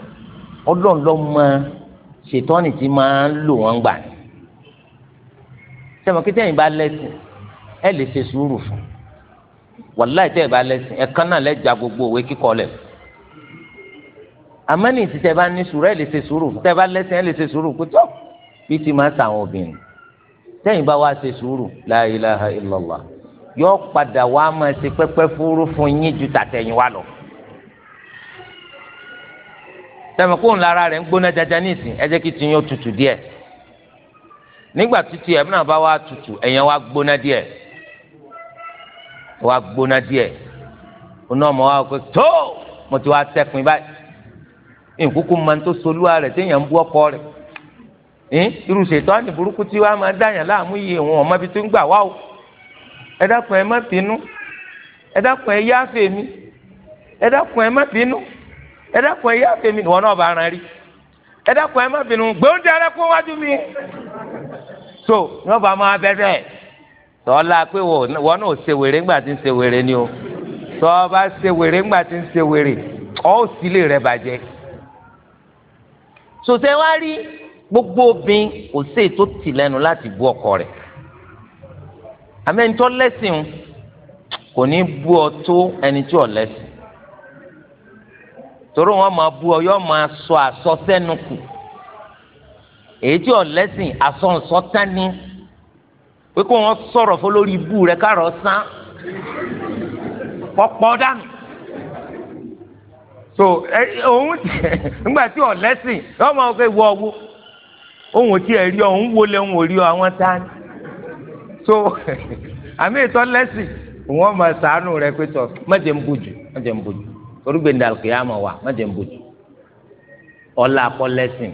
ọlọ́run ló mọ ṣètọ́nì tí máa ń lò wọ́n gbà ní sẹ́wọ̀n kí tẹ́yìn bá lẹ́sìn ẹ lè ṣe sùúrù fún wàláì tẹ́yìn bá lẹ́sìn ẹ̀kan náà lẹ́jà gbogbo òwe kíkọ́ lẹ̀ àmọ́ni tí tẹ́ bá ní sùúrù ẹ lè ṣe sùúrù fún tẹ́ bá lẹ́sìn ẹ lè ṣe sùúrù pé tó bí ti máa ń sàwọn obìnrin tẹ́yìn bá wá ṣe sùúrù la ilaha illallah padà wá máa ṣe pẹ́pẹ́ fúrú fún yín ju tàtẹ̀yìn wá lọ tẹ̀mẹ̀kùn lára rẹ̀ ń gbóná jaja ẹ jẹ́ kí tiyín ó tutù díẹ̀ nígbà títí ẹ̀ náà bá wá tutù ẹ̀yẹn wá gbóná díẹ̀ wá gbóná díẹ̀ oná ọmọ wa kò tó mo ti wá tẹ́pin báyìí nkúkú máa ń tó solúwa rẹ̀ téèyàn ń bú ọkọ rẹ̀ irú ṣètò àti burúkú tí wàá máa dáyàn láàmú yìí ìwọ̀n ọmọ ibi tó ń gbà wá o ẹ dákun ẹ má bínú ẹ dákun ẹ yáfẹ́ mi ẹ dákun ẹ má bínú ẹ dákun ẹ yáfẹ́ mi ìwọ náà bá ara rí ẹ dákun ẹ má bínú gbé oúnjẹ kó wájú mi so ní wọn bá máa bẹ bẹ́ẹ̀ tọ́lá pé wọn náà ṣe wèrè ńgbà tí ń ṣe wèrè ni o tọ́ bá ṣe wèrè ńgbà tí ń ṣe wèrè ọ́ ò sí lè rẹ bàjẹ́ sòtẹ́ wá rí gbogbo obìnrin kò sí èyí tó tì lẹ́nu láti bú ọkọ rẹ̀ àmì ẹni tó lẹ́sìn kò ní bú ọ tó ẹni tí ò lẹ́sìn torí wọn máa bú ọ yóò máa sọ àsọsẹ́nu kù. So èyí tí ọ̀lẹ́sìn asọ̀nsọ́ ni pé kó wọ́n sọ̀rọ̀ fún lórí ibú sán pọ̀pọ̀ so òun nígbà tí ọ̀lẹ́sìn yóò máa fẹ́ wọ ọwọ́ òun tí ẹ̀ rí ọ wọlé òun ò rí àwọn so àmì ìtọ́ lẹ́sìn wọ́n máa sàánù rẹ pé tọ́ mẹ́jẹ̀ ń mẹ́jẹ̀ ń yà máa wà mẹ́jẹ̀ ń akọ lẹ́sìn.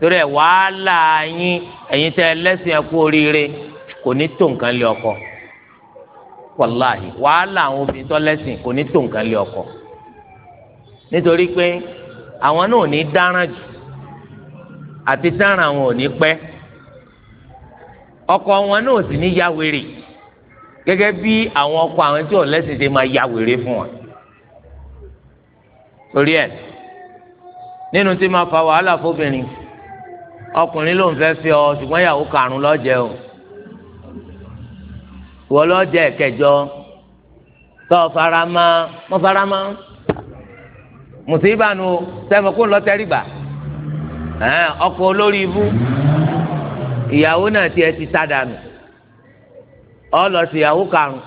torí ẹ wàhálà yín ẹ̀yin tẹ ẹlẹ́sìn ẹkú oríire kò ní tó nǹkan lé ọkọ wàláhì wàhálà àwọn obìnrin tó lẹ́sìn kò ní tó nǹkan lé ọkọ nítorí pé àwọn náà ò ní dáràn jù àti dáràn àwọn ò ní pẹ́ ọkọ wọn náà ò sì ní ya wèrè gẹ́gẹ́ bí àwọn ọkọ àwọn tí ò lẹ́sìn ṣe máa ya fún wọn torí ẹ nínú tí máa fa wàhálà fóbìnrin ọkùnrin ló ń fẹ́ fi ọ ṣùgbọ́n ìyàwó karùn-ún lọ́jẹ́ o wọ́n lọ́jẹ́ kẹjọ tọ́ farama mọ́ farama mùsùlùmí nu sẹ́mi kó lọ tẹ́rì gbà ọkọ olórí ibú ìyàwó náà tiẹ̀ ti sá dànù ọlọ sí ìyàwó karùn-ún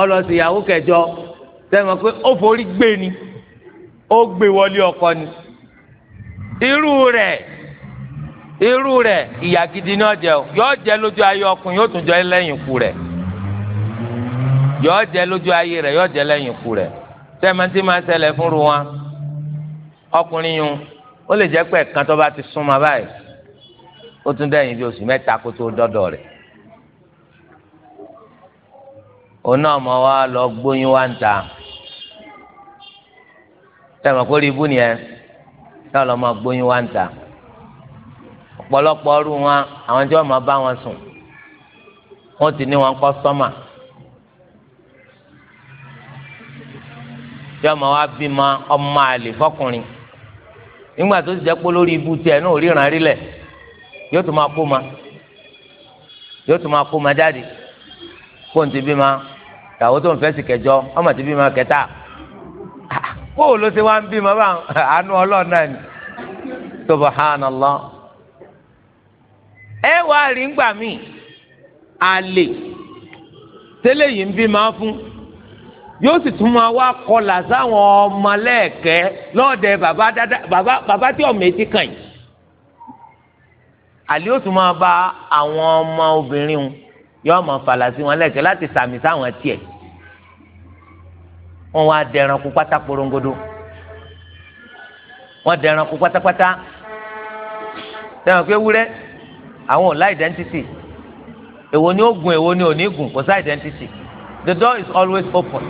ọlọ sí ìyàwó kẹjọ sẹ́mi pé ó forí gbé ni ó gbé wọlé ọkọ ni irú rẹ̀ Iru re ìyà gidi ni ọjẹ o yọ jẹ lójú ayé ọkùnrin yóò tún jẹ lẹ́yìn ikú rẹ̀ yọ jẹ lójú ayé ọkùnrin yun ó lè jẹ pé ẹ̀kan tó bá ti súnmọ́ báyìí ó tún dẹ́yìn bí oṣù mẹ́ta kó tó òun náà wá lọ gbóyún wá ń ta tẹmọ̀ kó rí nìyẹn pọlọpọ ọrụ wọn àwọn tí wọ́n máa bá wọn sùn ti ní wọn kọ́sọ́mà tí wọ́n máa wá bímọ ọmọ àlè fọkùnrin nígbà tó ti jẹ́ pé lórí ibu tiẹ̀ náà ríran rí yóò tún máa kó ma yóò tún máa kó ma jáde n ti ìyàwó tó ń fẹ́ kẹjọ ọmọ ti kẹta ah, ló wá ń àánú ẹ wá rí ngbà míì àlè tẹ́lẹ̀ yìí ń bí máa fún yóò sì tún máa wá kọlà sáwọn ọmọ lẹ́ẹ̀kẹ́ lọ́ọ̀dẹ bàbá dada bàbá bàbá tí ọ̀mọ etí kàn yìí àlè yóò tún máa bá àwọn ọmọ obìnrin wọn yóò máa fàlà sí wọn lẹ́ẹ̀kẹ́ láti sàmì sáwọn tiẹ̀ wọn wá dẹran kú pátá porongodo wọn dẹran kú pátápátá sẹ́wọ̀n pé wúrẹ́ àwọn ò lá identity èwo ni ó gùn èwo ni ò ní gùn kò sí identity the door is always open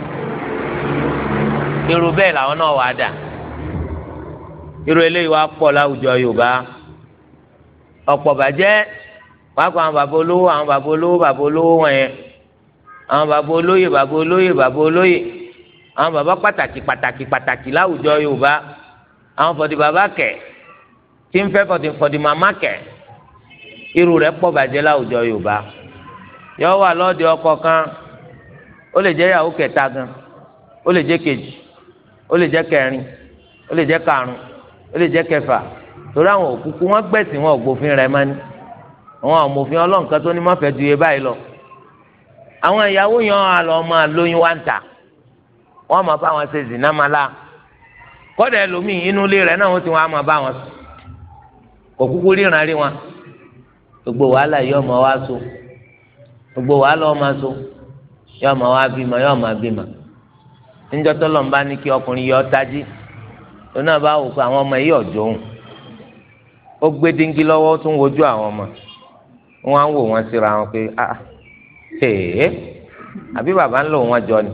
irú bẹ́ẹ̀ làwọn náà wà á dà irú eléyìí wàá pọ̀ láwùjọ Yorùbá ọ̀pọ̀ bàjẹ́ wàá kọ́ àwọn bàbá olówó àwọn bàbá olówó bàbá olówó wọn yẹn àwọn bàbá olóyè bàbá olóyè bàbá olóyè àwọn bàbá pàtàkì pàtàkì pàtàkì láwùjọ Yorùbá àwọn fọ̀dì bàbá tí ń fẹ́ fọ̀dì fọ̀dì irú rẹ pọ̀ bàjẹ́ láwùjọ yorùbá yọ wà lọ́ọ̀dì ọkọ kan ó lè jẹ́ ìyàwó kẹta gan ó lè jẹ́ kejì ó lè jẹ́ kẹrin ó lè jẹ́ karùn ó lè jẹ́ kẹfà torí àwọn òkúkú wọn gbẹ̀sìn wọn ògbófin rẹ̀ mọ́ni àwọn àmòfin ọlọ́nkan tó ní má fẹ́ iye báyìí lọ àwọn ìyàwó yan àlọ́ ọmọ àlóyún ń tà máa bá wọn ṣe zìnnà máa la kọ́dà ẹlòmíì inú ilé náà gbogbo wàhálà yóò máa wá so gbogbo wàhálà ọmọ so yóò máa wá bímọ yóò máa bímọ níjọ́ tó lọ́n bá ní kí ọkùnrin yọ tají lónà bá wò pé àwọn ọmọ yìí ọ̀jọ́ òun ó gbé díngí lọ́wọ́ ó tún wojú àwọn ọmọ wọn á wò wọn síra wọn pé ah ee ah, àbí bàbá ń lò wọn jọ ni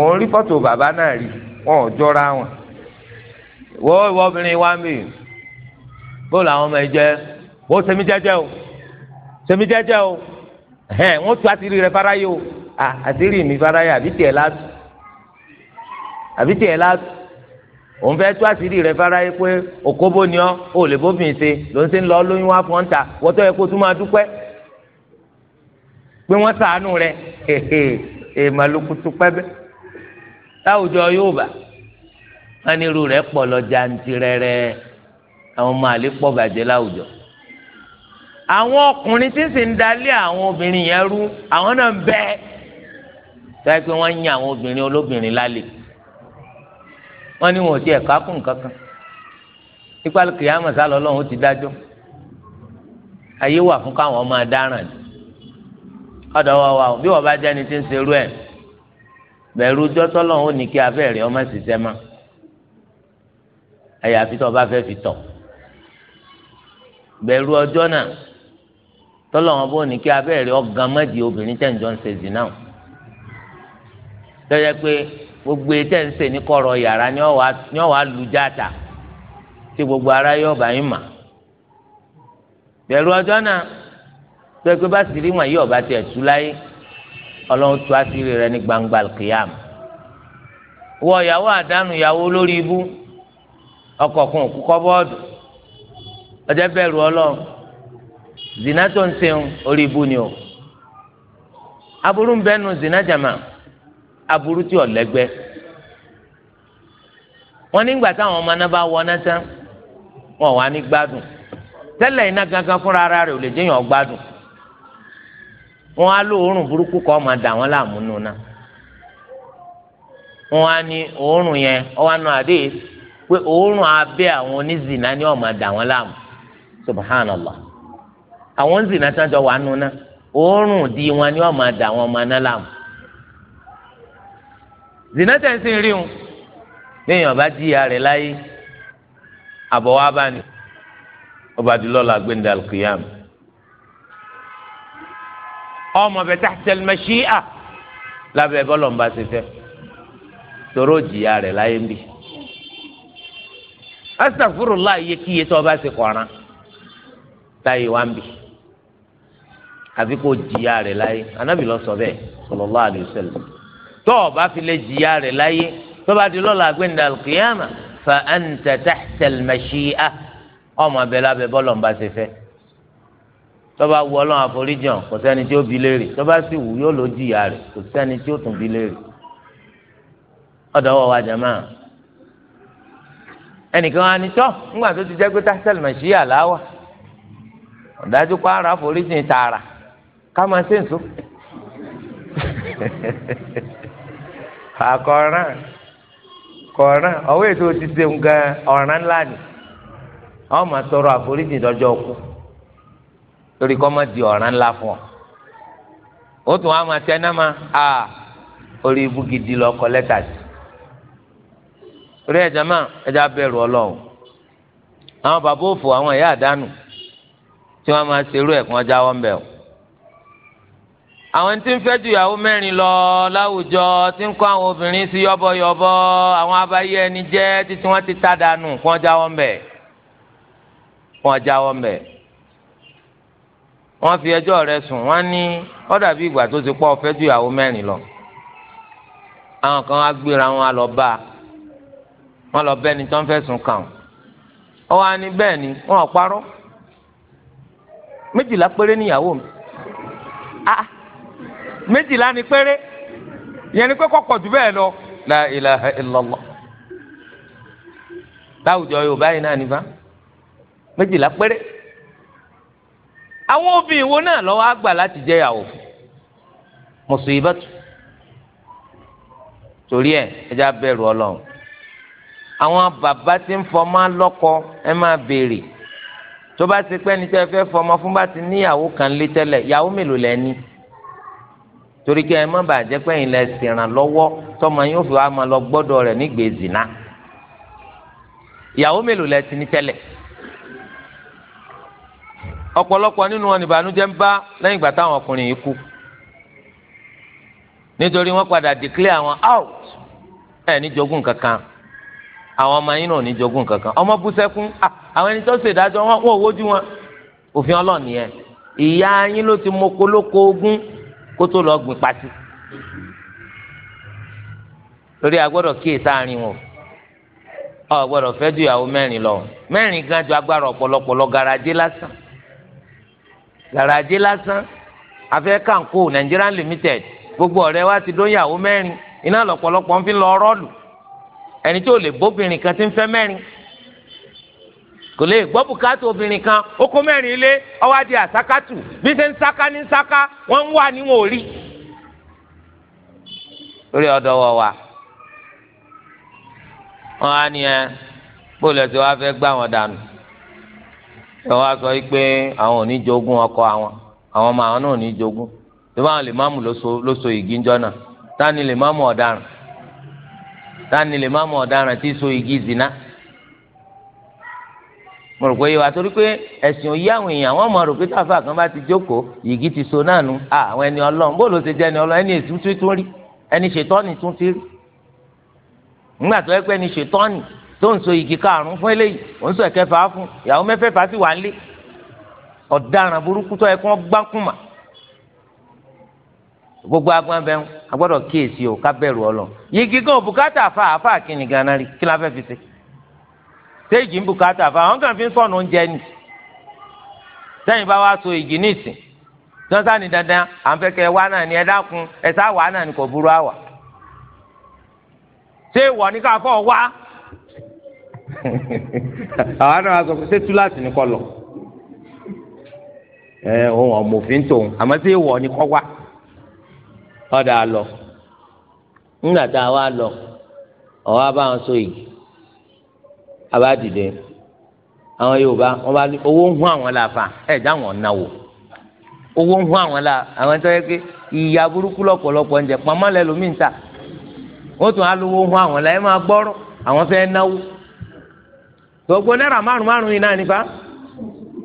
òun rí fọ́tò bàbá náà rí wọn ò jọra wọn wọ́n obìnrin wa ń bèèrè bóòlù àwọn ọmọ ẹ jẹ wọ́n sẹ́mi jẹ́jẹ́ o sẹ́mi jẹ́jẹ́ o ẹ̀hẹ́n wọ́n tu àtìrí rẹ fáráyé o àtìrí mi fáráyé àbí tiẹ̀ látù àbí tiẹ̀ látù òun fẹ́ tú àtìrí rẹ fáráyé pé òkóbó ni ọ́ ò lè bófin ṣe ló ń ṣe ń lọ lóyún wá fún ọ́ntà wọ́tọ́ yẹ kó tún máa dúpẹ́ pé wọ́n sàánú rẹ èèmàlúkú tupẹ́ bẹ́ẹ̀ láwùjọ yóò bá wọn ní irú rẹ pọ̀ lọ jàǹtìrẹrẹ àwọn ọmọ àlè pọ̀ bàjẹ́ láwùjọ àwọn ọkùnrin tí sì ń dalé àwọn obìnrin yẹn rú àwọn náà ń bẹ táyà pé wọ́n ń yan àwọn obìnrin olóbìnrin lálẹ́ wọ́n ní wọn ò tiẹ̀ kákùn kankan ipa kìyàmọ̀ sálọ ọlọ́run ó ti dájọ́ ayé wà fún káwọn máa dáràn ni ọ̀dọ̀ wa wa bí wọ́n bá jẹ́ni tí ń serú ẹ̀ bẹ̀rù jọ́tọ́ lọ́run ó ní kí abẹ́rẹ́ ọmọ ṣiṣẹ́ mọ́ àyàfi tó o bá fẹ́ fi tọ̀ bẹ̀rù ọjọ́ náà tọ́lọ́wọ́n bó ní kí abẹ́rẹ́ ọ̀gán mọ́dì obìnrin tẹ̀ ń jọ ń ṣe zì náà tọ́jà pé gbogbo etẹ́ ń ṣe ní kọ̀rọ̀ yàrá ni ọ̀wá lu játa tí gbogbo ara yóò bá yín mà bẹ̀rù ọjọ́ náà tọ́jà pé bá sì rí wọn yìí ọ̀bá tiẹ̀ tú láyé ọlọ́run tú àṣírí rẹ ní gbangba kìyàm wọ ìyàwó àdánù ìyàwó lórí ibú ọkọ̀ kan òkú kọ́ bọ́ọ̀dù ọjọ́ bẹ̀rù ọlọ́run zina tó ń sẹ́wọ̀n orí ibu ni o aburú ń zina jama aburú tí ọ̀lẹ́gbẹ́ wọn nígbà táwọn ọmọ náà bá wọ tán wọn wà tẹ́lẹ̀ iná gangan fúnra ara rẹ̀ ò lè gbádùn wọn á lo burúkú dà wọ́n láàmú nù wọn á ní yẹn àná àdéhìí pé àwọn subhanallah àwọn zina tí wọn jọ wà di wọn ni wọn máa da wọn máa nala mu zina tẹ̀ ń sìn rí wọn léèyàn bá jìyà rẹ̀ láyé àbọ̀wá bá ní ọba dùlọ́lá gbẹ̀ndà kìyàm ọmọ bẹ tàṣẹl mẹṣíà lábẹ́ bọ́lọ̀ ń bá ṣe fẹ́ tóró jìyà láyé ń bì. iye kíye tó o ṣe kọ̀ọ̀ràn. láyé wá ń bì àfi kò jìyà rẹ̀ láyé anábì lọ sọ bẹ́ẹ̀ sallallahu alaihi wasallam tó o bá fi lè jìyà rẹ̀ láyé tó bá di lọ́la gbẹ̀ndà al-qiyama fa anta tahta al-mashi'a ọmọ abẹ lábẹ bọ́lọ̀ ń bá ṣe fẹ́ tó bá wù ọlọ́run àforíjàn kò sẹ́ni tí ó bi léèrè tó bá sì wù yóò ló jìyà rẹ̀ kò sẹ́ni tí ó tún bi léèrè ọ̀dọ̀ wọ̀ wá jàmá ẹnìkan wa ni tọ́ ńgbà tó ti jẹ́ pé tahta al-mashi'a làwà ọ̀dájú kó ara foríjìn tààrà ká máa ọ nṣó àkọ̀ọ̀ràn kọ̀ọ̀ràn ọ̀wọ́ ètò ti ṣe nǹkan ọ̀ràn ńlá ni wọ́n máa tọrọ àforíjìn dọ́jọ́ kú lórí kọ́ máa di ọ̀ràn ńlá fún ọ. ó tún wá máa tẹná ma a orí ibú gidi lọ kọ lẹ́tà sí. orí ẹ̀jẹ̀ máa ẹ̀jẹ̀ abẹ́rù ọlọ́run àwọn bàbá òfò àwọn ìyá àdánù. tí wọ́n máa ṣerú ẹ̀ kàn jáwọ́ ń bẹ̀ o. àwọn tí ń fẹ́ ju ìyàwó mẹ́rin lọ láwùjọ tí ń kọ́ àwọn obìnrin sí yọ́bọ̀yọ́bọ̀ àwọn abáyé ẹni jẹ́ títí wọ́n ti tá dànù kàn jáwọ́ ń bẹ̀ kàn jáwọ́ ń bẹ̀. wọ́n fi ẹjọ́ rẹ̀ sùn wọ́n ní ó dàbí ìgbà tó ti pọ̀ fẹ́ ìyàwó mẹ́rin lọ àwọn kan á gbéra wọn lọ bá wọn lọ bẹ́ni tó ń fẹ̀sùn kàn wọ́n á ní bẹ́ẹ̀ ni wọ́n ò parọ́ méjìlá péré níyàwó mi ah méjìlá ni péré yẹn ni pé kọ́kọ́ jù bẹ́ẹ̀ lọ la ilaha illallah láwùjọ yorùbá yìí náà nípa méjìlá péré àwọn obìnrin wo náà lọ́wọ́ àgbà láti jẹ́yàwó mùsùlùmí bàtú torí ẹ ẹja bẹ̀rù ọlọ́run àwọn bàbá tí ń fọmọ lọ́kọ ẹ máa béèrè tó bá ti pẹ́ ní tẹ́ fẹ́ fọmọ fún bá ti níyàwó kan lé tẹ́lẹ̀ yàwó mélòó lẹ́ ní torí kí ẹ má bàa jẹ́ pé ẹ̀yin lẹ ṣèràn lọ́wọ́ tọmọ yín ó fi wá máa lọ gbọ́dọ̀ rẹ̀ nígbèé zina ìyàwó mélòó lẹ ti ní tẹ́lẹ̀ ọ̀pọ̀lọpọ̀ nínú wọn nìbànújẹ́ ń bá lẹ́yìn ìgbà táwọn ọkùnrin yìí kú nítorí wọ́n padà declare àwọn out ẹ̀ ní jogún kankan àwọn ọmọ yín náà ní jogún kankan ọmọ bú sẹ́kún ah, àwọn ẹni tó ṣèdájọ́ wọn wọn ò wojú wọn òfin ọlọ́ọ̀ni yẹn ìyá yín ló ti moko lóko ogún kó tó lọ gbìn pati torí agbọ́dọ̀ kíyè sáàrin wọn ọ gbọ́dọ̀ fẹ́ ju ìyàwó mẹ́rin lọ mẹ́rin gan ju agbára ọ̀pọ̀lọpọ̀ lọ garaje lásán garaje lásán afẹ́ Nigerian limited gbogbo ọ̀rẹ́ wa ti dó ìyàwó mẹ́rin iná lọ́pọ̀lọpọ̀ ń fi lọ rọ́ọ̀lù ẹni tí o lè bóbìnrin kan ti ń fẹ́ mẹ́rin kò lè gbọ́ bùkátà obìnrin kan ó kó mẹ́rin ilé ọwọ́ adìẹ àsákàtù bí ṣe ń sáká ní sáká wọ́n ń wà níwọ̀n orí lórí ọ̀dọ̀ wọ̀ wá wọ́n á ní ẹ bóòlù ẹ̀sìn wa fẹ́ gbá wọn dànù ẹ wá sọ pé àwọn ò ní jogún ọkọ àwọn àwọn ọmọ àwọn náà ò ní jogún bí wọ́n lè má mú lóso igi ńjọ́ náà táwọn lè má mú ọ̀daràn tani lè má mọ ọ̀daràn tí so igi zina mo rò pé yìí wá torí pé ẹ̀sìn òye àwọn èèyàn àwọn ọmọ rò pé táfà kan bá ti jókòó yìgì ti so náà nu àwọn ẹni ọlọ́run bó ló ṣe jẹ́ ẹni ọlọ́run ẹni èsì tún tún rí ẹni ṣètọ́ni tún ti rí nígbà tó yẹ pé ẹni ṣètọ́ni tó ń so yìgì karùn fún eléyìí òun sọ ẹ̀kẹfà fún ìyàwó mẹ́fẹ̀ẹ́fà sì wà ń lé ọ̀daràn burúkú tó yẹ kó wọ́n gbákùn mà gbogbo agbọn bẹ́ẹ̀ agbọ́dọ̀ kíyèsí o ká bẹ̀rù ọ lọ yìí gan bùkátà àfa àfa kìnnì ganan rí kí la fẹ́ fi ṣe séèjì ń bùkátà àfa àwọn kan fi ń oúnjẹ ni sẹ́yìn bá wa so ìjì ní ìsìn tọ́sà ní dandan à ń fẹ́ kẹ́ wá náà ní ẹ dákun ẹ sá wà náà ní kò burú àwà ṣé ìwọ ní ká fọ́ wá. àwọn náà sọ pé ṣé túláàsì ní kọ lọ ẹ ohun ọmọ òfin tòun àmọ́ ṣé ìwọ ní kọ wá. ọ̀dà lọ ńgbà tá a wá lọ ọ̀wá bá wọn so yìí abádìde àwọn Yorùbá wọn bá ní owó ń hún àwọn láfa ẹ̀ dá wọn náwó owó ń hún àwọn la àwọn tó yẹ pé ìyá burúkú lọ́pọ̀lọpọ̀ ń jẹ pamọ́ lẹ́lòmíì ń ta wọ́n tún á hún àwọn máa àwọn náwó gbogbo náírà márùn márùn yìí náà nípa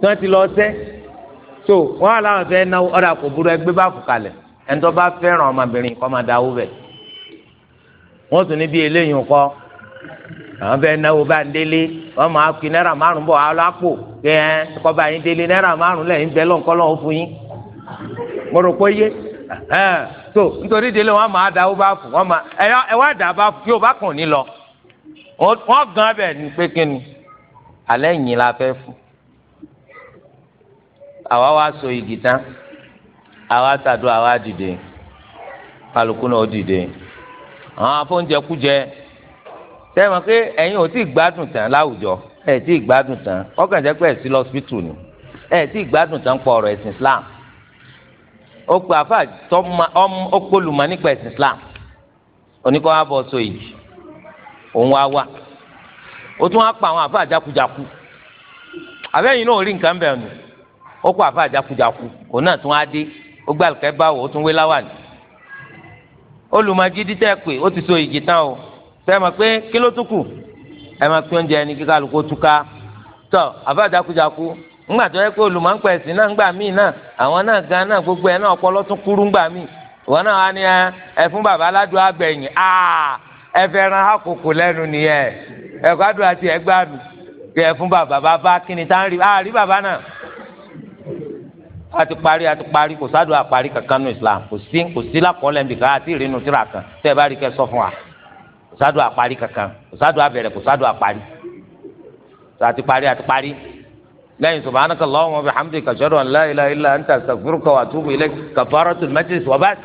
tí ti lọ náwó kò burú bá ẹni tó bá fẹ́ràn ọmọbìnrin kọ́ máa dáwó bẹ̀ wọ́n tún ní bí eléyìí kọ́ àwọn fẹ́ náwó bá ń délé wọ́n máa kí náírà márùn bọ̀ alápò kẹ́ ẹ́ kọ́ bá yín délé náírà márùn lẹ́yìn bẹ́ẹ̀ lọ́nkọ́ lọ́wọ́ fún yín mo rò pé yé so nítorí délé wọ́n máa dáwó bá fún wọ́n máa ẹ wá dà bá fún yóò bá kàn ní lọ wọ́n gan bẹ̀ ní pé kí ni alẹ́ yìí la fẹ́ fún àwa wá so igi tán àwa ṣàdúrà àwa dìde kálukú náà ó dìde àwọn afóúnjẹkújẹ sẹ́wọ̀n pé ẹ̀yin ò tí ì gbádùn tán láwùjọ ẹ̀ tí ì gbádùn tán ọkàn jẹ́ pé ẹ̀ sí lọ́sibítù ni ẹ̀ tí ì gbádùn tán pọ̀ ọ̀rọ̀ ẹ̀sìn Islam ó pe àfa ọpọlùmọ nípa ẹ̀sìn Islam oníkọ́ wa bọ̀ sọ èyí òun wa wà ó tún wá pa àwọn àfa àjákujáku àbẹ́yìn náà rí nǹkan bẹ́ẹ̀ nù ó kó àfa àjákujáku òun náà tún á dé ó gbà kẹ́ bá wò ó tún wé láwàní olùmọ̀gidi tẹ́ pé ó ti so ìgì tán o tẹ́ mọ̀ pé kí ló tún kù ẹ máa pín oúnjẹ ẹni kíkà lóko túká tọ́ àbájákujáku ńgbà tó yẹ pé olùmọ̀ǹpẹ̀ sí náà ńgbà míì gbogbo ẹ̀ náà ọpọlọ tún kúrú ńgbà míì ìwọ náà ní ẹ fún bàbá ẹ fẹ́ ran àkókò lẹ́nu nìyẹn ẹ̀kọ́ mi àti parí àti parí kò sádùn àparí kankan nu islam kò sí kò sí lákọọ́lẹ̀ nbìkan àti ìrìnnú tíra kan tẹ́ ẹ bá rí kẹ́ sọ fún wa kò sádùn àparí kankan kò sádùn àbẹ̀rẹ̀ kò sádùn àparí àti parí àti parí lẹ́yìn subhanaka Allahumma wa bihamdika ashhadu an la ilaha illa anta astaghfiruka wa atubu ilayk kafaratul majlis wa ba'd.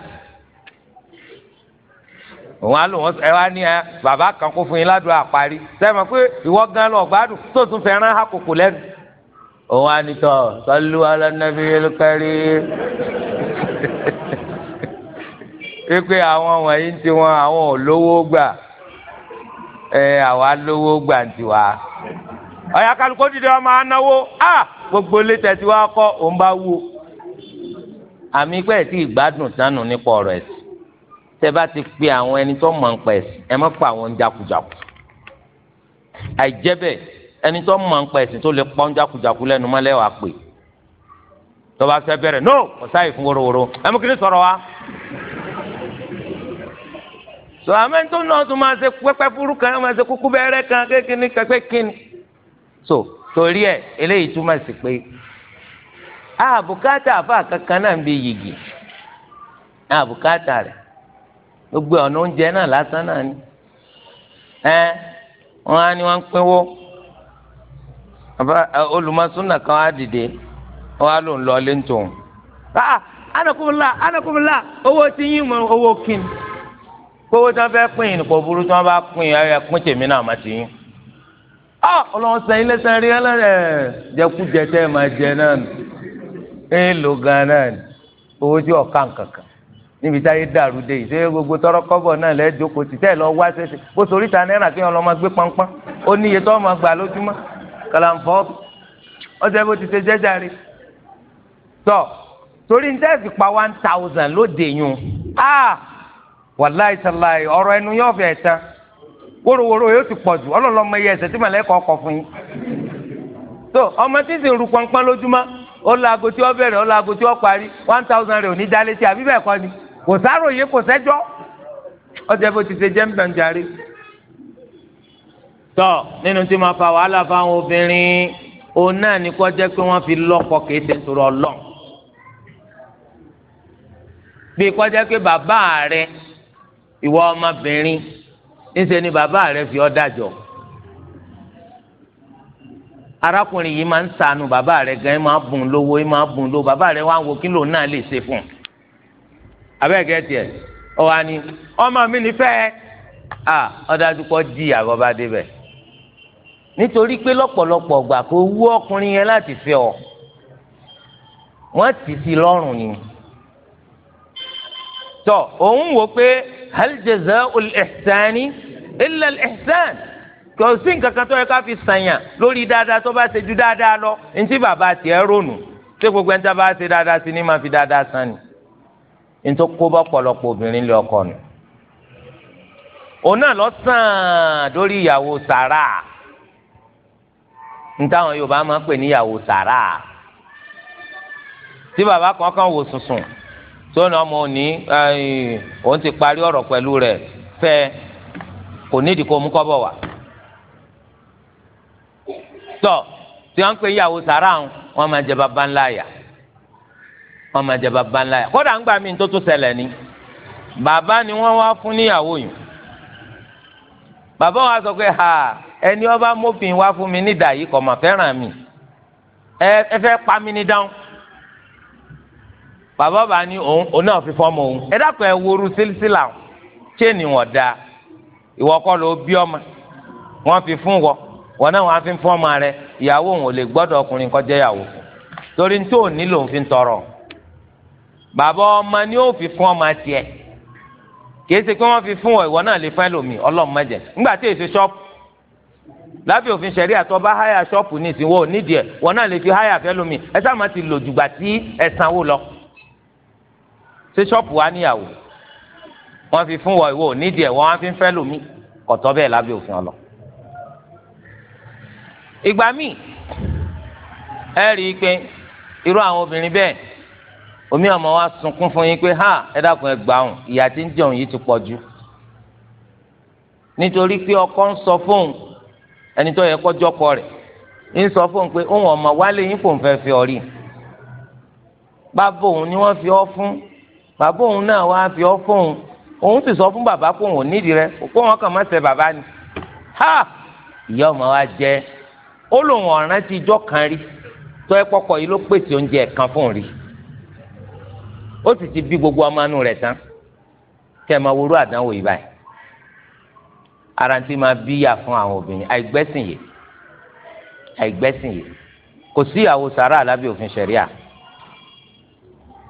òun á lò wọ́n ẹ wá ní ẹ bàbá kan kó fún yín ládùn àparí sẹ́yìn mọ̀ pé ìwọ gan lọ gbádùn tó tún fẹ́ràn àkókò lẹ́nu òun á nítọ̀ sọlú alánàbí lukari pípé àwọn wọ̀nyí ti wọn àwọn olówó gbà ẹ àwa lówó gbà tiwa ọ̀yà kálukó dìde ọmọ anáwó a gbogbo létẹ̀ tí wàá kọ́ òun bá wú àmì pẹ́ tí ìgbádùn sánú nípa ọ̀rọ̀ ẹ̀sìn tẹ́ bá ti pe àwọn ẹni tó mọ̀ ń pẹ̀ ẹ̀sìn ẹ má pa àwọn jákujàku àìjẹ́ bẹ́ẹ̀ ẹni tó mọ̀ nípa ẹ̀sìn tó lè pọ́n jákujàku lẹ́nu mọ́lẹ́ wàá pè tọ́ba fẹ́ bẹ̀rẹ̀ no kò sáyè fún worowóró ẹ mú kí ni sọ̀rọ̀ wa. sọ àmọ́ tó náà tún máa ṣe pẹ́pẹ́ fúru kan máa ṣe kúkú bẹ́rẹ́ kan kékeré kẹ́kẹ́ kíni. so torí ẹ eléyìí túmọ̀ sí pé àbùkátà àfa kankan náà ń bi yìgì àbùkátà rẹ̀ gbogbo ọ̀nà oúnjẹ náà lásán náà ni ẹ wọn á ní wọn pínwó. olùmọ̀súnà kan á dìde wọ́n á lò ń lọ lẹ́ńtọ̀n. anakunla anakunla owó tí yín mọ owó kín kówó tí wọ́n fẹ́ pín in kò burú tí bá pín in ẹ pín tèmi náà má ti yín. rí ẹ máa tí nkankan níbi táyé dàrú dé yìí ṣé gbogbo tọrọ kọbọ náà lọ wá ṣẹṣẹ bó náírà kí wọn lọ máa gbé ó tó máa kàlàǹfọ́ ọ̀sẹ̀ bó ti ṣe jẹ́jà rí tọ́ torí ní tẹ́sí pa one thousand lóde yun wàláì sàláì ọ̀rọ̀ ẹnu yóò fẹ́ tán wórówóró yóò ti pọ̀ jù ọlọ́lọ́mọ iye ẹ̀sẹ̀ tí màlẹ́kọ̀ ọkọ̀ fún yín tó ọmọ tí sì ń ru pọnpọ́n lójúmọ́ ó lọ aago tí ó bẹ̀rẹ̀ ó lọ aago tí ó parí one thousand rẹ̀ ò ní dálé sí àbí bẹ́ẹ̀ kọ́ ni kò sáròyé kò sẹ́jọ́ ọ̀sẹ̀ bó ti ṣe jẹ́ ń bẹ̀ ń jarí tọ nínú tí ma fa wàhálà fáwọn obìnrin òun náà ní kó jẹ́ pé wọ́n fi lọ́kọ kìí ṣe sọ̀rọ̀ ọlọ́n bí kó jẹ́ pé bàbá rẹ ìwọ ọmọbìnrin níṣẹ́ ni bàbá rẹ fi ọ́ dájọ́ arákùnrin yìí máa ń sànù bàbá rẹ gan ẹ máa bùn lówó ẹ máa bùn lówó bàbá rẹ wá ń wo kí lòun náà lè ṣe fún un abẹ́ẹ̀kẹ́ tiẹ̀ ọ wa ni ọmọ mi nífẹ̀ẹ́ ọ̀dájú kọ́ di àgọ́bá débẹ̀ nítorí pé lọ́pọ̀lọpọ̀ gbà kó wú ọkùnrin yẹn láti fẹ́ ọ wọ́n ti sí lọ́rùn ni tọ òun wò pé hal jazaa'ul ihsani illa al ihsan kò sí nǹkan kan tó yẹ ká fi sànyà lórí dáadáa tó bá ṣe ju dáadáa lọ ntí bàbá tiẹ̀ rònú ṣé gbogbo ẹni tá bá ṣe dáadáa sí ni máa fi dáadáa sàn ni ntó kó bá pọ̀lọpọ̀ obìnrin lé ọkọ nù òun náà lọ sàn án lórí ìyàwó sàrà nítawọn Yorùbá máa ń pè níyàwó sàrà tí bàbá kankan wò sùnsùn tó ní ọmọ òní òun ti parí ọ̀rọ̀ pẹ̀lú rẹ̀ fẹ́ kò nídìí kó mú kọ́bọ̀ wá tọ tí wọ́n ń pè níyàwó sàrà wọ́n máa jẹ bàbá ńlá yà wọ́n máa jẹ bàbá ńlá yà kódà ń mí tó tún ṣẹlẹ̀ ni bàbá ni wọ́n wá fún níyàwó yìí bàbá wa sọ pé ha ẹni ọba mọ́fìn wá fún mi nídàá yìí kọ̀ mà fẹ́ràn mi ẹ ẹ fẹ́ pa mí ní dáhùn bàbá bá ní òun òun náà fi fọ́ọ̀mù òun ẹ dákun ẹ woru sílísílà chéènì wọn da ìwọ kọ́ ló bí ọmọ wọn fi fún wọ wọn náà wọn fi ń rẹ ìyàwó òun ò lè gbọ́dọ̀ ọkùnrin kọjá ìyàwó torí tó ò nílò fi ń tọrọ bàbá ọmọ ni ó fi fún ọmọ tiẹ̀ kì í ṣe pé wọn fi fún ọ ìwọ náà lè fẹ́ lómi ọlọ́mọdé ńgbà tí èsì ṣọ́ọ̀pù lábẹ́ òfin ṣẹ̀rí àtọ́ba háyà ṣọ́ọ̀pù ní ìsìnwó nídìí ẹ̀ wọn náà lè fi háyà fẹ́ lómi ẹ sáà má ti lò jùgbà tí ẹ sanwó lọ. ṣé ṣọ́ọ̀pù wa níyàwó wọ́n fi fún wọ ìwọ nídìí ẹ̀ wọ́n á fi ń fẹ́ lómi kọ̀tọ́ bẹ́ẹ̀ lábẹ́ òfin ọlọ. ìgbà míì ẹ rí i pé irú àwọn obìnrin bẹ́ẹ̀ omi ọmọ wa sunkún fún yín pé ha ẹ dákun ẹ gbà òun ìyà tí ń jẹun yìí ti pọ̀ jù nítorí pé ọkọ ń sọ fóun ẹni tó yẹ kọjọ kọ ń sọ pé òun ọmọ wálé yín fẹ́ fi ọ bàbá ni wọ́n fi ọ́ fún bàbá òun náà wá fi ọ fóun òun sì sọ fún bàbá pé òun ò nídìí rẹ̀ kó wọn kàn má ni ha ìyá ọmọ wa jẹ ó lòun ọ̀ràn ti jọ kan rí tó ẹ yìí ló pèsè oúnjẹ kan fún un rí ó ti bí gbogbo ọmọ inú rẹ̀ tán kẹ́ ẹ máa ara ti máa bíyà fún àwọn obìnrin àìgbẹ́sìn yìí àìgbẹ́sìn yìí kò sí ìyàwó sàrà lábẹ́ òfin ṣẹ̀ríà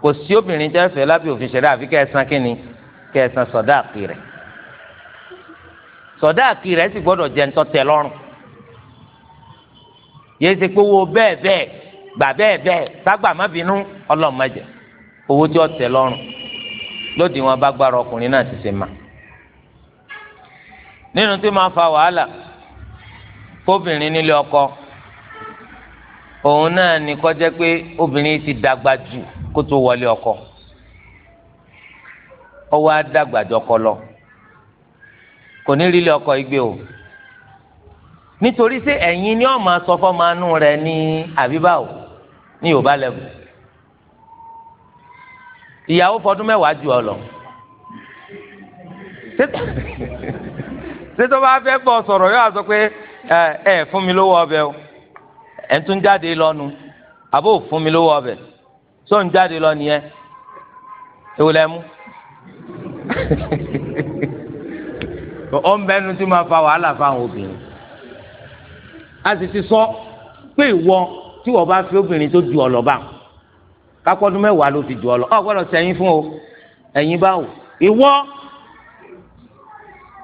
kò sí obìnrin tẹ́ fẹ́ lábẹ́ òfin ṣẹ̀ríà àfi kẹsàn kínni kẹsàn sọ̀dáàkì rẹ̀ sọ̀dáàkì rẹ̀ sì gbọ́dọ̀ jẹ́ ńtọ́ tẹ́ lọ́rùn yéé ṣe pé owó bẹ́ẹ̀ bẹ́ẹ̀ gbà bẹ́ẹ̀ bẹ́ẹ̀ ságbà má bínú ọlọ́mọdé owó tí ó tẹ́ lọ́rùn lódì wọn bá gbára ọkùnrin náà ti ṣe máa nínú tí máa fa wàhálà kóbìnrin nílé ọkọ òun náà ní kó jẹ́ pé obìnrin ti dàgbà jù kó tó wọlé ọkọ ọwọ́ á dàgbà jọkọ lọ kò ní rí ilé ọkọ igbe o nítorí ṣé ẹ̀yin ni ó máa sọ fọ́mọ anú rẹ ní àbíbáwò ní yorùbá lẹ́bù ìyàwó fọdún mẹ́wàá jù ọ lọ ṣé tó bá fẹ́ bọ̀ sọ̀rọ̀ yóò sọ pé ẹ ẹ fún mi lówó ọbẹ̀ o ẹ̀ ń tún jáde lọ́nu àbó fún mi lówó ọbẹ̀ sọ ń jáde lọ nìyẹn ewu lẹ mú ọ ń bẹnu tí máa fa wàhálà fáwọn obìnrin a sì ti sọ pé ìwọ tí wọ́n bá fi obìnrin tó ju ọlọ bá kápọ́dún mẹ́wàá ló fi ju ọlọ ọ gbọ́dọ̀ sẹ́yìn fún o ẹ̀yin báwo ìwọ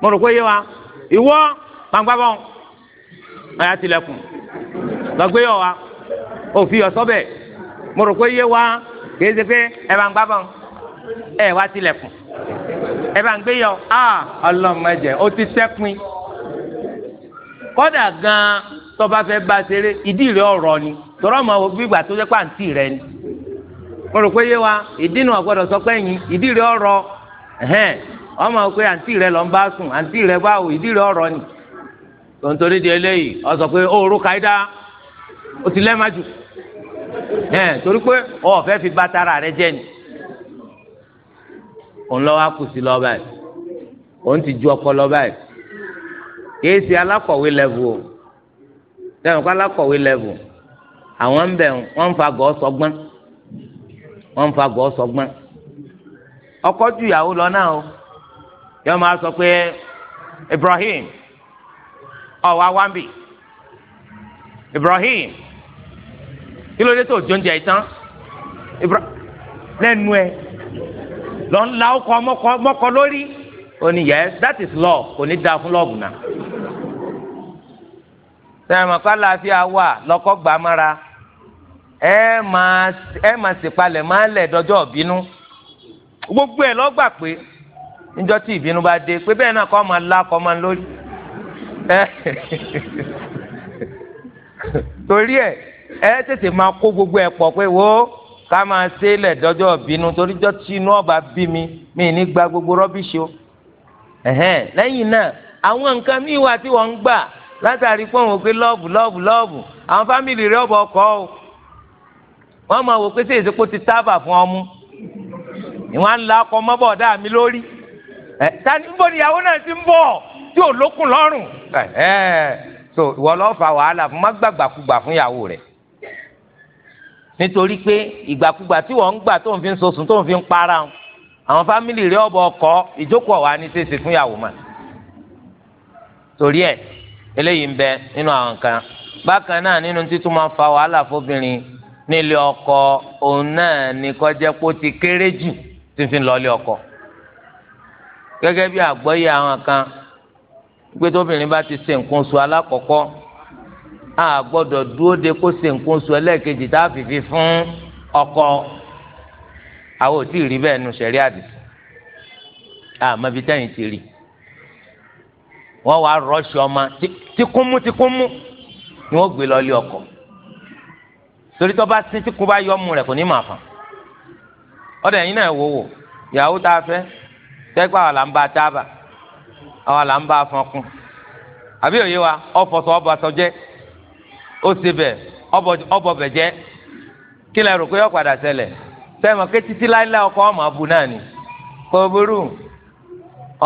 mo rò pé yé wa ìwọ gbangba bọ́n ọ̀yà tilẹ̀kùn lọ́gbé yọ̀ wa òfin ọ̀sọ́ bẹ̀ mo rò pé wa kì í ṣe pé ẹ̀ bá ń gbá bọ́n ẹ̀ wá tilẹ̀kùn ẹ bá ń gbé yọ a ọlọmọdé ó ti sẹpin kódà gan tọba fẹ́ bá ṣeré ìdí rẹ̀ ọ̀rọ̀ ni tọrọ ọmọ gbígbà tó jẹ pàǹtí rẹ ni mo rò wa ìdí nu àgbọ́dọ̀ sọ pé ìdí rẹ̀ ọ̀rọ̀ ẹhẹn ọmọ pé àǹtí rẹ lọ ń bá sùn àǹtí rẹ báwo ìdí rẹ ọ̀rọ̀ ni tontori di eléyìí ọ sọ pé ooru kaida o ti lẹ́ẹ̀ má jù ẹ̀ torí pé ọ fẹ́ fi bá tara rẹ jẹ́ ni òun lọ́wọ́ kùsì lọ́ọ́ báyìí òun ti ju ọkọ lọ́ọ́ báyìí kìí ṣe alákọ̀wé lẹ́vù o sẹ́wọ̀n kó alákọ̀wé lẹ́vù àwọn ń bẹ̀ wọ́n ń fa gọ́ sọgbọ́n wọ́n ń fa gọ́ sọgbọ́n ọkọ ju ìyàwó lọ náà o yọ máa sọ pé Ibrahim ọwọ awambi Ibrahim kí ló dé tó jóúnjẹ ìtàn lẹ́nu ẹ lọ ń la ọkọ mọkọ lórí òní yes that is love. kò ní da fún lọọgùn náà sẹ́yìnmọ̀ kálá fi àwa lọ́kọ́ gbà mára ẹ máa ẹ máa ṣèpalẹ̀ máa lẹ̀ dọjọ́ ìbínú gbogbo ẹ̀ lọ́gbà pé níjọ́ tí ìbínú bá dé pé bẹ́ẹ̀ náà kọ́ máa lá kọ́ máa lórí torí ẹ ẹ tètè máa kó gbogbo ẹ pọ̀ pé wo ká máa ṣe é lẹ̀ dọ́jọ́ ìbínú torí jọ́ tí inú ọba bí mi mi ní gba gbogbo rọ́bìṣì o lẹ́yìn náà àwọn nǹkan míì wà tí wọ́n ń gbà látàrí pé òun pé lọ́ọ̀bù lọ́ọ̀bù lọ́ọ̀bù àwọn fámìlì rẹ̀ ọ̀bọ̀ ọkọ̀ o wọ́n máa wò pé sí ti tábà fún ọmú ìwọ̀n á ń la ọkọ̀ mi lórí tani ń bọ̀ níyàwó náà ti ń bọ̀ tí ò lókun lọ́rùn. so ìwọ lọ fa wàhálà fún má gbàgbàkúgbà fún ìyàwó rẹ nítorí pé ìgbàkúgbà tí wọn ń gbà tó ń fi ń sosùn tó ń fi ń para àwọn fámìlì rẹ ọbọ ọkọ ìjókòó wa ní sèse fún ìyàwó mà torí ẹ eléyìí ń bẹ nínú àwọn kan bákan náà nínú títún máa fa wàhálà fóbìnrin nílé ọkọ òun náà ní kọjá pé ó ti kéré jù tí ń fi lọ lé ọkọ gẹ́gẹ́ bí àgbọ́yé àwọn kan pé tóbìnrin bá ti ṣe nǹkan oṣù alákọ̀ọ́kọ́ a gbọ́dọ̀ dúró de kó ṣe nǹkan oṣù ẹlẹ́ẹ̀kejì tá a fìfi fún ọkọ àwọn ò tí ì rí bẹ́ẹ̀ nu sẹ̀rí àdìsí àmọ́ ibi tẹ́yìn ti rí wọ́n wá rọ́ọ̀ṣì ọmọ tikúnmú tikúnmú ni wọ́n gbé lọ lé ọkọ torí tó bá sin tíkún bá yọ ọmú rẹ̀ kò ní máa fà ọ̀dọ̀ ẹ̀yin náà wò wò ìyàwó tá a fẹ́ tẹ́gbà wà là ń ọla mba àwọn là ń àbí òye wa ọfọsọ ọbọ̀sọ jẹ́ ó kí lẹ rò pé ọbụ padà ṣẹlẹ̀ ọbụ ké títí ọmọ abu náà ni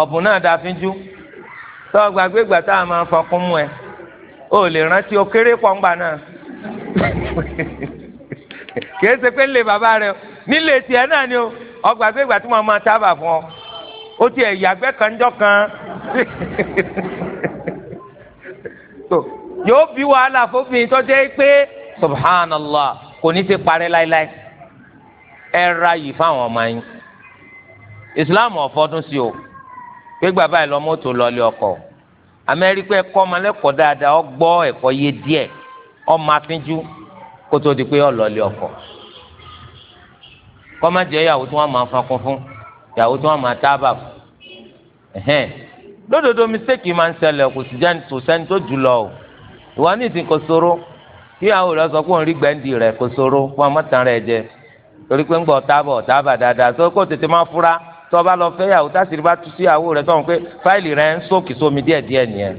ọ̀bùn náà da fínjú tọ́ gbàgbé ìgbà tá a máa fọkún mú ẹ lè rántí o kéré pọ̀ngbà náà kì í o ọgbàgbé ó ti ẹ̀ yàgbẹ́ kan jọ kan so yóò bí wàhálà fófin tọ́jú pé subhanallah kò ní ti parẹ́ láéláé ẹ ra yìí fáwọn ọmọ yín islam ọ̀fọ́dún sí o pé bàbá ẹ lọ mọ́tò lọ́ọ́lé ọkọ̀ amẹ́ríkà ẹ̀kọ́ ọmọlẹ́kọ̀ọ́ dáadáa ọ gbọ́ ẹ̀kọ́ yé díẹ̀ ọmọ afínjú kó tó di pé ọ lọ́ọ́lé ọkọ̀ kọ́má jẹ́ ìyàwó tí wọ́n máa fa kún fún ìyàwó tí wọ́n máa tábà fún ẹ̀hẹ́n lódodo mistake máa ń ṣẹlẹ̀ kò sì jẹ́ kò sẹ́ni tó jù lọ o ìwà ní ìsìn kò ṣòro kí àwọn olùdó sọ pé òun rí gbẹ̀ǹdì rẹ̀ kò ṣòro fún ọmọọ̀tàn rẹ̀ jẹ torí pé ń gbọ́ tábà tábà dáadáa sọ kó tètè máa fura tó bá lọ fẹ́ yàwó tásìrì bá tú sí ìyàwó rẹ̀ sọ̀rọ̀ pé fáìlì rẹ̀ ń sókè sómi díẹ̀díẹ̀ nìyẹn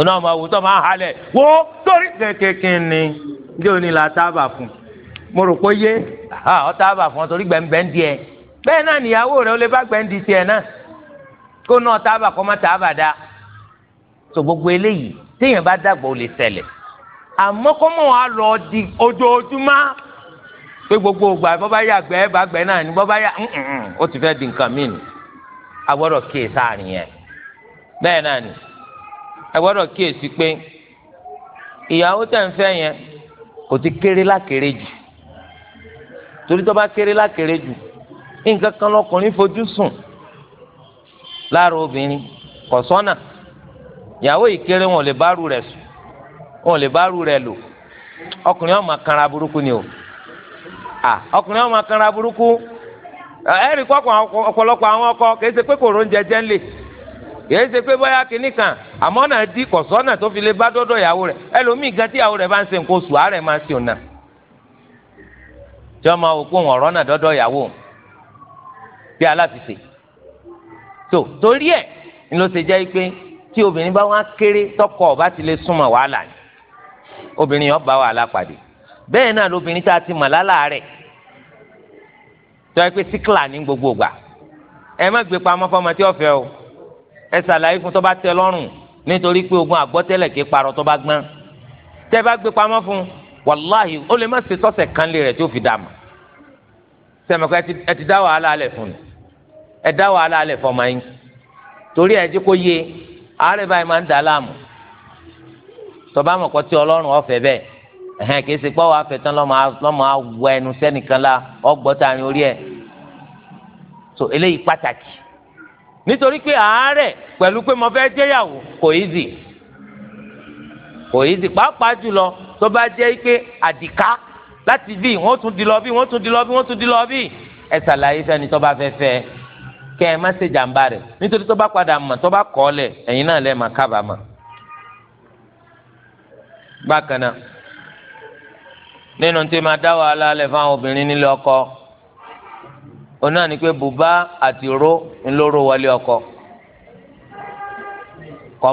oná ọmọ àwùjọ máa halẹ̀ wo torí kékeré ni la tábà fún mo rò pé yé bẹ́ẹ̀ náà níyàwó rẹ̀ ó lè bá gbẹ̀ǹdì tiẹ̀ náà kó náà tábà kó má tábà dá tó gbogbo eléyìí téèyàn bá dàgbà ó lè ṣẹlẹ̀ àmọ́ kó mọ̀ wá lọ di ojoojúmọ́ pé gbogbo ògbà bọ́ bá yà gbẹ́ bá gbẹ́ náà ni bọ́ bá yà ó ti fẹ́ di nǹkan mí ni a gbọ́dọ̀ kíyè sáàrin yẹn bẹ́ẹ̀ náà ni a kíyè sí pé ìyàwó tẹ̀ ń fẹ́ yẹn kò ti kéré lákéré jù torí tó bá kéré lákéré jù nǹkan kan lọkùnrin fojú sùn lára obìnrin kò sọ́nà ìyàwó ìkéré wọn ò lè bárù rẹ̀ sùn wọn ò lè bárù lò ọkùnrin ọmọ ni o à ọkùnrin ọmọ kanra burúkú ẹ̀rí kọ́kọ́ ọ̀pọ̀lọpọ̀ àwọn ọkọ kìí ṣe pé kò rón jẹjẹ ńlẹ̀ kìí ṣe pé kìíní kan náà di kọ̀sọ́nà tó fi lè bá dọ́dọ̀ ìyàwó rẹ̀ ẹlòmíì gan tí ìyàwó rẹ̀ bá ń ṣe nǹkan oṣù àárẹ̀ máa ń bí aláfiṣe tó torí ẹ̀ ń lọ ṣe jẹ́ pé tí obìnrin bá wọn kéré tọkọ ọba ti lè súnmọ́ wàhálà ni obìnrin yẹn bá wàhálà pàdé bẹ́ẹ̀ náà lobìnrin tá a ti mọ̀ lálàárẹ̀ tọ́ ẹ pé síkìlà ní gbogbo gbà ẹ má gbé pamọ́ fọmọ tí ó fẹ́ o ẹ ṣàlàyé fún tó bá tẹ́ lọ́rùn nítorí pé ogun àgbọ́tẹ́lẹ̀ kí parọ́ tó bá gbọ́n tẹ́ bá gbé pamọ́ fún wàláhì ó lè má ṣe tọ́sẹ̀ kan rẹ̀ tí ó fi dà mọ́ sẹ́mi ẹ ti dá wàhálà alẹ̀ fún un ẹ dá wàhálà alẹ fọmọ yín torí ẹ jẹ́ kó yé àárẹ̀ báyìí máa ń dà láàmú tọba àmọ kọtí Ọlọ́run ọfẹ bẹ́ẹ̀ ẹhẹn kìí ṣe pé wàá fẹ́ lọmọ awọ ẹnu sẹnìkan la ọgbọta ni orí ẹ so eléyìí pàtàkì nítorí pé àárẹ̀ pẹ̀lú pé mo fẹ́ jẹ́yàwó kò easy kò easy pàápàá jùlọ tó bá jẹ́ pé àdìká láti bí wọ́n tún di lọ bí wọ́n tún di lọ bí wọ́n tún di lọ bí ẹ ṣàlàyé fẹ́ni tó bá fẹ́ fẹ́ kẹ́ ẹ má ṣe jàǹbá rẹ̀ nítorí tó bá padà mọ̀ tó bá kọ́ lẹ̀ ẹ̀yin náà lẹ́ẹ̀ máa kábàámọ̀. bákan náà nínú tí máa dá wàhálà lẹ̀ fáwọn obìnrin nílé ọkọ òun náà ni pé bùbá àti ró ńlọrọ wọlé ọkọ kọ́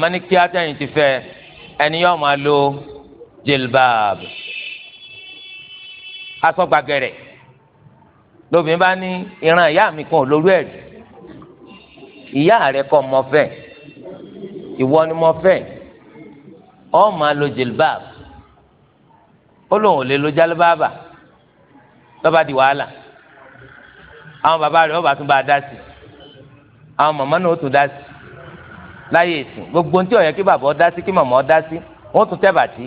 má ní kí atẹ́yìn ti fẹ́ ẹni yóò máa lo jìlbáàbù aṣọ gbàgẹ̀rẹ̀ lóbìnrin bá ní ìran ìyá mi kan olórú ẹ̀rí ìyá rẹ kọ́ mọ fẹ́ ìwọ ni mo fẹ́ ọ máa lo jilbab ó lóun ò lè lo jálíbáàbà lọ́ba di wàhálà àwọn bàbá rẹ̀ ọba tún bá a dá sí àwọn màmá náà ó tún dá sí láyé ìsìn gbogbo ní tí kí bàbá ọ dá sí kí màmá ọ dá sí wọ́n tún tẹ̀ bàtí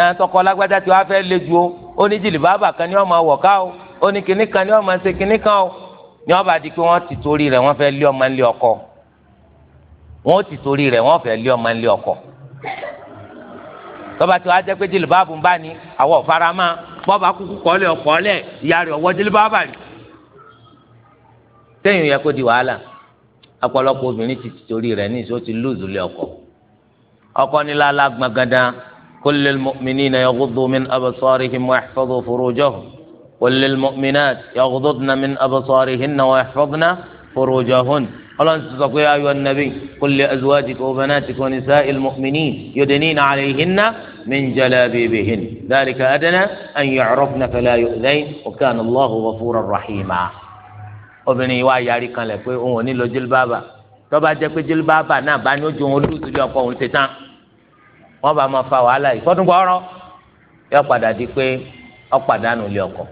ẹ̀ tọkọ lágbájá tí wọ́n á fẹ́ lé ju o ó ní jìlìbáàbà kan ní ọmọ ọwọ́ o ó ní kinní kan ni wọ́n máa ṣe kinní kan o ni wọ́n bá di pé wọ́n ti torí rẹ̀ wọ́n fẹ́ lé ọmọ ńlé ọkọ wọ́n ti torí rẹ̀ wọ́n fẹ́ lé ọmọ ńlé ọkọ tọ́ba tí wàá jẹ́ pé jìlìbáàbù ń bá ní àwọn ọ̀farama bọ́ọ̀bù akúkú kọ́lẹ̀ ọ̀kọ́lẹ̀ ìyá rẹ̀ ọ̀wọ́ jìlìbáàbà rí. téèyàn yẹ kó di wàhálà ọ̀pọ̀lọpọ̀ obìnrin ti torí rẹ̀ ní ìṣó ti lùzù lé ọkọ. ọkọ nílá alágbọ̀n gandan kullil mu'minina yaghuddu min وللمؤمنات يغضضن من أبصارهن ويحفظن فروجهن الله تقول يا أيها النبي قل لأزواجك وبناتك ونساء المؤمنين يدنين عليهن من جلابيبهن ذلك أدنى أن يعرفن فلا يؤذين وكان الله غفورا رحيما obìnrin yìí wá kan lẹ pé òun ò ní lọ jilbaba tó bá pé jilbaba náà bá ní ojú òun lùtù bí ọkọ òun ṣe tán wọn bá máa fa wàhálà yìí fọdún gbọrọ yọ padà di pé ọ pàdánù ilé ọkọ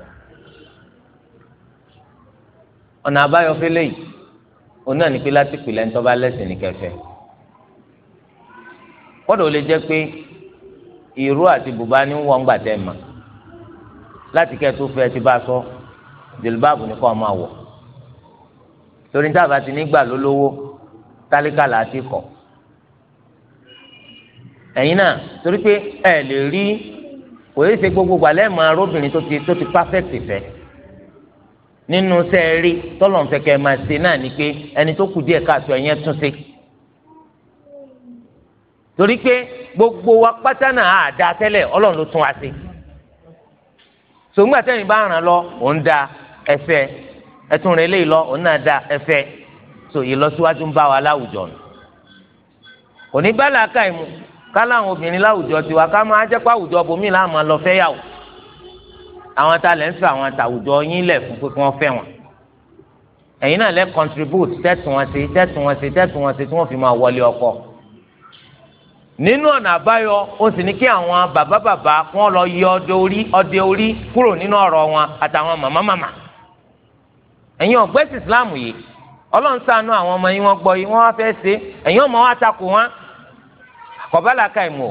ọ̀nà àbáyọ fẹlẹ̀ yìí òun náà ní pé láti pìlẹ̀ ń tọ́ba lẹ́sìn ní kẹfẹ́ kọ́dọ̀ ó lè jẹ́ pé ìró àti bùbá ní wọ́n gbà tẹ́ mà láti kẹ́ tó fẹ́ ti bá sọ jìlbáàbù ní kọ́ máa wọ̀ torí táàbà ti nígbà lólówó tálíkà láti kọ̀ ẹ̀yin náà torí pé ẹ lè rí kò yẹ ṣe gbogbo gbàlẹ́ mọ́ arábìnrin tó ti pàfẹ́tì fẹ́ẹ́ nínú sẹ́ẹ̀rí tọ́lọ̀ máa ṣe náà ni pé ẹni tó kù díẹ̀ káàtó ẹ̀yẹn tún ṣe. torí pé gbogbo wa pátá náà á da tẹ́lẹ̀ ọlọ́run ló tún wa ṣe. sòmùgbà tẹ́yìn bá ràn lọ òun da ẹ̀fẹ́ ẹ̀tún rẹ̀ lè lọ òun náà da ẹ̀fẹ́ so ìlọsíwájú ń bá wa láwùjọ nù. kò ní bá làákàyè mu ká láwọn obìnrin láwùjọ tiwa ká máa jẹ́ pé àwùjọ bòmí làá máa lọ fẹ́yàwó àwọn tá a lè ń sọ àwọn àtàwùjọ yín lẹ̀ fún pé kí wọ́n fẹ́ wọn ẹ̀yin náà lè contribute tẹ́sùn wọn sí tẹ́sùn wọn sí tẹ́sùn wọn sí tí wọ́n fi máa wọlé ọkọ nínú ọ̀nà àbáyọ ó sì ní kí àwọn bàbá bàbá wọn lọ yọ ọdẹ orí ọdẹ orí kúrò nínú ọ̀rọ̀ wọn àtàwọn màmá màmá ẹ̀yin ọ̀gbẹ́sì Islam yìí Ọlọ́run ṣàánú àwọn ọmọ yín wọ́n gbọ́ yìí wọ́n wá fẹ́ ṣe ẹ̀yin ọmọ wa takò wọn kọ̀bálà kàìmù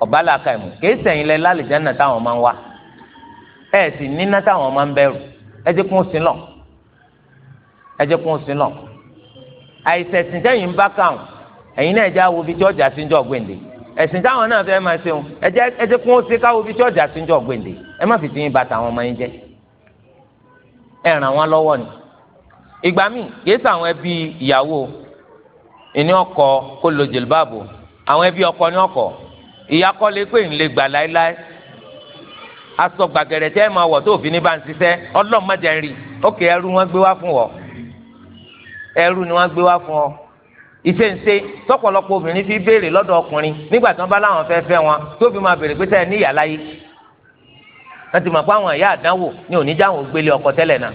kọ̀bálà kàìmù kèésì ẹ̀yin lẹ lálẹ́ jẹ́nà táwọn máa ń wá ẹ sì níná táwọn máa ń bẹ̀rù ẹ jẹ́ kún sí lọ ẹ jẹ́ kún sí lọ àìsẹ̀sìn tẹ́yìn ń bá káwọn ẹ̀yin náà jẹ́ àwọn ibi tí ọjà sí ń jọ gbèǹde ẹ̀sìn táwọn náà fẹ́ máa ṣeun ẹ jẹ́ kún sí káwọn ibi tí ọjà sí ń jọ gbèǹde ẹ má fi tiyín ba tàwọn ọmọ yín jẹ́ ẹ ràn wọ́n lọ́wọ́ ni ìgbà míì kìí sàwọn ẹbí ìyàwó ìní ọkọ kó lo jìlbáàbò àwọn ẹbí ọkọ ní ọkọ ìyá kọ́ pé ń gbà láéláé aṣọ gbàgẹ̀rẹ̀ tẹ́ ẹ máa wọ̀ tó òfin ní bá ń ṣiṣẹ́ ọlọ́mọdé ń rí ókè ẹrú wọn gbé wá fún ọ ẹrú ni wọn gbé wá fún ọ ìṣèǹṣe tọ́pọ̀lọpọ̀ obìnrin fi béèrè lọ́dọ̀ ọkùnrin nígbà tí wọ́n bá láwọn fẹ́ fẹ́ wọn tó fi máa béèrè pé sẹ́yìn ní ìyá láyé wọ́n ti mọ̀ pé àwọn ìyá àdánwò ni òní jáwọn ògbélé ọkọ tẹ́lẹ̀ náà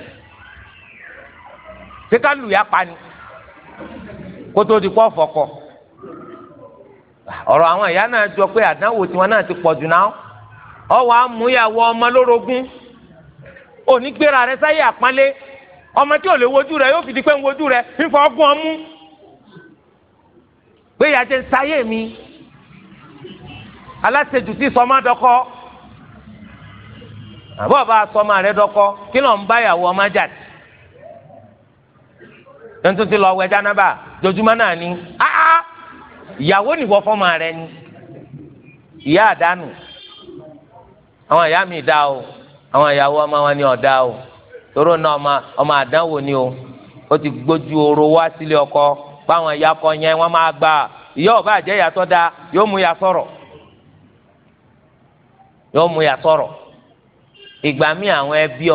ṣé ká lù yá pa ni kó tó di kọ́ fọkọ ọ̀rọ̀ àwọn ìyá náà jọ pé àdánwò tiwọn náà ti pọ̀ jù náà ọwọ́ amúyàwó ọmọ lórogún òní gbéra rẹ sáyé àpọ́nlé ọmọ tí ò lè wojú rẹ yóò fi di pé ń wojú rẹ ń fọ ọmú pé ìyá sáyé mi aláṣejù tí sọmọ dọkọ àbọ̀ bá sọmọ rẹ dọkọ kí ló ń bá ìyàwó ọmọ jà tì tuntun ti lọ wẹ jánábà jojúmọ́ náà ni ìyàwó nìwọ fọmọ rẹ ni ìyá àdánù. àwọn ìyá mi dá o àwọn ìyàwó ọmọ wọn ni ọdá o toro náà ọmọ ọmọ àdánwò ni o ó ti gbójú oró wá sílé ọkọ báwọn ìyá yẹn wọn máa gbà ìyá ọba àjẹ ìyàtọ̀ dá yóò mú yóò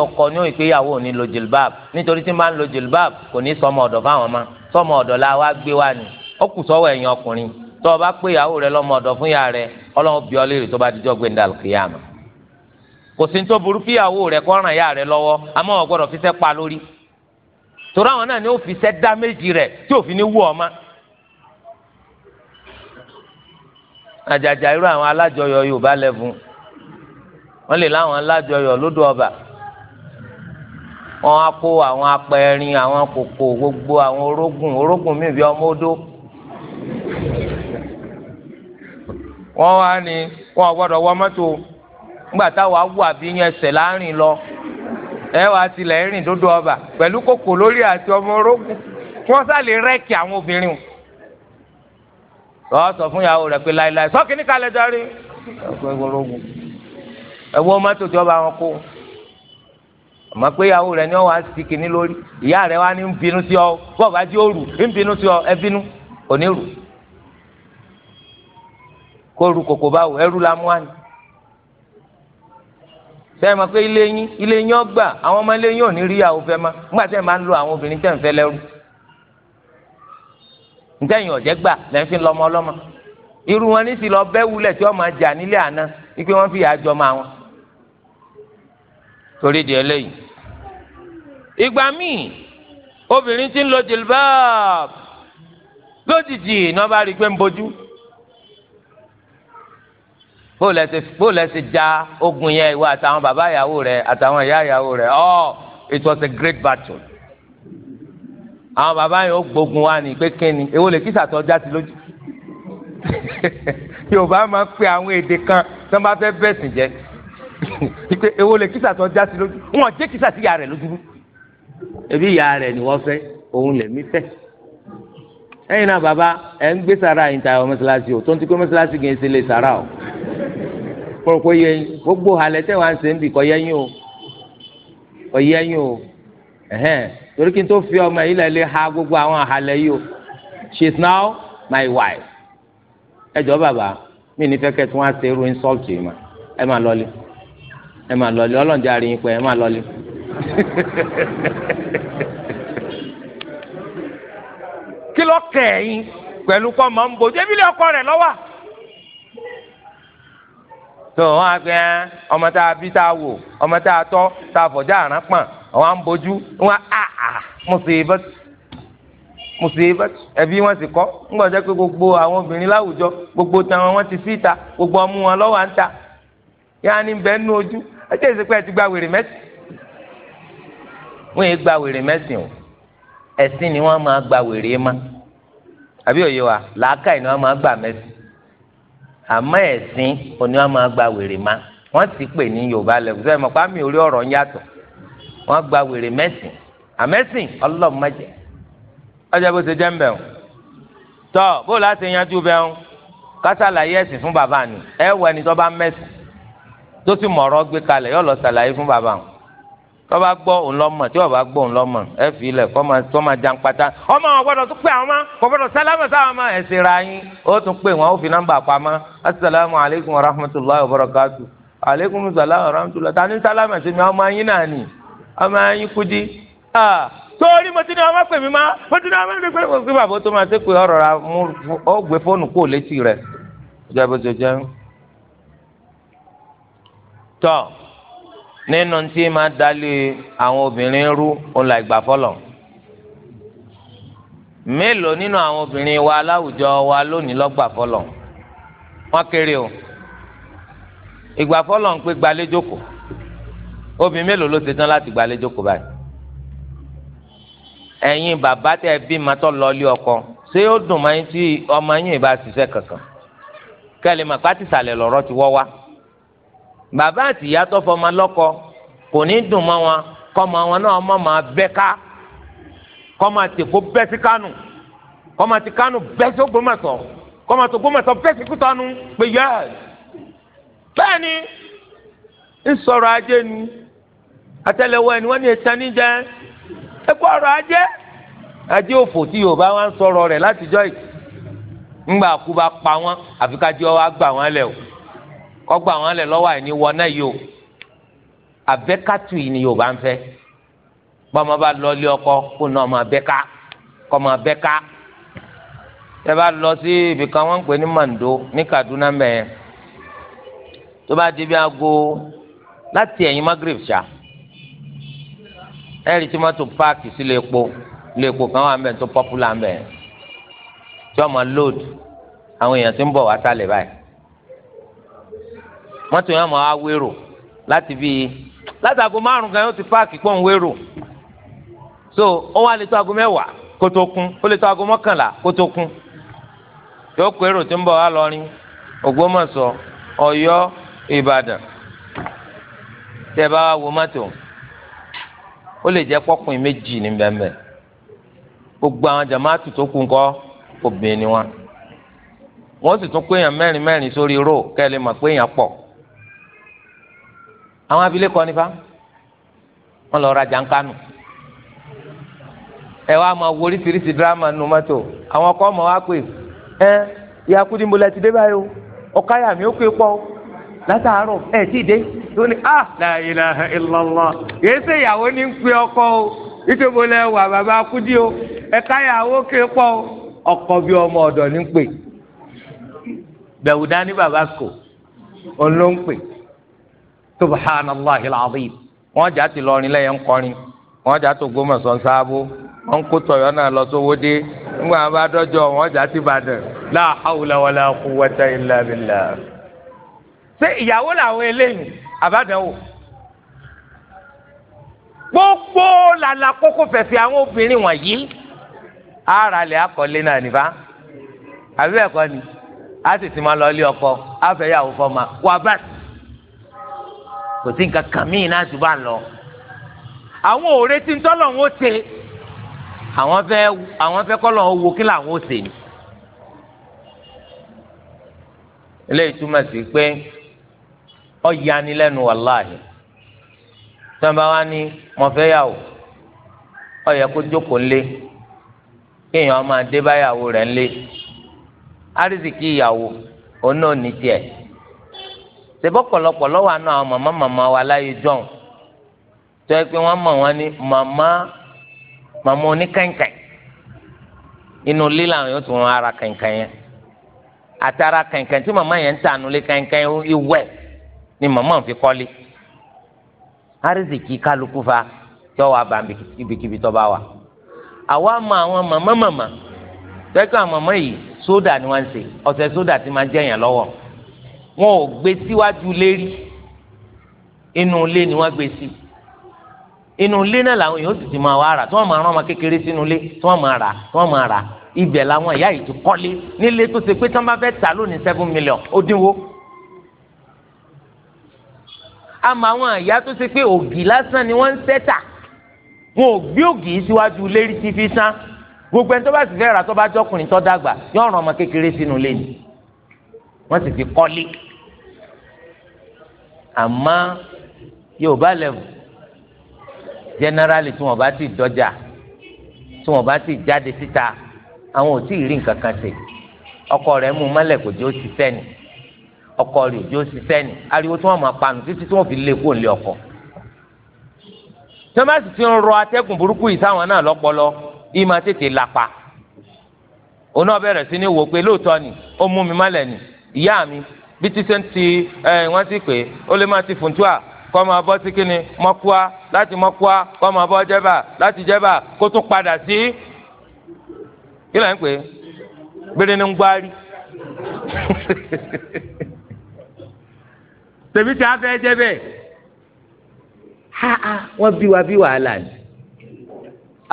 mú ọkọ ní ní lo jilbab nítorí tí máa ń lo jilbab kò ní sọmọ fáwọn ọmọ sọmọ la wá gbé wá ni ó kù sọwọ ọkùnrin tó o bá pé ìyàwó rẹ fún ìyá rẹ ọ tó bá gbé ní kò sí tó burú kíyàwó rẹ kó ràn ya rẹ lọ́wọ́ àmọ́ wọn gbọ́dọ̀ fi sẹ́ pa lórí torí àwọn náà ní ó fi sẹ́ dá méjì rẹ tí ò fi ní wú ọmọ. àjàjà irú àwọn alájọyọ̀ Yorùbá lẹ́fun wọ́n lè láwọn alájọyọ̀ lódò ọba wọ́n á kó àwọn apẹ̀rin àwọn kòkò gbogbo àwọn orógùn orógùn mi bí ọmọ odó wọ́n wá ní wọ́n gbọ́dọ̀ wọ mọ́tò. nígbà táwa wù àbí yẹn ẹsẹ̀ láàrin lọ ẹ wàá tilẹ̀ rìn dódó ọba pẹ̀lú kòkò lórí àti ọmọ orógùn kí wọ́n sá lè rẹ́ẹ̀kì àwọn obìnrin o lọ́wọ́ sọ fún ìyàwó rẹ̀ pé láéláé sọ́ọ̀kì ní kalẹ̀ darí ẹ̀wọ́ mọ́tò tí ọba wọn kó àmọ́ pé ìyàwó rẹ̀ ni wọ́n wá sí kìíní lórí ìyá rẹ̀ wá ní ń bínú sí ọ bọ́ọ̀bá tí ó rù ń bínú sí ọ ẹ bínú òní rù kó rù kòkò báwo ẹrú la mú sẹ́yìn máa pé ilé yín ilé yín ọgbà àwọn ọmọ ilé yín ò ní rí àwọn fẹ́ ma ńgbà tẹ́ ẹ̀ máa ń lo àwọn obìnrin tẹ́ ẹ̀ ń fẹ́ lẹ́rú ntẹ́yìn ọ̀jẹ́ gbà lẹ́yìn fi ń lọ́mọ ọlọ́mọ irú wọn ní sì lọ bẹ́ wulẹ̀ tí wọ́n máa nílé àná wípé wọ́n fi àjọ máa wọn. torí di eléyìí ìgbà míì obìnrin ti ń lo jìlbáàbù lójijì ní wọ́n bá rí i pé ń bojú bóòlù ẹsẹ bóòlù ja ogun yẹn ìwọ àtàwọn bàbá ìyàwó rẹ àtàwọn ìyá ìyàwó rẹ ọ oh, it was a great battle àwọn bàbá yẹn ó gbógun wa ní pé kíni èwo lè kíta tó já lójú yorùbá máa ń pe àwọn èdè kan tó bá fẹ́ bẹ̀sìn jẹ́ pé èwo lè kíta tó já lójú wọn jẹ́ kíta sí ìyá lójú ebi ìyá rẹ̀ ni wọ́n fẹ́ òun lèmi fẹ́ ẹ̀yin náà bàbá ẹ̀ ń gbé sàrà yìí ọmọ mọ́sálásí o tó ń ti pé mọ́sálásí kì lè sàrà o. kpọ̀rọ̀kọ̀ yẹ yín gbogbo halẹ̀ tẹ́ wàá ṣe ń bì kọ́ yẹ yín o kọ́ yẹ yín o ẹ̀hẹ́n torí kí fi ọmọ yìí lẹ́lẹ́ ha gbogbo àwọn halẹ̀ yìí o she is now my wife ẹ jọ bàbá mi ní fẹ́ kẹ́ tí wọ́n á ṣe irú insult yìí mà ẹ máa lọlé ẹ máa lọlé ọlọ́njà rí yín ẹ máa kí ló yín pẹ̀lú kọ́ máa ń ọkọ rẹ̀ tó wọn á fẹ́ ọmọ tá a bí tá a wò ọmọ tá a tọ́ tá a fọ̀já àrán pọ̀n àwọn à ń bójú wọn á à musibat musibat ẹbí wọn sì kọ́ ńgbọ́n jẹ́ pé gbogbo àwọn obìnrin láwùjọ gbogbo tàwọn wọn ti síta gbogbo ọmú wọn lọ́wọ́ à ń ta yáa ní bẹ́ẹ̀ nú ojú ẹjẹ́ ìsìnkú ẹ ti gba wèrè mẹ́sìn wọ́n yẹ gba wèrè mẹ́sìn o ẹ̀sìn ni wọ́n máa gba wèrè ma àbí òye wa làákàyè ni wọ́n máa gba mẹ́sìn àmọ́ ẹ̀sìn òní wọn máa gba wèrè má wọ́n sì pè ní yorùbá lẹ́kùn sẹ́yìn mọ̀ pàmì orí ọ̀rọ̀ ń yàtọ̀ wọ́n gba wèrè mẹ́sìn àmẹ́sìn ọlọ́mọdé ọjọ́ bó ṣe jẹ́ ń bẹ̀ wọn. tọ́ bó láti yanjú bẹ́ẹ̀ wọn kásàlàyé ẹ̀sìn fún bàbá ni ẹ wọ ẹni tó bá mẹ́sìn tó sì mọ̀ọ́rọ́ gbé kalẹ̀ yóò lọ sàlàyé fún bàbá wọn. tọ́ba gbọ́ òun tí ọba gbọ́ òun lọ́mọ ẹ fi ilẹ̀ kọ́ máa ọmọ wọn gbọ́dọ̀ tún àwọn ọmọ kò gbọ́dọ̀ sálámà sáwọn ọmọ ẹ̀ ra yín ó tún pé ó fi nọ́mbà pamọ́ asalaamu aleykum wa rahmatulahi wa barakatu aleykum salaam wa rahmatulahi mi ọmọ yín nínú tí máa dalé àwọn obìnrin rú òun là ìgbà fọlọ mélòó nínú àwọn obìnrin wa láwùjọ wa lónìí lọ́gbà fọlọ wọn kéré o ìgbà fọlọ ń pé gbalẹjoko obìnrin mélòó ló ṣetán láti gbalẹjoko báyìí ẹ̀yin bàbá tẹ bí matọ lọlé ọkọ ṣé ó dùn mọ́ ẹyin tí ọmọ yín ìbá ṣiṣẹ́ kankan kẹlẹ màpá ti ti wọ́ wá bàbá àtìyá tó fọmọ lọ́kọ kò ní dùn mọ́ wọn kọ́mọ wọn náà mọ́ máa bẹ́ ká kọ́mọ àtìkó bẹ́ sí kánù kọ́mọ àti kánù bẹ́ sí Ògbómọ̀ṣọ́ kọ́mọ àti Ògbómọ̀ṣọ́ bẹ́ sí Kútọ́nù pé yẹ́ bẹ́ẹ̀ ni ń sọ̀rọ̀ ajé ni àtẹ́lẹwọ́ ẹni wọ́n ní ẹ̀sán níjẹ́ ẹ kó ọ̀rọ̀ ajé ajé òfò tí Yorùbá wa ń sọ̀rọ̀ rẹ̀ yìí ńgbà kú bá pa wọn àfi kájọ́ wa gbà wọn lẹ̀ o kọgbà wọn lẹ lọ́wọ́ àìní wọ náà yìí o abẹ́kàtù yìí ni yorùbá ń fẹ́ bọ́mọ bá lọ ilé ọkọ kó nà ọmọ abẹ́ká kọ́mọ abẹ́ká tẹ bá lọ sí ibìkan wọn ń pè ní mando ní Kaduna mẹ́ẹ̀ tó bá di bí aago láti ẹ̀yìn magreth ṣá ẹ̀rí tí wọ́n tún páàkì sí lẹ́ẹ̀po lẹ́ẹ̀po kan wà mẹ́ẹ̀ tó pọ́pùlà mẹ́ẹ̀ tí wọ́n máa lóòdù àwọn èèyàn ti ń bọ̀ wá sálẹ̀ báyìí. mọ́tò yẹn máa wérò láti bí láti aago márùn kan yóò ti páàkì pọ̀ ń wérò so ó wá lè tó aago mẹ́wàá kó tó kún ó lè tó aago mọ́kànlá kó tó kún yóò kó èrò tó ń bọ̀ wá Ọ̀yọ́ Ìbàdàn méjì ní gbogbo àwọn tó kún kọ́ obìnrin ni wọn wọ́n sì tún pé èèyàn mẹ́rin mẹ́rin sórí ró kẹ́lẹ́ mọ̀ pé àwọn abilékọ nípa wọn lọ rajà ń kánú ẹ wá máa wo oríṣiríṣi dírámà nu mọ́tò àwọn ọkọ ọmọ wa pè ẹ ìyá kúndínbọlá ti dé báyìí o ọ̀káyà mi ó pè pọ̀ o ẹ tí dé tó ní a ah! la ilaha illallah yéé ṣe ìyàwó ní ń pe ọkọ o ìtòbólẹ wà bàbá kúdí o ẹ káyàwó ké pọ̀ o ọkọ bí ọmọ ọ̀dọ̀ ní ń pè bẹ̀wùdá ní bàbá kò òun ló ń pè subhanallah alazim wọ́n jà ti lọrin lẹ́yìn ńkọrin wọ́n jà tó gbọmọsán sáábó wọ́n kó tọyọ náà lọ sówó dé ńgbà bá dọjọ wọ́n jà ti bàdàn la hawla wala quwwata illa billah. ṣé ìyàwó làwọn eléyìí àbádànwò gbogbo làlà kókó fẹ̀fẹ̀ àwọn obìnrin wọ̀nyí ara lè akọ̀lé náà nípa àbí ẹ̀kọ́ ni a sì ti máa lọ ilé ọkọ àfẹ́yàwó fọ́ ma wà bàtì kò sí nǹkan kan míì náà jù bá ń lọ. àwọn ò retí ń tọ́lọ̀ ń ó ṣe àwọn fẹ́ àwọn fẹ́ kọ́ lọ́n wo kí làwọn ó ṣe ni. eléyìí túmọ̀ sí pé ó yani lẹ́nu wàláhì tọ́ba wa ní mo fẹ́ yàwó ó yẹ kó jókòó ńlé kéèyàn máa dé báyàwó rẹ̀ ńlé árísìkì ìyàwó òun náà ní tiẹ̀ Sebo ọ̀pọ̀lọpọ̀ lọ́wọ́ àná àwọn mama màmá wa láyé jọ̀hún tó yẹ pé wọ́n mọ̀ wọ́n ní màmá màmá oníkànkàn inú lílà àwọn yóò tún wọn ara kànkàn yẹn àtàrà kànkàn tí màmá yẹn ń tànú lé kànkàn ìwẹ̀ ni mama òun fi kọ́lé arizikì kálukú fa tí ọwọ́ àbá ibikíbi tó bá wà àwa mọ àwọn màmá màmá tó yẹ pé àwọn màmá yìí ni wọ́n ń ṣe ọ̀sẹ̀ ti máa jẹ́ yẹn lọ́wọ́ wọn ò gbé síwájú lérí inú ilé ni wọ́n gbé sí inú ilé náà làwọn èèyàn sì ti máa wá rà tí wọ́n máa rán ọmọ kékeré sínú ilé tí wọ́n máa rà tí wọ́n máa rà ibẹ̀ làwọn ìyá yìí ti kọ́lé nílé tó ṣe pé tí wọ́n bá fẹ́ tà lónìí seven million ó dínwó àmọ́ àwọn àyà tó ṣe pé ògì lásán ni wọ́n ń sẹ́tà wọn ò gbé ògì yìí síwájú lérí tí fi sán gbogbo ẹni tó bá sì fẹ́ rà tó bá jọkùnrin tó dàgbà yóò ràn ọmọ kékeré sínú ilé ni wọ́n sì ti kọ́lé àmọ́ yorùbá lẹ́wù jẹnẹrali tí wọn bá ti dọjà tí wọn bá ti jáde síta àwọn ò tí ì rí nǹkan kan ṣe ọkọ rẹ̀ mú mọ́lẹ̀ kò jẹ́ ó ti sẹ́ni ọkọ rẹ̀ ò jẹ́ ó ti sẹ́ni ariwo tí wọ́n máa panu títí tí wọ́n fi lé kó lé ọkọ tí sì ti ń rọ atẹ́gùn burúkú yìí sáwọn náà lọ́pọlọ yìí máa tètè lapa òun náà bẹ̀rẹ̀ sí ní wò pé lóòótọ́ ni ó mú mi mọ́lẹ̀ ni ìyá mi bí ti ṣe ń ti ẹ eh, wọ́n ti pè ó lè máa ti fùntúà kọ́ máa bọ́ sí kínní mọ́kúá láti mọ́kúá kọ́ máa bọ́ jẹ́bà láti jẹ́bà kó tún padà sí kí ló ń pè gbére ní ń gbárí tèmi tí a fẹ́ jẹ́ bẹ́ẹ̀ háà wọ́n bí wa bí wàhálà ni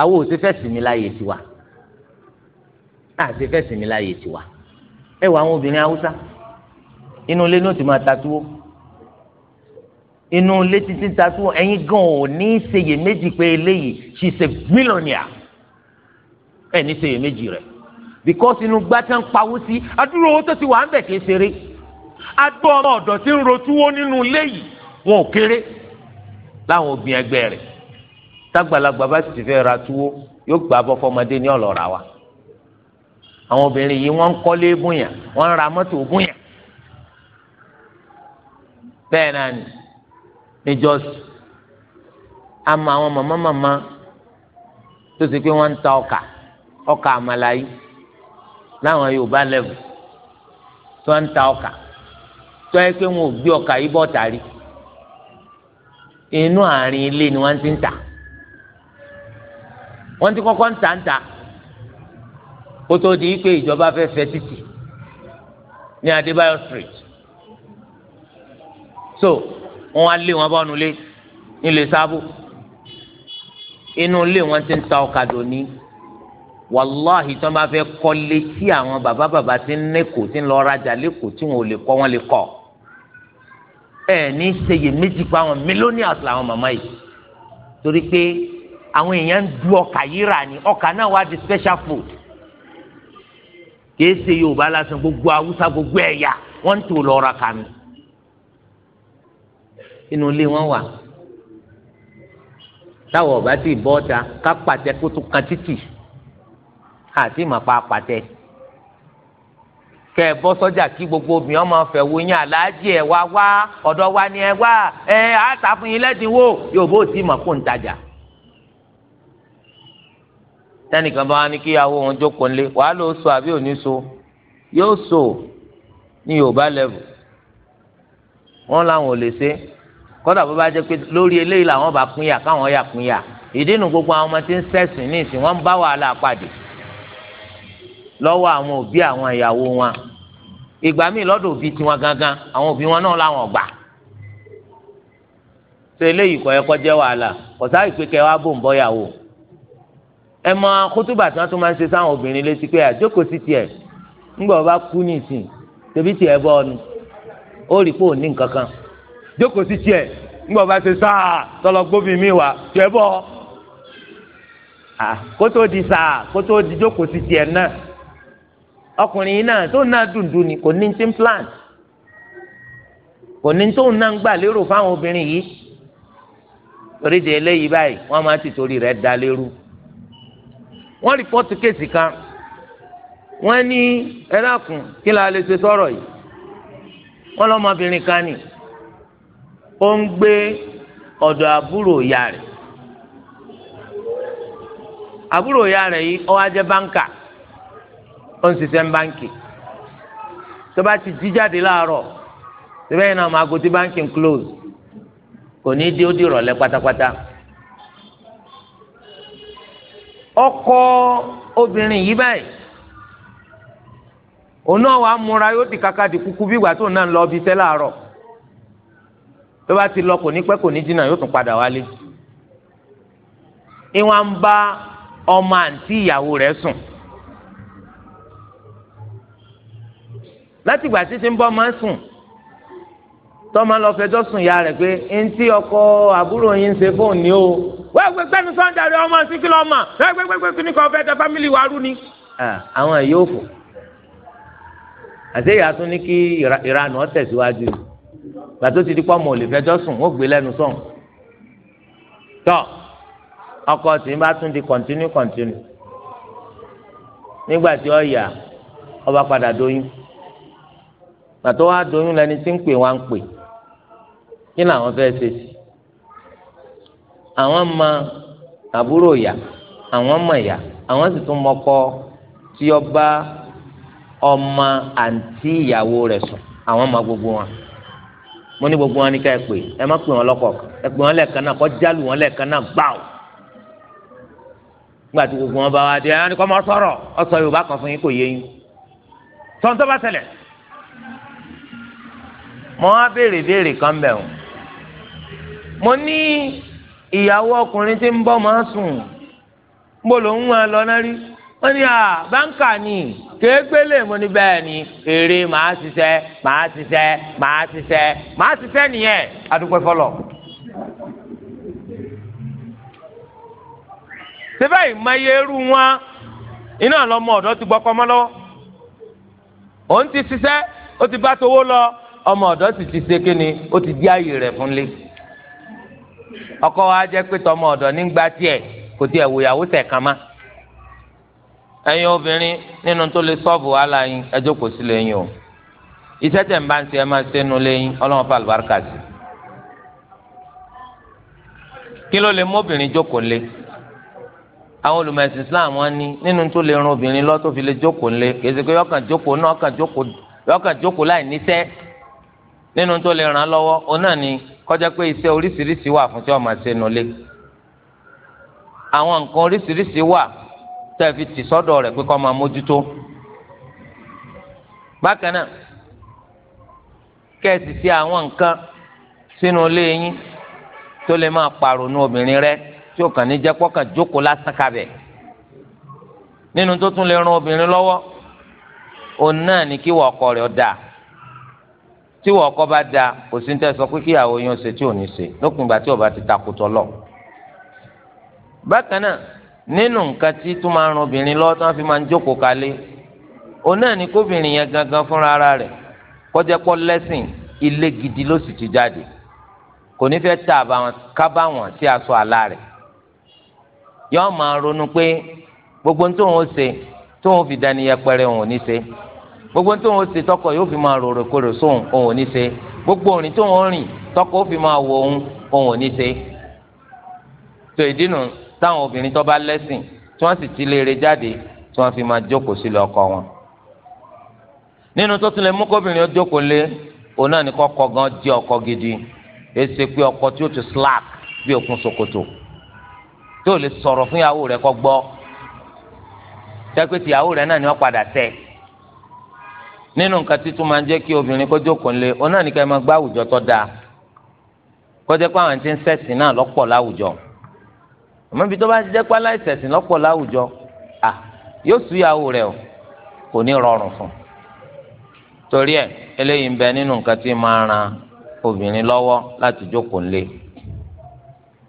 àwọn òsè fẹ́ sinmi láàyè tiwa àti fẹ́ sinmi láàyè tiwa ẹ wọ àwọn obìnrin haúsá inú ilé ní o ti máa ta túwó inú ilé títí ta túwó ẹ̀yin gan ò ní ṣeyèméjì pé eléyìí she is a millionaire ẹ̀ ní ṣeyèméjì rẹ̀ because inú gbàtà ń pawó sí adúrò owó tó ti wà ń bẹ̀ kí ṣeré agbọ́ ọmọ ọ̀dọ̀ tí ń ro túwó nínú ilé yìí wọn ò kéré láwọn obìnrin ẹgbẹ́ rẹ̀ tágbàlagbà bá sì fẹ́ ra túwó yóò gbà bọ́ fọmọdé ní ọ̀lọ́ra wa àwọn obìnrin yìí wọ́n ń kọ́lé bùnyàn wọ́n ń ra mọ́tò bùnyàn bẹ́ẹ̀ náà ni níjọ́sí àmọ́ àwọn màmá màmá tó pé wọ́n ń ta ọkà ọkà àmàlà láwọn Yorùbá tó ń ta ọkà tó yẹ pé wọn ò gbé ọkà yìí bọ́ tàrí inú àárín ilé ni wọ́n ti ń tà wọ́n ti street so wọn wá lé wọn bá wọn lé nílé sábò inú ilé wọn ti ń ta ọ̀kadà ní wàláhì tí wọn bá fẹ́ kọ́lé tí àwọn bàbá bàbá ti ń nẹ́kọ̀ tí ń lọ rajà lẹ́kọ̀ọ́ tí wọn ò lè kọ́ wọn lè kọ́ ẹ ní ṣèyí méjì pa àwọn mílíọ̀nìàs làwọn màmá yìí torí pé àwọn èèyàn ń du ọkà yìí rà ọkà náà wá di special food kì í ṣe Yorùbá lásán gbogbo Haúsá gbogbo ẹ̀yà wọ́n ń tò lọ́ọ́ kàmi inú ilé wọn wà táwọn ọba ti bọ́ ta ká pàtẹ kó tó kan títì àti ìmọ̀pá pàtẹ kẹ bọ́ sọ́jà kí gbogbo obìnrin ọmọ fẹ́ wo yín aláàjì ẹ̀ wá wá ọ̀dọ̀ wa ni ẹ wá ẹ á ta fún yín lẹ́dínwó yóò bó ti mọ̀ kó ń tajà. tẹnìkan bá wá ní kíyàwó òun jókòó nílé wàá ló so àbí òní so yóò so ní yorùbá level wọn làwọn ò lè ṣe é kódà bó bá jẹ́ pé lórí eléyìí làwọn bá pín yà káwọn yà pín yà ìdí nu gbogbo àwọn ọmọ tí ń ṣẹ̀sìn ní ìsìn wọ́n ń bá wàhálà pàdé lọ́wọ́ àwọn òbí àwọn ìyàwó wọn ìgbà míì lọ́dọ̀ òbí tiwọn gangan àwọn òbí wọn náà làwọn gbà ṣe eléyìí kọ́ ẹ̀kọ́ jẹ́ wàhálà kò sáà ìpè kẹ́ wàá bò ń bọ́ yàwó ẹ mọ kótóbà tí wọ́n tún máa ń ṣe sáwọn obìnrin létí pé àjókòó tiẹ̀ ńgbà wọ́n kú ní ìsìn tèbí tiẹ̀ bọ́ ọ nu ó rí pé ní nǹkan kan jókòó sí tiẹ̀ ńgbọ́ bá ṣe sáà tọlọ gbóbi mi wá tiẹ̀ bọ̀ kótó di sáà kótó di jókòó sí tiẹ̀ náà ọkùnrin yìí náà tó náà dùndùn ni kò ní ti ń plan kò ní tó náà ń gbà lérò fáwọn obìnrin yìí torí di eléyìí báyìí wọ́n máa ti torí rẹ̀ da lérú wọ́n rìpọ́tù kéèsì kan wọ́n ní ẹ kí la lè ṣe sọ̀rọ̀ yìí wọ́n lọ́mọbìnrin kan nìyí ó ń gbé ọ̀dọ̀ àbúrò ìyá rẹ̀ àbúrò ìyá rẹ̀ yìí ó wá jẹ́ báńkà ó ń ṣiṣẹ́ báńkì tó bá ti jí jáde láàárọ̀ síbẹ̀ yìí náà máa close kò ní di pátápátá ọkọ obìnrin yìí báyìí òun náà wàá múra yóò di kàkà di kúkú bí ìgbà tó náà tó bá ti lọ kò ní pẹ́ kò ní jìnnà yóò tún padà wálé ìwọ̀n ń bá ọmọ àǹtí ìyàwó rẹ̀ sùn láti ìgbà títí ń bọ́ máa ń sùn tọ́mọ lọ fẹjọ́ sùn ya rẹ̀ pé ntí ọkọ àbúrò yín ṣe fóònù ni o wọ́n gbé sẹ́nu sọ́ńdàrí ọmọ síkìlọ̀ ọmọ ẹ gbégbégbé kí ni kò fẹ́ tẹ fámìlì wa rú ni. àwọn yóò fò àti èyí àtúndí kí ìranù ọ̀ tẹ̀síwájú yìí gbàtó ti di pọ́ mọ̀ lè fẹjọ́ sùn ó gbé lẹ́nu sọ̀n tọ́ ọkọ tí n bá tún di kọ̀ntínú kọ̀ntínú nígbà tí ó yà ọba padà dóyún gbàtó wá dóyún lẹni tí ń pè wá ń pè kí làwọn fẹ́ ṣe sí àwọn ma àbúrò yà àwọn ma yà àwọn sì tún mọkọ tí ọba ọmọ àǹtí ìyàwó rẹ̀ sùn àwọn ma gbogbo wọn mo ní gbogbo wọn ní ká ẹ pè ẹ má pè wọn lọ́kọ̀ọ̀kan ẹ pè wọn lẹ́ẹ̀kan náà kọ́ jálù wọn lẹ́ẹ̀kan náà gbáò nígbà tí gbogbo wọn bá wá dé ẹ ní kọ́ mọ́ sọ̀rọ̀ ọ̀sọ̀ yorùbá kan fún yín kò yé yín tọ́ntọ́ bá ṣẹlẹ̀ mo á béèrè béèrè kan bẹ̀ wọn. mo ní ìyàwó ọkùnrin tí ń bọ́ máa sùn mo lòún wọn lọ náà rí wọ́n ní à báńkà ni. kéégbélé mo ní bẹ́ẹ̀ ni èrè màá ṣiṣẹ́ màá ṣiṣẹ́ màá ṣiṣẹ́ màá ṣiṣẹ́ nìyẹn adúpẹ́ fọlọ́. síbẹ̀ ìmọ̀yẹ́rù wọn iná lọ́mọ ọ̀dọ́ ti gbọ́ pamọ́ lọ́wọ́ òun ti ṣiṣẹ́ ó ti bá towó lọ ọmọ ọ̀dọ́ sì ti ṣe kíni ó ti di ààyè rẹ̀ fúnlé ọkọ wa jẹ́ pé tọmọ ọ̀dọ́ nígbà tiẹ̀ kò tiẹ̀ ẹ̀yin obìnrin nínú tó lè sọ́ọ̀bù wàhálà yín ẹ jókòó sí lẹ́yìn o iṣẹ́ tẹ̀ ń bá ń ṣe ẹ máa ṣe nu lẹ́yìn ọlọ́run fà lùbáríkà sí. kí ló lè mú obìnrin jókòó lé àwọn olùmọ̀ẹ̀sìn Islam wọn ní nínú tó lè rún obìnrin lọ tó fi lè jókòó lé kì í ṣe pé yọkàn jókòó náà yọkàn jókòó láì níṣẹ́ nínú tó lè ràn án lọ́wọ́ òun náà ni kọjá pé iṣẹ́ oríṣiríṣi wà fún tí wọ́n máa ṣe nu lé àwọn nǹkan oríṣiríṣi wà tẹ́ fi tì sọ́dọ̀ rẹ̀ pé kó máa mójútó bákan náà kẹ́ẹ̀sì sí àwọn nǹkan sínú ilé yín tó lè máa pàrònú obìnrin rẹ tí ó kàn ní jẹ́ pọ́kàn jókòó lásán kabẹ̀ nínú tó tún lè ran obìnrin lọ́wọ́ òun náà ní kí wọ́n ọkọ rẹ̀ dà tí wọ́n ọkọ bá dà kò sí ní tẹ́ sọ pé kíyàwó yín ó ṣe tí ò ní ṣe lópin ìgbà tí ó bá ti takùtọ̀ lọ. bákan náà nínú nǹkan tí tó máa ran obìnrin lọ́wọ́ tí wọ́n fi máa ń jókòó kalẹ̀ òun náà ni kóbìnrin yẹn gangan fúnra ara rẹ̀ kọjá pọ́ lẹ́sìn ilé gidi ló sì ti jáde kò ní fẹ́ ta àbàwọn kábàwọn sí aṣọ àlá rẹ̀ yọ́ọ́ máa ronú pé gbogbo tóun ó ṣe tóun fi dání yẹpẹrẹ òun ò ní ṣe gbogbo tóun ó ṣe tọkọ yóò fi máa rorò korò sóun òun ò ní ṣe gbogbo òrìn tóun ó rìn tọkọ ó fi máa wọ òun òun ò ní ṣe tó ìdí nù táwọn obìnrin tó bá lẹ́sìn tí wọ́n sì ti léèrè jáde tí wọ́n fi máa jókòó sílé ọkọ wọn. nínú tó tún lè mú kóbìnrin ó jókòó lé òun náà ní kọ́kọ gan jẹ́ ọkọ gidi èsì pé ọkọ tí ó ti slack bí òkun ṣòkòtò tí ò lè sọ̀rọ̀ fún ìyàwó rẹ̀ kó gbọ́ tẹ́pẹ́tì ìyàwó rẹ̀ náà ni wọ́n padà tẹ̀ nínú nǹkan títún máa ń jẹ́ kí obìnrin kó jókòó lé òun náà ní ká máa gbá àwùjọ tó dáa kó jẹ́ pé àwọn tí ń ṣẹ̀sìn náà lọ́pọ̀ láwùjọ àmọ́ ibi tó bá ti jẹ́ pálá ìsẹ̀sìn lọ́pọ̀ láwùjọ à yóò sú ìyàwó rẹ̀ o kò ní rọrùn fún un torí ẹ̀ eléyìí ń bẹ nínú nǹkan tí máa ran obìnrin lọ́wọ́ láti jókòó ńlé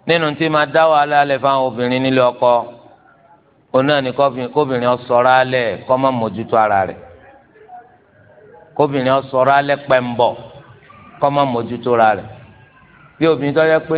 nínú tí máa dá wàhálà alẹ́ fáwọn obìnrin nílé ọkọ òun ni kóbìnrin ọ̀sọ́ra alẹ́ kó má mójútó ara rẹ̀ kóbìnrin ọ̀sọ́ra alẹ́ pẹ̀ ń bọ̀ kó má mójútó ara rẹ̀ bí obìnrin tó yẹ pé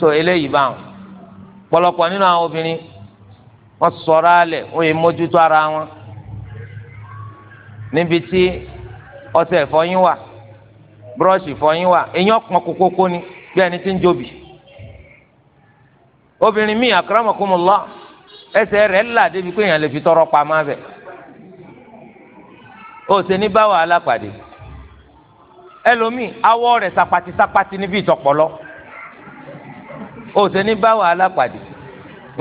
so eléyìí báwọn pọ̀lọpọ̀ nínú àwọn obìnrin wọn sọ̀rọ̀ alẹ wọn yìí mójútó ara wọn níbi tí ọtẹ ìfọyín wà búrọ́ọ̀ṣì ìfọyín wà èyàn pọn kókókó ni bí ẹni tí ń jobi obìnrin míì akramakumullah ẹsẹ̀ rẹ̀ là débi pé èèyàn tọrọ ṣe ní awọ rẹ̀ sapati sapati níbi o ṣe ní bá wàhálà pàdé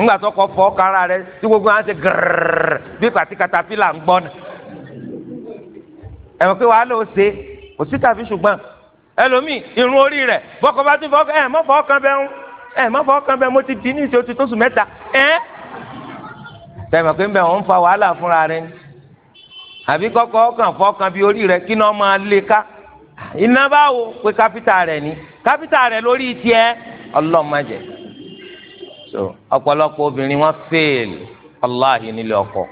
ńgbà tó kọ fọ kára rẹ tí gbogbo wọn ṣe gírrrr bí pàtí katapila ń gbọ́n ẹ̀wọ̀n pé wàhálà ó ṣe kò sí tàbí ṣùgbọ́n ẹlòmíì irun orí rẹ bọ́kọ bá tún fọ ẹ̀ mọ́ fọ́ kan bẹ́ẹ̀ ẹ̀ mọ́ fọ́ kan bẹ́ẹ̀ mo ti dín ní ìṣe oṣù tó sùn mẹ́ta ẹ̀ tẹ̀wọ̀n pé ń bẹ̀ wọ́n ń fa wàhálà fúnra rẹ ni àbí kọ́kọ́ kan fọ́ kan bí orí rẹ kí náà máa lé ká iná báwo pé kápítà rẹ ni kápítà rẹ lórí tiẹ̀ ọlọ́mọdé so ọ̀pọ̀lọpọ̀ obìnrin wọ́n fèèlì aláhi nílé ọkọ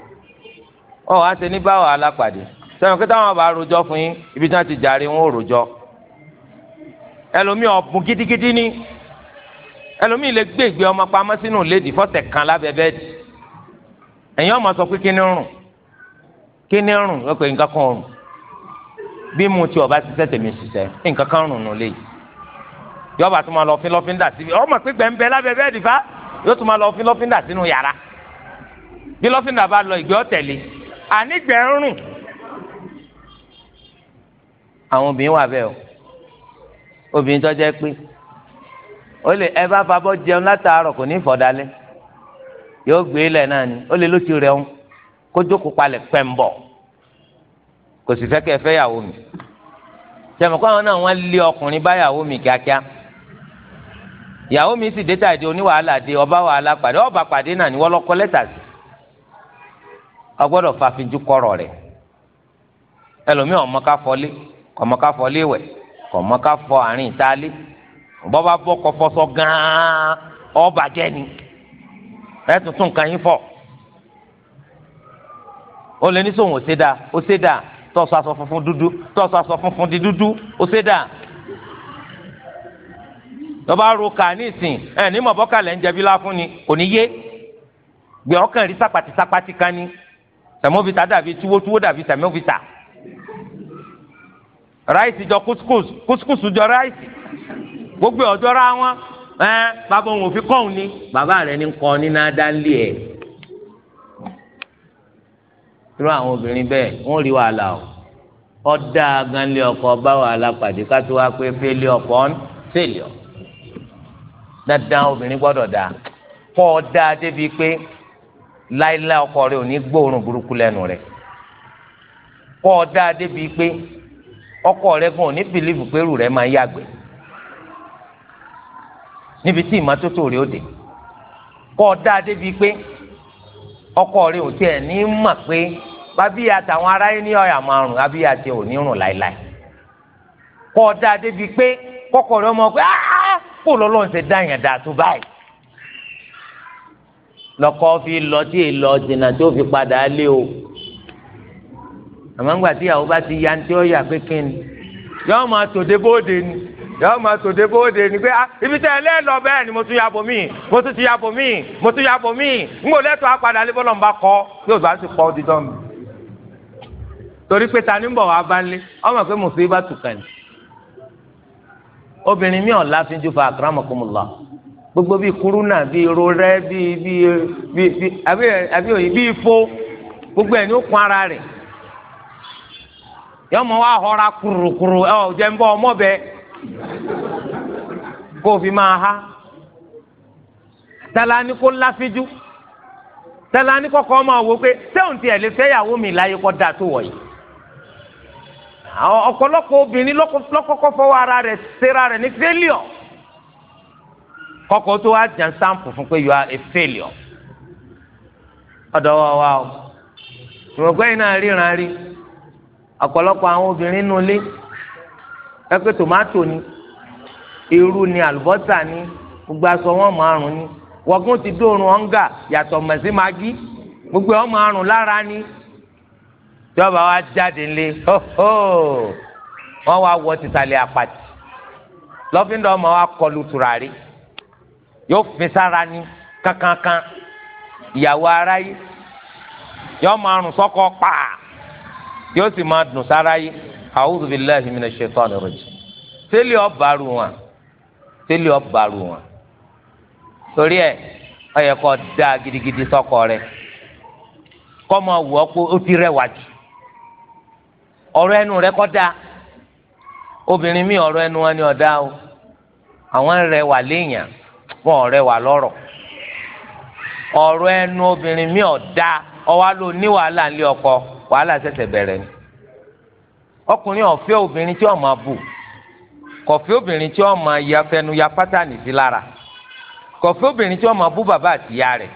ọ wá ṣe ní báwo alápàdé sẹ́wọ̀n kí táwọn bá rojọ́ fún yín ibi tí wọ́n ti jàre wọn ò rojọ́ ẹlòmíì ọ̀bùn gidigidi ni ẹlòmíì lè gbé ìgbé ọmọ pamọ́ sínú lédi fọ́tẹ̀ kan lábẹ́ bẹ́ẹ̀dì ẹ̀yin ọmọ sọ pé kí rùn kí rùn lọ́pọ̀ nǹkan kan rùn bí mo ti ọba ṣiṣẹ́ tèmi ṣiṣẹ́ nǹkan kan rùn nù léyìí yọba tó máa lọ fín lọ́fín dà síbi ọmọ pípẹ́ ń bẹ lábẹ́ bẹ́ẹ̀ dìfá yóò tó máa lọ fín lọ́fín dà sínú yàrá bí lọ́fín dà bá lọ ìgbẹ́ ọ̀tẹ̀lẹ̀ ànígbẹ̀rún àwọn obìnrin wà bẹ́ẹ̀ o obìnrin tó jẹ́ pé ó lè ẹ bá fabọ́ jẹun látàárọ̀ kò ní fọ̀dálẹ́ yóò gbé ilẹ̀ náà ni ó lè ló ti rẹun kó jókòó palẹ̀ pẹ́ kò sì fẹ́ kẹ́ ẹ fẹ́ yàwó mi tẹ̀mọ̀kọ́ àwọn náà wọ́n lé ọkùnrin báyàwó mi kíákíá ìyàwó mi sì déta ìdí oníwàhálà dé ọba wàhálà pàdé ọba pàdé náà ni lẹ́tà sí ọgbọ́dọ̀ fàfinjú kọ̀rọ̀ rẹ̀ ẹlòmíì ọmọ ká fọlé ọmọ ká fọlé ọmọ ká fọ àárín ìtálé bọ́ba bọ́ kọfọsọ gan-an ọba jẹ́ ẹ yín fọ ó ní ó ṣe tọba ro kà nísìn ẹ ní mọ̀ bọ́kàlẹ̀ ń jẹbi láfún ni kò ní yé gbé ọkàn rí sápàtì sápàtì kan ní tẹmọ́fìtà dàbí túwótúwó dàbí tẹmọ́fìtà ráìsì jọ kúskús kúskús jọ ráìsì gbogbo ọjọ́ ra wọn ẹ bàbá òun ò fi kọ́ọ̀hún ni bàbá rẹ̀ ní kọ́ ní náà dá lé ẹ̀ irú àwọn obìnrin bẹ́ẹ̀ wọ́n rí wàhálà o ọ̀dà ganlé ọkọ̀ bá wàhálà pàdé ká tó wá pé fẹ́lẹ́ ọkọ̀ ń fẹ́lẹ́ ọ̀ dandan obìnrin gbọdọ dáa kọ́ ọ débi pé láìlá ọkọ rẹ ò ní gbóòórùn burúkú pé ọkọ rẹ gan ò ní bìlíìfù pérù rẹ máa yàgbẹ́ níbi tí rẹ ó dé kọ́ ọ débi pé ọkọ rẹ ò tiẹ̀ ní pé bàbí àtàwọn aráyé ní àbí àti rùn débi pé rẹ ọmọ kó lọ́lọ́ ṣe dáyàn dà tó báyìí lọ́kọ́ fi lọ tí èè lọ jìnnà tí fi padà lé o àmọ́ ńgbà tí ìyàwó bá ti ya tí ó yà pé kí ni yọ́ọ́ máa tòde bóde ni yọ́ọ́ máa tòde bóde ni pé ah, ibi tẹ́ ẹ lẹ́ẹ̀lọ bẹ́ẹ̀ ni mo tún ya bò míì mo tún ti ya bò míì mo tún ya bò míì ń gbò lẹ́tọ̀ apàdà lé bọ́lọ̀ ń bá kọ́ yóò bá sì pọ́ dídán mi torí pé ta ni ń bọ̀ wá bá ń lé ọmọ pé mùsùlùmí bá tù kàn ní. obìnrin mi ò láfínjú fa akramakumullah gbogbo bíi kúrúnà bíi rorẹ bíi bíi bíi àbí àbí òyìn bíi ifo gbogbo ẹ̀ ní ó kún ara rẹ̀ yọmọ wa họra kurukuru ẹ ọ jẹ ń bọ ọmọ bẹ kó o fi máa ha talani ni kó láfínjú tala ni kọkọ ọmọ wò pé sẹ́wọ̀n tiẹ̀ lè fẹ́ yàwó mi láyé kọ́ da tó wọ̀ yìí. àwọn ọ̀pọ̀lọpọ̀ obìnrin lọ́kọ́kọ́ fọwọ́ ara rẹ̀ ṣera rẹ̀ ní failure kọ́kọ́ tó wá jẹun sáǹpù fún pé you are a failure ọ̀dọ̀ wa wa o ìrọ̀gbẹ́ yìí náà ríran rí ọ̀pọ̀lọpọ̀ àwọn obìnrin nù lé ẹgbẹ́ tòmátò ni irú ni àlùbọ́sà ni gbogbo aṣọ wọn márùn ni wọ́gùn ti dóorun ọ̀ǹgà yàtọ̀ mẹ̀sí magi gbogbo ọmọ àrùn lára ni jọba wa jáde lé hóhó wọn wá wọ tìsàlẹ̀ àpàtì lọ́fíńdọ̀ ọmọ wa kọlu tùràrí yóò fi sára ní kankankan ìyàwó ara yìí yóò máa rùn sọ́kọ pàà yóò sì máa dùn sára yìí a'udhu billahi minash shaitani rajim tẹ́lẹ̀ ọ̀bàrù wọn tẹ́lẹ̀ ọ̀bàrù wọn torí ẹ̀ ọ̀yẹ̀kọ̀ dáa gidigidi sọ́kọ rẹ̀ kọ́ máa wù ọ́ pé ó ti rẹwà jù Ọrọ ẹnu rẹ kọ da obìnrin mi ọrọ ẹnu wọn ni ọ̀dá o àwọn rẹwà léèyàn wọn ò rẹwà lọrọ. Ọrọ ẹnu obìnrin mi ọ̀dá ọwọ́ ló ní wàhálà ńlẹ̀ ọkọ wàhálà ṣẹ̀ṣẹ̀ bẹrẹ. ni ọkùnrin ọ̀fẹ́ obìnrin tí ó máa bù kọ̀fẹ́ obìnrin tí ó máa ya fẹnu ya pátánì sí lára kọ̀fẹ́ obìnrin tí ó máa bú bàbá àti ìyá rẹ̀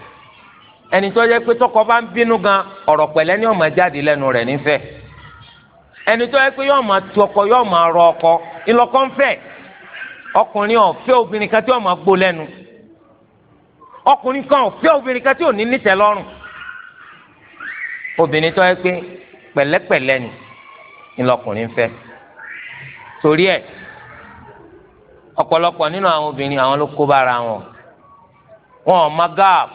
ẹni tó yẹ pé tọkọ bá ń bínú gan ọ̀rọ̀ pẹ̀lẹ́ ni ó máa jáde lẹ́nu rẹ̀ nífẹ̀ẹ́ ẹni tó yẹ pé yọọ máa tu ọkọ yọọ máa rọ ọkọ ìlọkọ ń fẹ́ ọkùnrin ọ̀fẹ́ obìnrin kan tí yọọ máa gbó lẹ́nu ọkùnrin kan ọ̀fẹ́ obìnrin kan tí ò ní nítẹ́ lọ́rùn obìnrin tó yẹ pé pẹ̀lẹ́pẹ̀lẹ́ ni ìlọkùnrin ń fẹ́ torí ẹ̀ ọ̀pọ̀lọpọ̀ nínú àwọn obìnrin àwọn ló kó bára wọn wọn ò má gáàp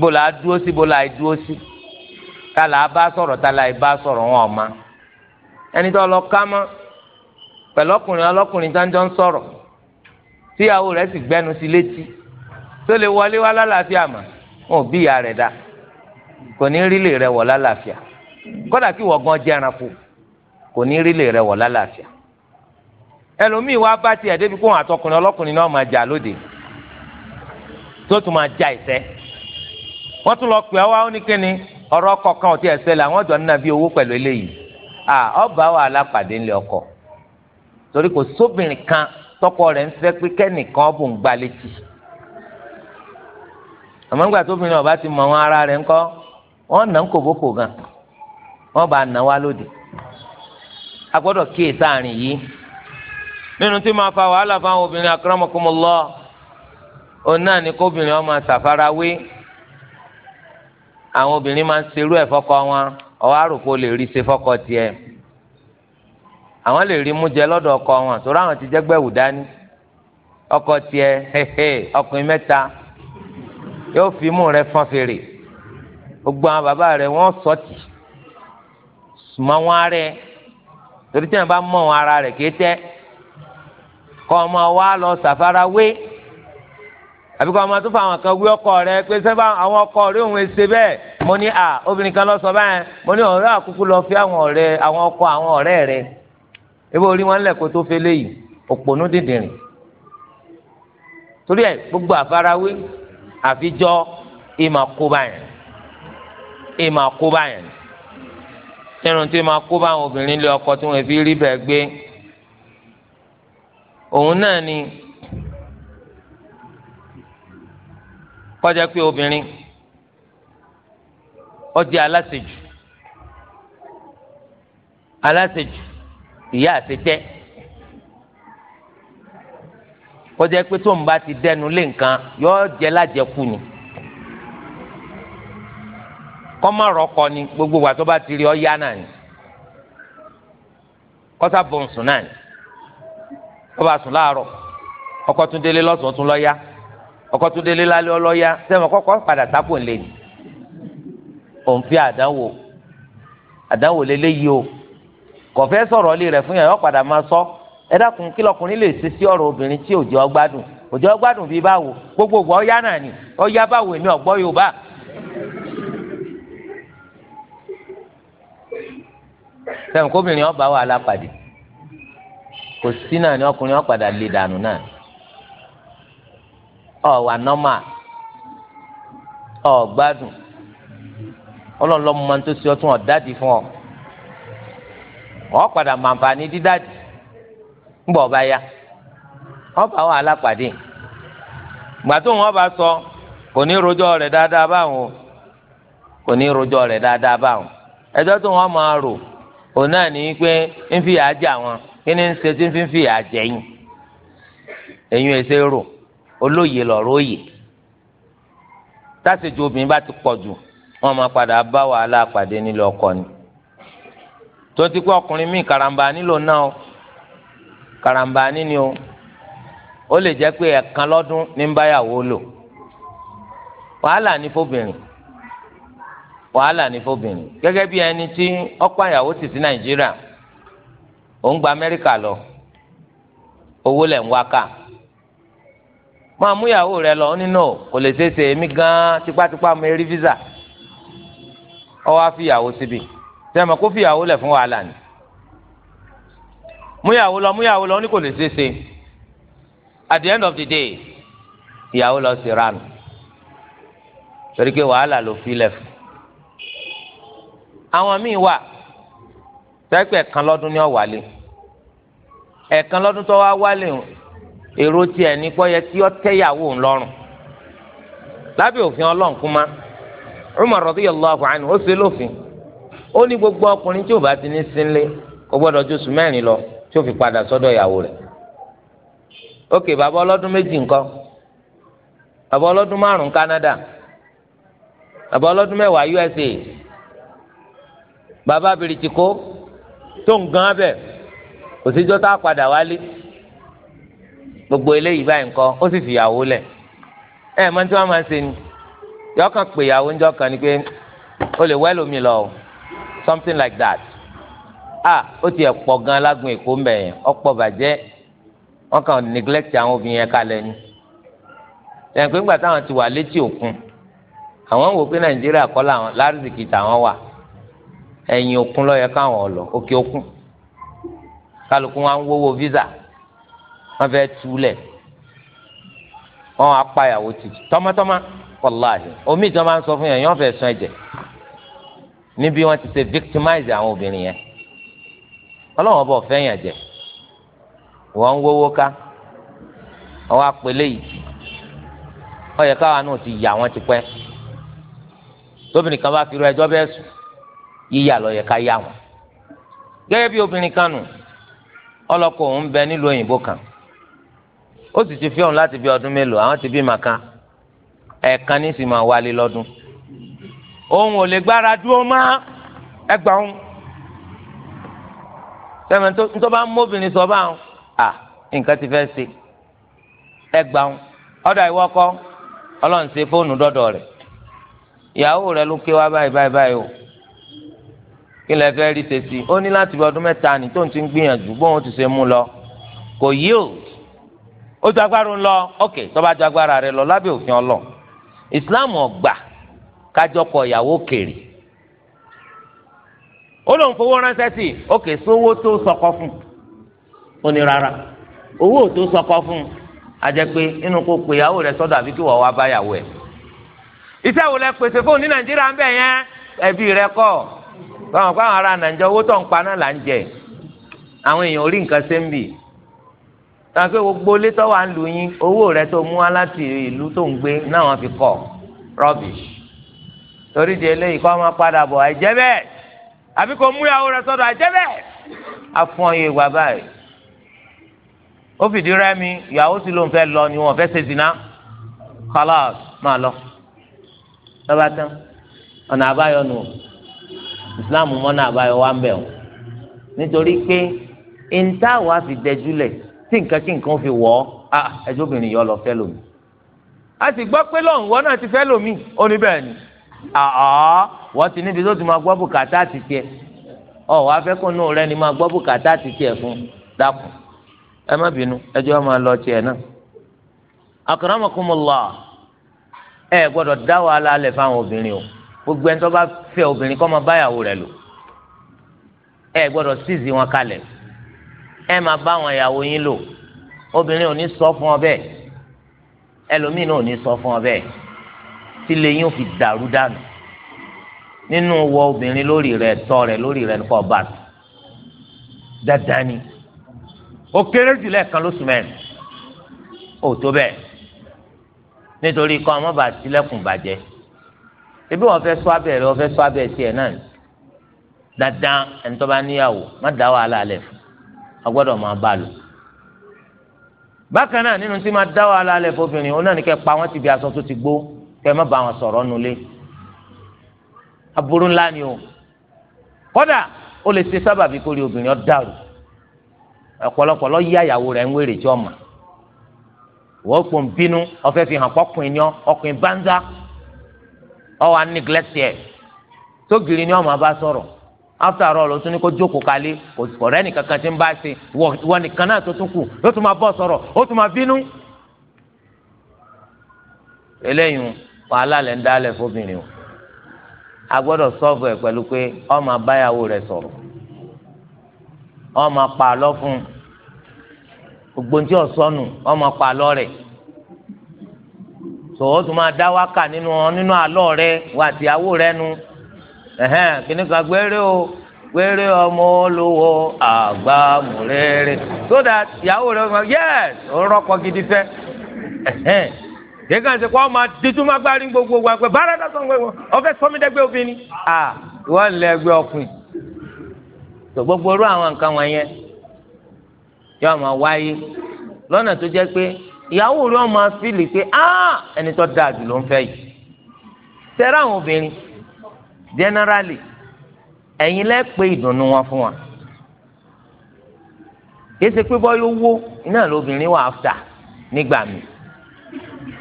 bó la dúró sí bó la dúró sí tá la bá sọ̀rọ̀ tá la bá sọ̀rọ̀ wọn ò ẹni tó lọ ká mọ́ pẹ̀lú ọkùnrin ọlọ́kùnrin tájọ́ ń sọ̀rọ̀ tíyàwó rẹ̀ sì gbẹnu sí létí tó lè wọlé wá lálàáfíà mà wọn ò bí ìyá rẹ̀ dá kò ní rí lè rẹ̀ wọ̀ lálàáfíà kódà kí wọ́n gan jẹ́ran fún kò ní rí lè rẹ̀ wọ̀ lálàáfíà ẹlòmíì wá bá tiẹ̀ débi kó wọn àtọkùnrin náà máa jà lóde tó tún máa já lọ pè wá ó ní kíni A ọba wa alápàdé ńlẹ ọkọ torí kò sóbìnrin kan tọkọ rẹ̀ ń fẹ́ pé kẹ́nìkan bò ń gba létí àmọ́ ńgbà tóbìnrin ọba ti mọ àwọn ara rẹ̀ ńkọ́ wọ́n nà ń kòbókò gan wọ́n bá nà wá lóde a gbọ́dọ̀ kíyè sáàrin yìí nínú tí máa fa wàhálà fáwọn obìnrin akramakumullah òun náà ni kóbìnrin ọmọ ṣàfarawé àwọn obìnrin máa ń serú ẹ̀ fọ́kọ wọn. ọwọ́ àròkọ lè rí ṣe fọ́kọ tiẹ̀ àwọn lè rí mú jẹ lọ́dọ̀ ọkọ wọn sọ̀rọ̀ àwọn ti jẹ́gbẹ́wò dání ọkọ tiẹ̀ ọkùnrin mẹ́ta yóò fi mú rẹ fọn fèrè gbogbo àwọn bàbá rẹ wọ́n sọ́ọ̀tì mọ́ wọn rẹ torí tí wọn bá mọ̀ wọn ara rẹ kéétẹ́ kọ́ ọmọ wa lọ sàfara wé àbíkọ́ ọmọ tó fà wọn kan wí ọkọ rẹ pé sẹ́fà àwọn ọkọ rẹ òun ṣe bẹ́ẹ̀ mo ní à obìnrin kan lọ sọ báyẹn mo ní ọ̀rẹ́ àkúkú lọ fi àwọn ọ̀rẹ́ àwọn ọkọ àwọn ọ̀rẹ́ rẹ ebe orí wọn lẹ́kọ̀ọ́ tó fẹ́ léyìí òpònú dìndìnrín torí ẹ gbogbo àfarawé àfijọ́ ìmọ̀ kó báyẹn ìmọ̀ kó báyẹn nínú tí ìmọ̀ kó báwọn obìnrin lé ọkọ tí wọn fi rí bẹ́ẹ̀ gbé òun náà ni kọjá pé obìnrin ọdí aláṣejù aláṣejù ìyá àṣetẹ kọjá pé tó ń bá ti dẹnu lé nǹkan yóò jẹ lájẹkù ni kọ́mọ̀rọ̀kọ ni gbogbo wa tó bá ti rí ọ yá náà ni kọ́sá bọ̀nsùn náà ni ọba sùn láàárọ̀ ọkọ̀ tún délé lọ́sàn tún lọ́ọ́ yá ọkọ̀ tún délé lálẹ́ ọlọ́ọ́ yá sẹ́wọ̀n kọ́kọ́ padà sápò ńlẹ̀ ni. òun fi àdánwò àdánwò lélẹ́yìí o kò fẹ́ sọ̀rọ̀ ilé rẹ̀ fún yàn padà máa sọ ẹ dákun kí lọkùnrin lè ṣe sí ọ̀rọ̀ obìnrin tí òjò ọgbádùn òjò ọgbádùn bíi báwo gbogbogbò ọ̀yá náà ni ọ̀yá báwo èmi ọ̀gbọ́ Yorùbá. sẹ́yìn kóbìnrin ọba wà lápàdé kò sí náà ni ọkùnrin ọ̀padà lè dànù náà nọ́mà ọlọ́run lọ́mọ máa ń tó ṣe ọtún ọ̀dádì fún ọ wọ́n padà máa ń fàní dídádì ńgbọ̀ ọba ya wọ́n bá wọn alápàdé ìgbà tó wọn bá sọ kò ní rojọ́ rẹ̀ dáadáa báwọn o kò ní rojọ́ rẹ̀ dáadáa báwọn ẹjọ́ tó wọn máa rò òun náà ní pé ń fi yàá jẹ àwọn kí ni ń ṣe tí ń fi fi yàá yín èyí ẹ ṣe rò olóye lọ̀rọ̀ òye tásìjú obìnrin bá ti pọ̀ jù wọn máa padà bá wàhálà pàdé nílé ọkọ ni tó ti pé ọkùnrin míì karamba nílò náà o karamba níni o ó lè jẹ́ pé ẹ̀kan lọ́dún ní ń báyàwó lò wàhálà ní fóbìnrin wàhálà ní fóbìnrin gẹ́gẹ́ bí ẹni tí ọ̀pọ̀ àyàwó ti sí nàìjíríà ó ń gba amẹ́ríkà lọ owó lẹ̀ ń wá ká máa mú ìyàwó rẹ lọ nínú kò lè ṣeé èmi gan tipátipá mi rí físà ọwọ́ á fìyàwó síbi sẹ́mi kó fìyàwó lẹ̀ fún wàhálà ni múyàwó lọ múyàwó lọ ó ní kò lè ṣeé ṣe at the end of the day ìyàwó lọ sí ránù torí pé wàhálà ló fi lẹ̀ fún àwọn míì wà sẹ́pẹ̀ kan lọ́dún ní ọ̀wálé ẹ̀ẹ̀kan lọ́dún tó wá wálé èrò tiẹ̀ ní pọ́ yẹ kí ọ tẹ́yàwó ńlọ́rùn lábẹ́ òfin ọlọ́nkúnmá Umar radiyallahu anhu ó ṣe lófin ó ní gbogbo ọkùnrin tí ò bá ti ní sínlé kò gbọ́dọ̀ ju oṣù mẹ́rin lọ tí ó fi padà sọ́dọ̀ ìyàwó rẹ̀ ókè bàbá ọlọ́dún méjì ńkọ́ bàbá ọlọ́dún márùn Canada bàbá ọlọ́dún mẹ́wàá USA bàbá bìrìtìkó tó ń gan abẹ kò síjọ́ tá a padà wálé gbogbo eléyìí báyìí ńkọ́ ó sì fìyàwó lẹ̀ ẹ̀ mọ́ tí wọ́n máa ń ṣe ni yọ kàn pé ìyàwó ń jọ kàn ní pé o lè wẹ́ lómi lọ something like that ah ó tiẹ̀ pọ̀ gan alágun èkó mbẹ̀ yẹn ọ̀pọ̀ bàjẹ́ wọ́n kàn neglect àwọn obìnrin yẹn kalẹ̀ ni ẹ̀yìn pé ńgbà táwọn ti wà létí òkun àwọn wò pé nàìjíríà kọ́ làwọn lárìsìkì tàwọn wà ẹ̀yìn òkun lọ́yẹ káwọn ọ̀lọ́ òkè òkun kálukú wọn wówó visa wọn fẹ́ túlẹ̀ wọn apá ìyàwó tì tọmọtọmọ. wàláhì omi ìjọba ń sọ fún yẹn yọ́n fẹ́ sún ẹ̀jẹ̀ níbi wọ́n ti ṣe victimize àwọn obìnrin yẹn ọlọ́run ọba ọ̀fẹ́ yẹn jẹ wọ́n ń wówó ká ọwọ́ apẹlẹ yìí ọyẹ káwa náà ti yà wọ́n ti pẹ́ tóbìnrin kan bá fi ya ẹjọ́ sùn yíyà ká yà bí obìnrin kan nù òun bẹ nílùú òyìnbó kan ó sì ti fi láti bí ọdún mélòó àwọn ti bí màkà ẹ̀ẹ̀kan ní sì máa wálé lọ́dún òun ò lè gbára dúró má ẹgbà òun sẹ́mi tó bá ń móbìnrin sọ bá òun à nǹkan ti fẹ́ ṣe ẹgbà òun ọ̀dọ̀ ìwọ kọ́ ọlọ́run ṣe fóònù dọ́dọ̀ rẹ̀ ìyàwó rẹ̀ ló ké wá báyìí báyìí báyìí o kí lẹ fẹ́ rí sèṣì ó ní láti ọdún mẹ́ta ní tóun ti ń gbìyànjú bóun ti ṣe mú lọ kò yí o ó ju ń lọ ok tó bá ju rẹ lọ lábẹ́ òfin ọlọ́run islam ọgbà kájọpọ̀ ìyàwó kèrè ó lóun fowó ránṣẹ́ sí òkè sówó tó sọkọ fún ó ní rárá owó tó sọkọ fún àjẹpé inú kó pe ìyàwó rẹ sọ́dọ̀ àbí kí wo lẹ pèsè ní nàìjíríà ń bẹ̀ yẹn ẹbí rẹ kọ́ báwọn ará nàìjíríà owó tó ń pa náà là ń jẹ àwọn tàbí pé gbogbo létọ́ wà ń lù yín owó rẹ tó mú wá láti ìlú tó ń gbé náà wọ́n fi kọ́ rubbish torí di eléyìí kọ́ máa padà bọ̀ àìjẹ́ bẹ́ẹ̀ àbí kò mú ìyàwó rẹ sọ́dọ̀ àìjẹ́ bẹ́ẹ̀ afọ́nyé bàbá yìí ó fìdí rẹ́mi ìyàwó sì ló ń fẹ́ lọ ni wọ́n fẹ́ ṣe zina khalas máa lọ lọ́ba tán ọ̀nà àbáyọ nù Islam mọ́nà àbáyọ wa ń bẹ̀ wọ́n nítorí pé ìntàwọ̀ àfi dẹjúlẹ̀ tí nǹkan kí nǹkan fi wọ̀ ọ́ ẹjọ́ obìnrin yọ lọ fẹ́ lómi. a sì gbọ́ pé lọ́nwọ́ náà ti fẹ́ lómi ó ní bẹ́ẹ̀ ni wọ́n ti níbi tó ti máa gbọ́ bùkátà ti tiẹ̀ ọ̀ wá fẹ́ kó nù rẹ ni máa gbọ́ bùkátà ti tiẹ̀ fún dákun ẹ má bínú ẹjọ́ máa lọ tiẹ̀ náà. akramakumullah ẹ gbọ́dọ̀ dá wàhálà alẹ́ fáwọn obìnrin o gbogbo ẹni tó bá fẹ́ obìnrin kó máa báyàwó rẹ̀ lò ẹ gbọ́dọ̀ síìzì wọn kalẹ̀ ẹ máa bá àwọn ìyàwó yín lò obìnrin ò ní sọ fún ọ bẹ́ẹ̀ ẹlòmíín náà ò ní sọ fún ọ bẹ́ẹ̀ tílé yín ò fi dàrú dànù nínú wọ obìnrin lórí rẹ tọ rẹ lórí rẹ nǹkan ọba tó dáadáa ni ó kéré jù lẹ́ẹ̀kan lóṣù mẹ́rin ó tó bẹ́ẹ̀ nítorí kan ọmọ bá tilẹ̀kùn bàjẹ́ ebi wọn fẹ́ sọ abẹ́ rẹ wọn fẹ́ sọ abẹ́ tiẹ̀ náà dáadáa ẹni tó bá níyàwó má dá wàhálà lẹ̀ fún a gbọ́dọ̀ máa bá a lò bákan náà nínú tí máa dá wàhálà alẹ fóbìnrin òun náà ní kẹ́ pa wọn ti bí aṣọ tó ti gbó kẹ́ má bá wọn sọ̀rọ̀ nulẹ̀ aburú ńlá ni o kódà ó lè ṣe sábàbí kórè obìnrin ọ dàrú ọ̀pọ̀lọpọ̀ lọ yí àyàwó rẹ̀ ń wèrè tí ọmọ wọ́n pò ń bínú ọ̀fẹ́ fi hàn pọ́kùnrin ni ọkùnrin bánzá ọwọ́ á neglect ẹ̀ tó gírí ni ọmọ bá sọ̀rọ̀ after all o tún ko kó jókòó kalẹ̀ kò nìkan kan ń bá ṣe wọ nìkan náà tó tún kù ó tún máa bọ́ sọ̀rọ̀ ó tún máa bínú. eléyìí wàhálà ọ ń dálẹ̀ fóbìnrin o a gbọ́dọ̀ pé ọ máa báyàwó pa fún gbogbo tí ọ ma máa pa àlọ́ rẹ sọ̀rọ̀ ó tún máa dá wákà nínú ẹ̀hẹ́n kìnnìkan gbére o gbére ọmọ olówó àgbà múrèrè so that ìyàwó rẹ̀ ọmọ yẹ́s òrọ́kọ gidi fẹ́ ẹ̀hẹ́n kéka ṣe kó ọmọ adéjúmọ́ agbárí gbogbo wa pé bára dá sọ̀rọ̀ wọn ọ̀fẹ́ sọ́mídẹ́gbẹ́ obìnrin à wọ́n lẹ ẹgbẹ́ ọkùnrin tó gbogbo irú àwọn nǹkan wọn yẹn yóò máa wáyé lọ́nà tó jẹ́ pé ìyàwó rẹ̀ ọmọ fílì pé ẹni tó dáa jù ló ń fẹ́ yìí tẹ́rẹ́ àwọn obìnrin generally ẹ̀yin lẹ pé ìdùnnú wọn fún wa kìí ṣe pé bọ́yọ̀ wó iná lóbìnrin wà áfta nígbà mi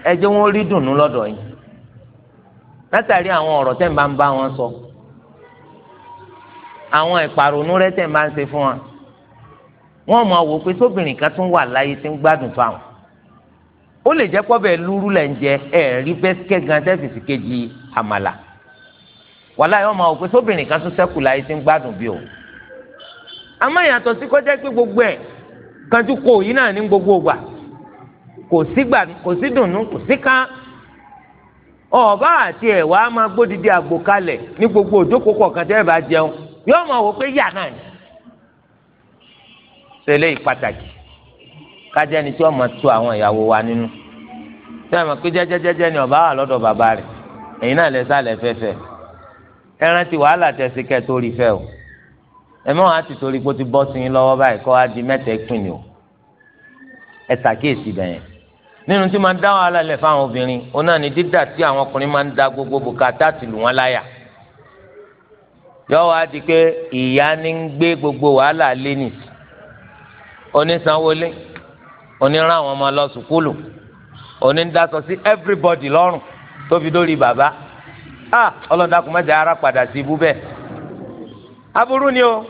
ẹ jẹ́ wọ́n rí dùnnú lọ́dọ̀ yìí látàrí àwọn ọ̀rọ̀ tẹ̀ ń bá ń bá wọn sọ àwọn ìpàrònú rẹ tẹ̀ ń bá ń ṣe fún wa wọ́n mọ̀ wò pé sóbìnrin kan tún wà láyé tí ń gbádùn fáwọn ó lè jẹ́ pọ́ bẹ́ẹ̀ lúrú lẹ̀ ń jẹ ẹ̀ẹ́rí bẹ́sikẹ́ gan tẹ́fìsì kejì àmàlà wàhálà yóò máa wò pé sóbìnrin kan tún sẹ́kù láyé tí ń gbádùn bí o àmọ́ ìyàtọ̀ sí kọjá pé gbogbo ẹ̀ kanjú kò yí náà ní gbogbo ògbà kò sí gbà kò sí dùnnú kò sí kán ọba àti ẹ̀wà á máa gbódìdí àgbò kalẹ̀ ní gbogbo òjókòó kọ̀ọ̀kan tẹ́ ẹ bá jẹun yóò máa wò pé yà náà ni ṣẹlẹ̀ ìpàtàkì kájẹ́ ni tí wọ́n máa tu àwọn ìyàwó wa nínú tẹ́ ẹ mọ̀ pé jẹ́jẹ́jẹ́jẹ́ ni ọba wà lọ́dọ̀ bàbá rẹ̀ èyí náà lẹ́sà lẹ́fẹ́fẹ́ ẹ rántí wàhálà tẹsí kẹ tó rí fẹ o ẹ mọ àti torí pé ti bọ́ sí yín lọ́wọ́ báyìí kọ́ á di mẹ́ta ẹ̀pìn ni o ẹ ṣàkíyèsí bẹ́ẹ̀ yẹn nínú tí máa ń dá wàhálà lẹ̀ fáwọn obìnrin òun náà ni dídà tí àwọn ọkùnrin máa ń da gbogbo bùkátà ti lù wọ́n láyà yọ wá di pé ìyá ni ń gbé gbogbo wàhálà lé nì onísanwóolé onírànwọ́n máa lọ sùkúlù onídàsọ sí everybody lọ́rùn tó fi dórí bàbá ọlọ́dà kò má jẹ́ ara padà sí ibú bẹ́ẹ̀ aburú ni o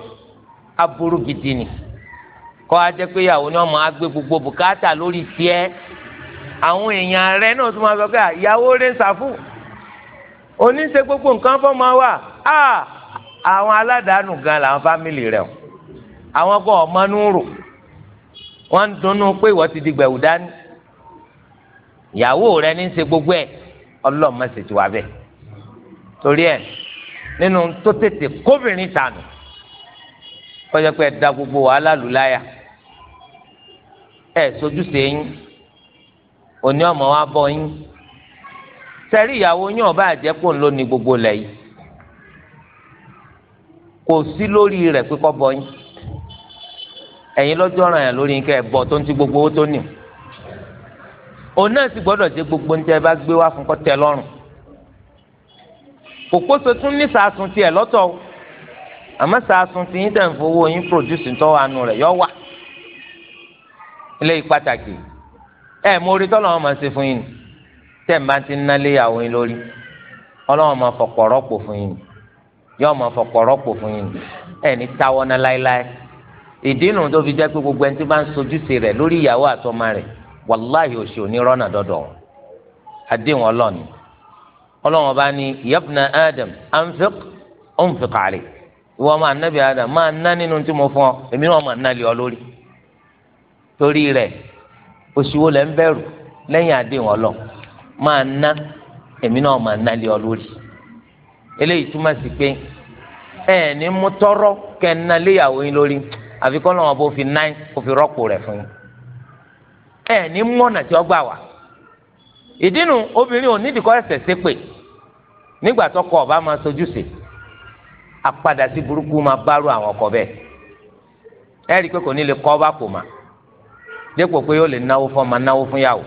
aburú gidi ni kọ́ ajẹ́ pé ìyàwó ni wọ́n máa gbé gbogbo bùkátà lórí tiẹ̀ àwọn èèyàn rẹ náà tún máa sọ pé ìyàwó rẹ ń sàfù oníṣe gbogbo nǹkan fọ́ máa wà àwọn aládàánù gan làwọn fámìlì rẹ o àwọn kan ọmọnú rò wọ́n ń dunnú pé ìwọ ti di gbẹ̀wù dání ìyàwó rẹ ní í ṣe gbogbo ẹ̀ ọlọ́mọ ṣètò wa bẹ́ẹ̀ torí ẹ nínú tó tètè kóbìnrin tànù kọjá pé ẹ da gbogbo wàhálà lù láyà ẹ sojúṣe yín òní ọmọ wa bọ yín sẹ́rí ìyàwó yín ọba àjẹ́ kò ń lò ní gbogbo lẹ̀ yìí kò sí lórí rẹ̀ pé kọ́ bọ yín ẹ̀yin lọ́jọ́ ràn yàn lórí yín kẹ́ ẹ̀ bọ̀ tó ń ti gbogbo owó tó nì òun náà sì gbọ́dọ̀ ṣe gbogbo ní bá gbé wá fún kọ́ tẹ́ kòkóso tún ní sàásùn tiẹ̀ lọ́tọ̀ o àmọ́ sàásùn tí yín tẹ̀ ń fowó yín produce ń tọ́wọ́ àánú rẹ̀ yọ wà eléyìí pàtàkì ẹ mọ orí tọ́lọ́wọ́n máa ṣe fún yín tẹ̀ ń bá ti ná léyàwó yín lórí ọlọ́wọ́n máa fọ̀pọ̀ rọ́pò fún yín yọ máa fọ̀pọ̀ rọ́pò fún yín ẹ ní táwọ́ ná láéláé ìdí nù tó fi jẹ́ pé gbogbo ẹni tí bá ń sojúṣe rẹ̀ lórí ìyàwó àtọ́mọ rẹ̀ wàláhì òṣì onírọ́nà dọ́dọ̀ àdéhùn ọlọ́ọ̀ni ọlọ́run ọba ní yabna adam anfiq unfiq ali ìwọ ọmọ anabi adam máa ná nínú tí mo fún ọ èmi náà máa ná lé ọ lórí torí rẹ̀ òṣìwò lẹ ń bẹ̀rù lẹ́yìn àdéhùn ọlọ máa ná èmi náà máa ná lé ọ lórí eléyìí túmọ̀ sí pé ẹ ní mú tọrọ kẹ ń ná léyàwó yín lórí àfi kọ́ lọ́wọ́ bó fi náì kó rọ́pò rẹ̀ fún yín ẹ ní mọ̀nà tí ó gbà wá ìdí nu obìnrin ò nídìí kọ́ ẹsẹ̀ ṣépè nígbà tọkọ ọba máa sojúṣe apadà sí burúkú máa bárò àwọn ọkọ bẹ́ẹ̀ ẹ rí i pé kò ní lè kọ́ ọba kò mà dépò pé yóò lè náwó fún ọmọ náwó fún yàwó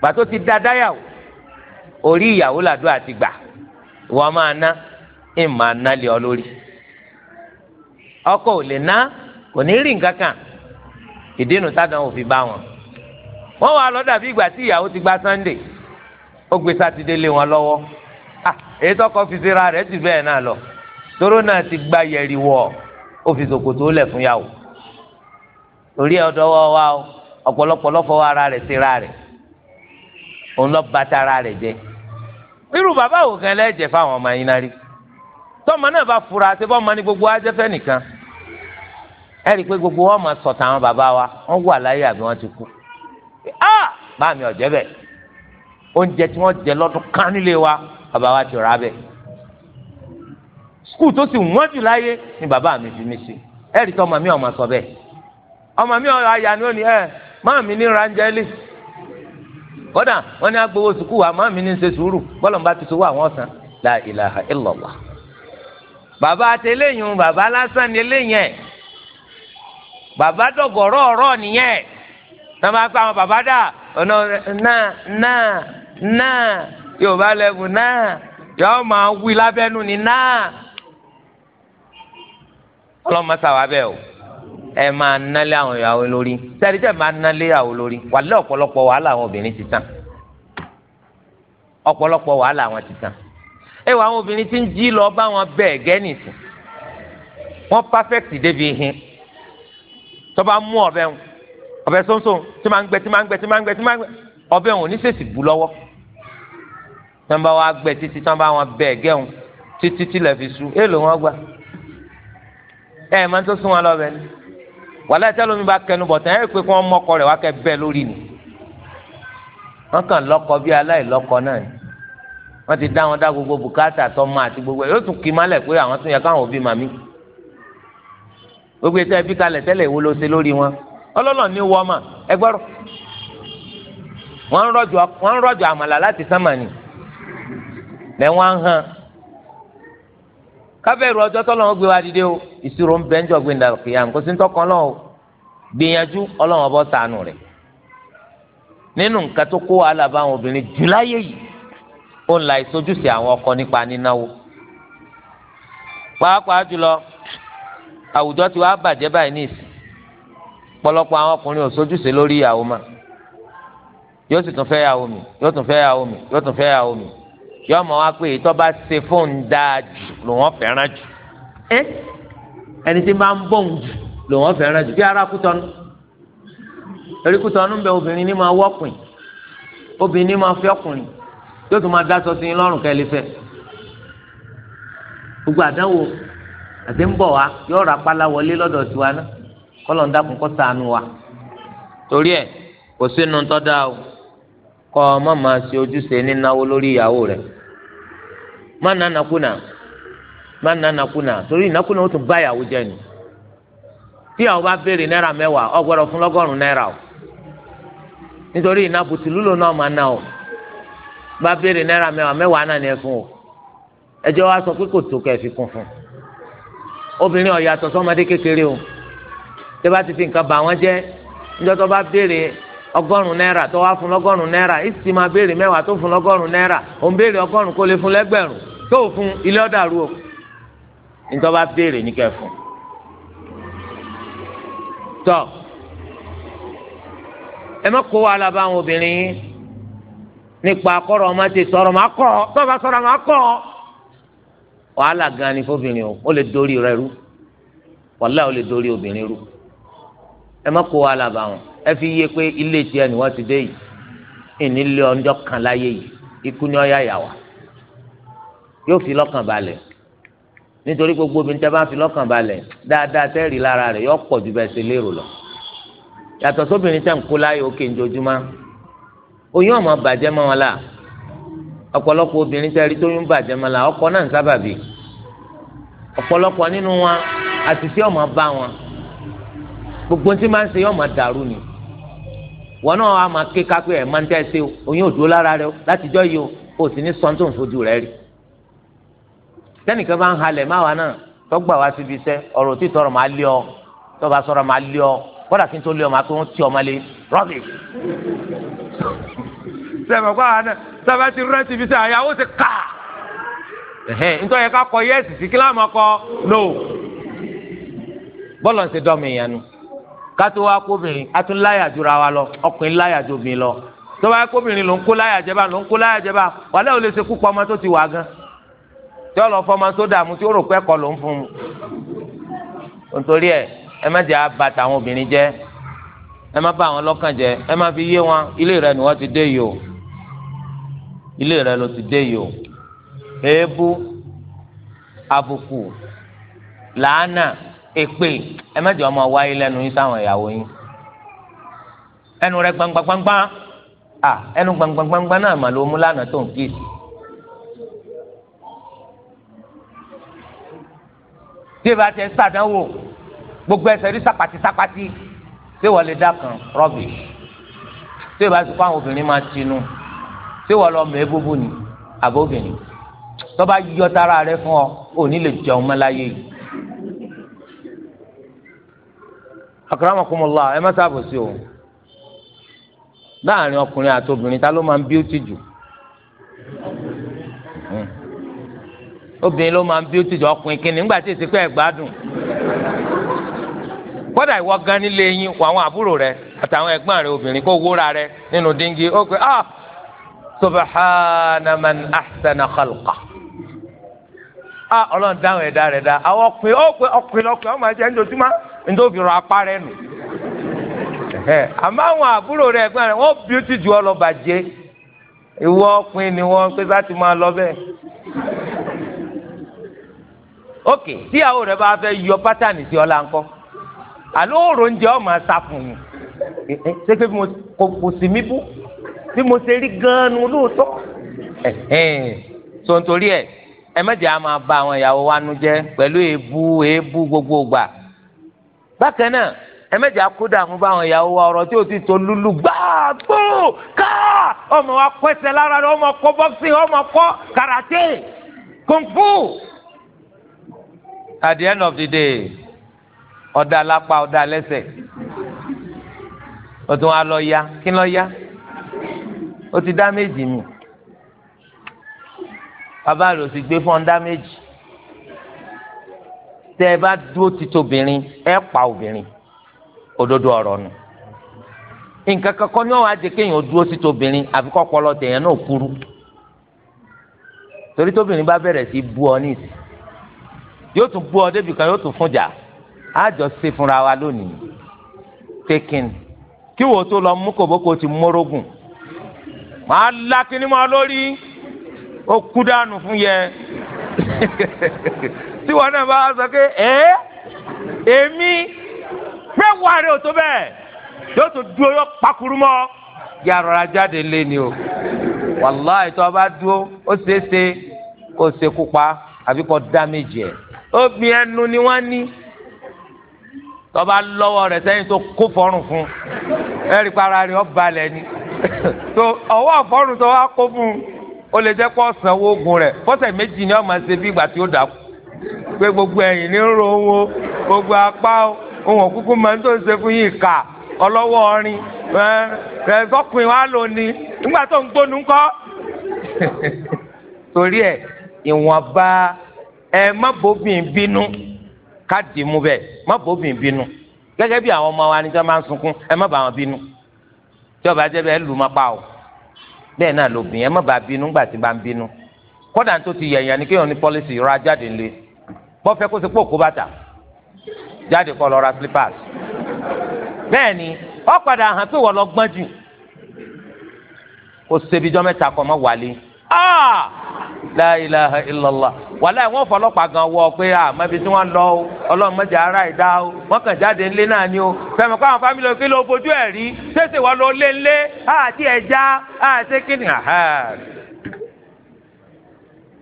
gbàtó ti dá dáyàwó orí ìyàwó làdó àti gbà wọ́n máa ná ẹ̀ máa ná lé ọ lórí ọkọ ò lè ná kò ní rí nǹkan kan ìdínú sádàn ò fi bá wọn wọ́n wà lọ dàbí ìgbà tí ìyàwó ti gba Sunday ó gbé sátidé lé wọn lọ́wọ́ èyí tọkọ fi síra rẹ̀ ti bẹ́ẹ̀ náà lọ tóró náà ti gba yẹ̀rì wọ̀ ó fi ṣòkòtò lẹ̀ fún yàwó torí ẹ̀ ọ̀dọ́wọ́ wa o ọ̀pọ̀lọpọ̀ lọ́fọwọ́ ara rẹ̀ síra rẹ̀ òun lọ bàtà ara rẹ̀ jẹ́ irú bàbá wò kan lẹ́jẹ̀ fáwọn ọmọ yín náà rí tọ́mọ náà bá fura àti bọ́ọ̀mọ ní gbogbo ajẹ́fẹ́ nìkan ẹ rí i pé gbogbo wọn máa sọ̀tà àwọn bàbá wa wọ́n wà láyé àbí wọ́n ti kú ah bá mi ọ̀jẹ́ bẹ̀ oúnjẹ tí wọ́n jẹ lọ́dún kan nílé wa bàbá wa ti rà á skul tó sì jù láyé ni bàbá mi fi mi sí ẹ̀rí tó ọmọ mi ọmọ sọ bẹ́ẹ̀ ọmọ mi ni ó ní ẹ máa mi ní ranjẹ́lì kódà ní agbowó wa máa mi ní ṣe sùúrù bọ́lọ̀ bá ti sọ́wọ́ àwọn ọ̀sán la ilaha illallah bàbá àtẹlẹ́yìn bàbá lásán ni bàbá dọ̀gọ̀rọ̀ ọ̀rọ̀ nìyẹn bàbá dà ọ̀nà náà náà yorùbá lẹ́bù náà yọọ máa wí lábẹ́nu ni náà ọlọ́mọ sàwá bẹ́ẹ̀ o ẹ máa nálé àwọn ìyàwó lórí sẹ́ni tẹ́ máa nálé ìyàwó lórí wàlẹ́ ọ̀pọ̀lọpọ̀ wàhálà àwọn obìnrin ti tàn ọ̀pọ̀lọpọ̀ wàhálà àwọn ti tàn ẹ wọ àwọn obìnrin ti ń jí lọ bá wọn bẹ́ẹ̀ gẹ́nìsì wọ́n perfect débi hin tọ́ba mú ọ̀bẹ ọ̀bẹ sọ́nsọ́n tí máa ń gbẹ tí máa ń gbẹ tí máa ń gbẹ tí máa ń gbẹ ọ̀bẹ òun ní sèṣì bú lọ́wọ́ tí wọn bá wá gbẹ títí tí wọn bá wọn bẹ gẹun títí tí lẹfi su èèlò wọn gbà ẹ ẹ máa tó sún wọn lọ bẹ ni wàhálà ìtàlómi bá kẹnu bọ̀ tán ẹ pé kí wọn mọkọ rẹ wá kẹ bẹ lórí ni wọn kàn lọkọ bí aláìlọkọ náà ni wọn ti dá wọn dá gbogbo bùkátà tọmọ àti gbogbo ẹ yóò tún kì í málẹ pé àwọn tún yẹ káwọn òbí màmí gbogbo ètò ẹbí kalẹ̀ tẹ́lẹ̀ ìwo ló ṣe lórí wọn ọlọ́lọ́ ní wọ́ọ́mà ẹgbọ́rọ̀ wọ́n ń rọ̀jò àmàlà láti sánmà ni. lẹ́wọ̀n á hàn kábẹ́rù ọjọ́ tọ́lọ́wọ́ gbé wa dìde o ìṣirò ń bẹ́ ń jọ gbé ndàlù kìyàm kò sí ń tọkàn lọ́wọ́ gbìyànjú ọlọ́wọ́ bọ́ sànù rẹ̀ nínú nǹkan tó kó wàhálà bá àwọn obìnrin jù láyé yìí ó ń la ìsojúṣe àwọn ọkọ nípa nínáwó pàápàá jùlọ àwùjọ tí bàjẹ́ báyìí yọ ọmọ wa pé ìtọ́ bá ṣe fóun dáa jù lòun fẹ́ràn jù ẹ ẹni tí máa ń bọ̀n jù lòun fẹ́ràn jù bí ara kútọ́nù torí kútọ́nù bẹ obìnrin ní máa wọ́pìn obìnrin ní máa fẹ́ ọkùnrin yóò tún máa dáṣọ sí i lọ́rùn kẹ́lẹ́fẹ́ gbogbo àdánwò àti ń bọ̀ wá yóò rà pálá wọlé lọ́dọ̀ tiwa náà kọ́lọ̀ ń dákun kọ́ sànù wa torí ẹ̀ kò sínú tọ́ da o. kọ́ ọ má máa ṣe ojúṣe nínáwó lórí ìyàwó rẹ̀ má nánakúnà má nánakúnà torí ìnákúnà ó tún bá ìyàwó jẹ ni tí ìyàwó bá béèrè ọ gwara fún lọ́gọ́rùn-ún náírà o nítorí ìná bùtìlú ló náà máa ná o bá béèrè náírà mẹ́wàá mẹ́wàá náà ni ẹ fún o ẹjọ́ wa sọ pé kò tó kẹ́ ẹ fi kún fún obìnrin ọ̀yàtọ̀ sọ́mọdé kékeré o tẹ́ bá ti ọgọ́rùn-ún náírà tó wá fún lọ́gọ́rùn-ún náírà ìsì máa béèrè mẹ́wàá tó fún lọ́gọ́rùn-ún náírà òun béèrè ọgọ́rùn-ún kó lè fún lẹ́gbẹ̀rún tó fún ilé ọ̀dà rú o nítorí wọ́n bá béèrè ní kẹfún. tọ́ ẹ má kó wàhálà bá àwọn obìnrin yín nípa akọ́rọ̀ ọmọ ti sọ̀rọ̀ máa kọ́ ọ tó bá sọ̀rọ̀ máa kọ́ ọ. wàhálà gan ni fóbìnrin o ó lè dórí rẹ rú wàhálà ó lè dórí obìnrin rú ẹ má kó wàhálà bá wọn ẹ fi yé pé ilé tiẹ̀ ni wọ́n ti dé yìí ìní lé ọjọ́ kan láyé yìí ikú ni ọ̀yà yà wá yóò fi lọ́kàn balẹ̀ nítorí gbogbo mi tẹ́ bá fi lọ́kàn balẹ̀ dáadáa tẹ́ rí lára rẹ̀ yọ pọ̀ ju bẹ́ẹ̀ ṣe lérò lọ yàtọ̀ sóbìnrin tẹ̀ ń kó láyé òkè njojúmọ́ oyún ọmọ bàjẹ́ mọ́ wọn la ọ̀pọ̀lọpọ̀ obìnrin tẹ́ rí tóyún bàjẹ́ mọ́ la ọkọ náà ń sábàbí ọ̀pọ̀lọpọ̀ nínú wọn àtìsí ọmọ bá wọn gbogbo tí máa ń ṣe ọmọ dàrú ni wọn náà wàá máa ké kápẹ́ ẹ̀ máa ń tẹ́sí o oyún òdúró lára rẹ o látijọ́ yìí o o sì ní sọ́ńtò fojú rẹ rí tẹ́nìkan bá ń halẹ̀ máwa náà tọ́gbà wá síbi iṣẹ́ ọ̀rọ̀ tí tọrọ máa lé ọ tọba sọ̀rọ̀ máa lé ọ kọ́dà kí n tó lé ọ máa pé wọ́n ti ọ máa lé rọ́bì. sẹ́fẹ̀ kọ́ àwọn náà sábà ti rẹ́ síbi iṣẹ́ àyà ti kà nítorí yẹ ká kọ yẹ́sì sí kílámù ọkọ no bọ́ọ̀lù ń kátó wa kóbìnrin atún láyàjúra wa lọ ọkùnrin láyàjóbìnrin lọ tọ́ba yẹ kóbìnrin ló ń kó láyàjẹba ló ń kó láyàjẹba wàlẹ́ ò lè ṣe kú pọ́nmọ́ tó ti wà gan tí ó lọ fọmọ tó dààmú tí ó rò pé ẹ̀kọ́ ló ń fún un nítorí ẹ ẹ má jẹ́ àbàtà àwọn obìnrin jẹ́ ẹ má bà àwọn lọ́kàn jẹ́ ẹ má fi yé wọn ilé rẹ ni wọ́n ti dé yìí o ilé rẹ ló ti dé yìí o èébú àbùkù làánà èpè ẹ má jẹ́ ọmọ wáyé lẹ́nu yín sáwọn ìyàwó yín ẹnu rẹ gbangbangbangba à ẹnu gbangbangbangba náà mà ló mú lánàá tó ń kíìsì. dèbà tẹ sàdánwò gbogbo ẹsẹ̀ rí sàpàtì sàpàtì tí wọ́n lè dákan rọ́bì tí ìbá sùpá àwọn obìnrin máa tinú tí wọ́n lọ mọ ebóbó ni àbóbìnrin tó bá yọ tara rẹ fún ọ ò ní lè jẹun mọ́ láyé yìí. akramakumullah ẹ má sábò sí o láàrin ọkùnrin àti obìnrin ta ló máa ń jù hmm. obìnrin ló máa ń jù ọkùnrin kìnnì nígbà tí èsì pé gbádùn kódà ìwọ gan nílé yín kó àwọn àbúrò rẹ àtàwọn ẹ̀gbọ́n rẹ obìnrin kó wúra rẹ nínú ó pé ah subahana man ahsana ah Ọlọ́run dáhùn ẹ̀dá rẹ̀ dá àwọn ọkùnrin ó pé ọkùnrin ọkùnrin ọmọ ẹ̀jẹ̀ ń nítorí fi ràn apá rẹ nù àmọ́ àwọn àbúrò rẹ ẹ̀gbọ́n rẹ wọ́n bí ó ti ju ọ lọ bàjẹ́ ìwọ ọkùnrin ni wọ́n pé sá ti máa lọ bẹ́ẹ̀ ok tíyàwó rẹ bá fẹ́ yọ pátánì sí ọ la ńkọ́ àló oúnjẹ ọmọ ṣàfùn ni ṣé pé kò sí mi bú bí mo ṣe rí gan-an lóòótọ́ sọ̀ntorí ẹ̀ ẹ mẹ́jẹ̀ á máa bà àwọn ìyàwó wa nu jẹ́ pẹ̀lú èébú èébú gbogbo gbà bákan náà ẹ̀mẹ́jì akúdà mú báwọn ìyàwó wa ọ̀rọ̀ tí o ti tó lulu gbàgbó ká ọmọ wa pẹ́sẹ̀ lára rẹ̀ ọmọ kọ́ bọ́ksì ọmọ kọ́ karate kung fu. at the end of the day ọ̀dà lápá ọ̀dà lẹ́sẹ̀ o tún wa lọ ya kí lọ ya o ti dá méjì mi bàbá rẹ̀ o sì gbé fún ọ dá méjì tẹ ẹ bá dúró ti tóbìnrin ẹ pa obìnrin òdodo ọ̀rọ̀ nù nǹkan kan kọ́ ni wọ́n wá jẹ kéèyàn dúró sí tóbìnrin àfi kọ́ ọpọlọ tẹ̀yàn náà kúrú torí tóbìnrin bá bẹ̀rẹ̀ sí bú ọ níìsí yóò tún bú ọ débi kan yóò tún fún jà á jọ ṣe fúnra wa lónìí pékin kí wò ó tó lọ mú kòbókò ti mórógùn màá la kíní mọ́ lórí ó kú dànù fún yẹ. tí wọn náà bá sọ pé ẹ èmi pé wà rẹ ò tó bẹ́ẹ̀ yóò tún dúró yóò pakuru mọ́ yà rọra jáde lé ni o wàláì tó o bá dúró ó ṣeé ṣe kó o ṣe kú pa àbí kó o dá méjì ẹ obì ẹnu ni wọ́n ní tó o bá lọ́wọ́ rẹ̀ sẹ́yìn tó kó fọ́rùn fún ẹ̀rí para rẹ̀ ó balẹ̀ ni tó ọwọ́ fọ́rùn tó wá kó fún un ó lè jẹ́ kó ọ̀sán owó oògùn rẹ̀ fọ́sẹ̀ méjì ni ó ṣe bí ìgbà tí ó dà kú pé gbogbo ẹ̀yìn ní ro wo gbogbo apá ohun kúkú máa ń tó ń ṣe fún yìí kà ọlọ́wọ́ ọrin ẹ sọ́kùnrin wa lò ní nígbà tó ń gbónú kọ́ torí ẹ ìwọ̀nba ẹ má bóbìn bínú ká mú bẹ́ẹ̀ má bóbìn bínú gẹ́gẹ́ bí àwọn ọmọ wa ni máa ń sunkún ẹ má bà wọn bínú tí ọba jẹ́ bẹ́ẹ̀ lù má pa o bẹ́ẹ̀ náà lóbìn ẹ má bà bínú gbà bá ń bínú kódà tó ti yẹ̀yàn ni kéèyàn ní pọ́lísì rà jáde lé bọ́fẹ́ kó kó bàtà jáde kọ́ lọ ra slippers bẹ́ẹ̀ ni hàn pé wọ́n lọ gbọ́n jù kó sebijọ́ mẹ́ta kọ́ mọ́ wálé ah! la ilaha illallah gan wọ pé a ah, mẹbi tí wọ́n lọ o Ọlọ́run ara dá jáde náà ni o àwọn fámìlì òkè ló ẹ rí lé ah, àti àti kíni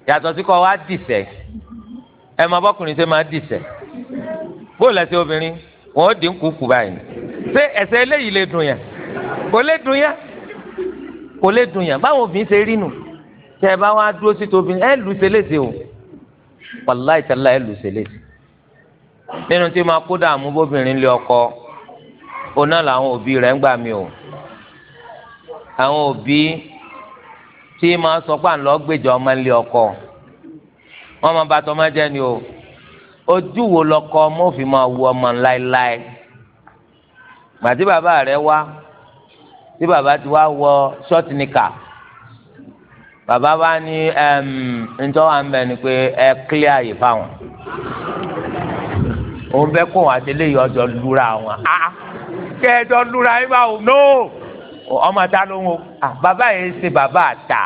yàtọ̀ sí kọ́ wa ẹ máa bọ́kùnrin ṣe máa dìṣẹ́ bóòlù ẹsẹ̀ obìnrin wọn ò dín kùkù báyìí ṣé ẹsẹ̀ eléyìí lè dùn yàn kò lè dùn yàn kò lè dùn yàn báwọn obìnrin ṣe rí nù tẹ ẹ bá wá dúró sí tóbi ẹ lù ṣẹlẹsẹ o wàláì tẹlẹ ẹ lù ṣẹlẹsẹ nínú tí máa kó dààmú bóbìnrin lé ọkọ oná làwọn òbí rẹ̀ ń gbà mí o àwọn òbí tí máa sọ pé à ń lọ gbèjọ ọmọ lé ọkọ wọ́n máa bá tọmọ jẹ́ ni o ojú wo lọkọ ọmọ òfin máa wu ọmọ láéláé gbàtí bàbá rẹ̀ wá tí bàbá ti wá wọ ṣọ́ọ̀tì níkà bàbá bá ní ǹjọ́ wa ń bẹ̀ ni pé ẹ kílẹ̀ àyè fáwọn òun bẹ́ kó wọn àti eléyìí ọjọ́ lura wọn a kẹjọ lura yín báwo no ọmọ ta ló ń wo bàbá yẹn ṣe bàbá àtà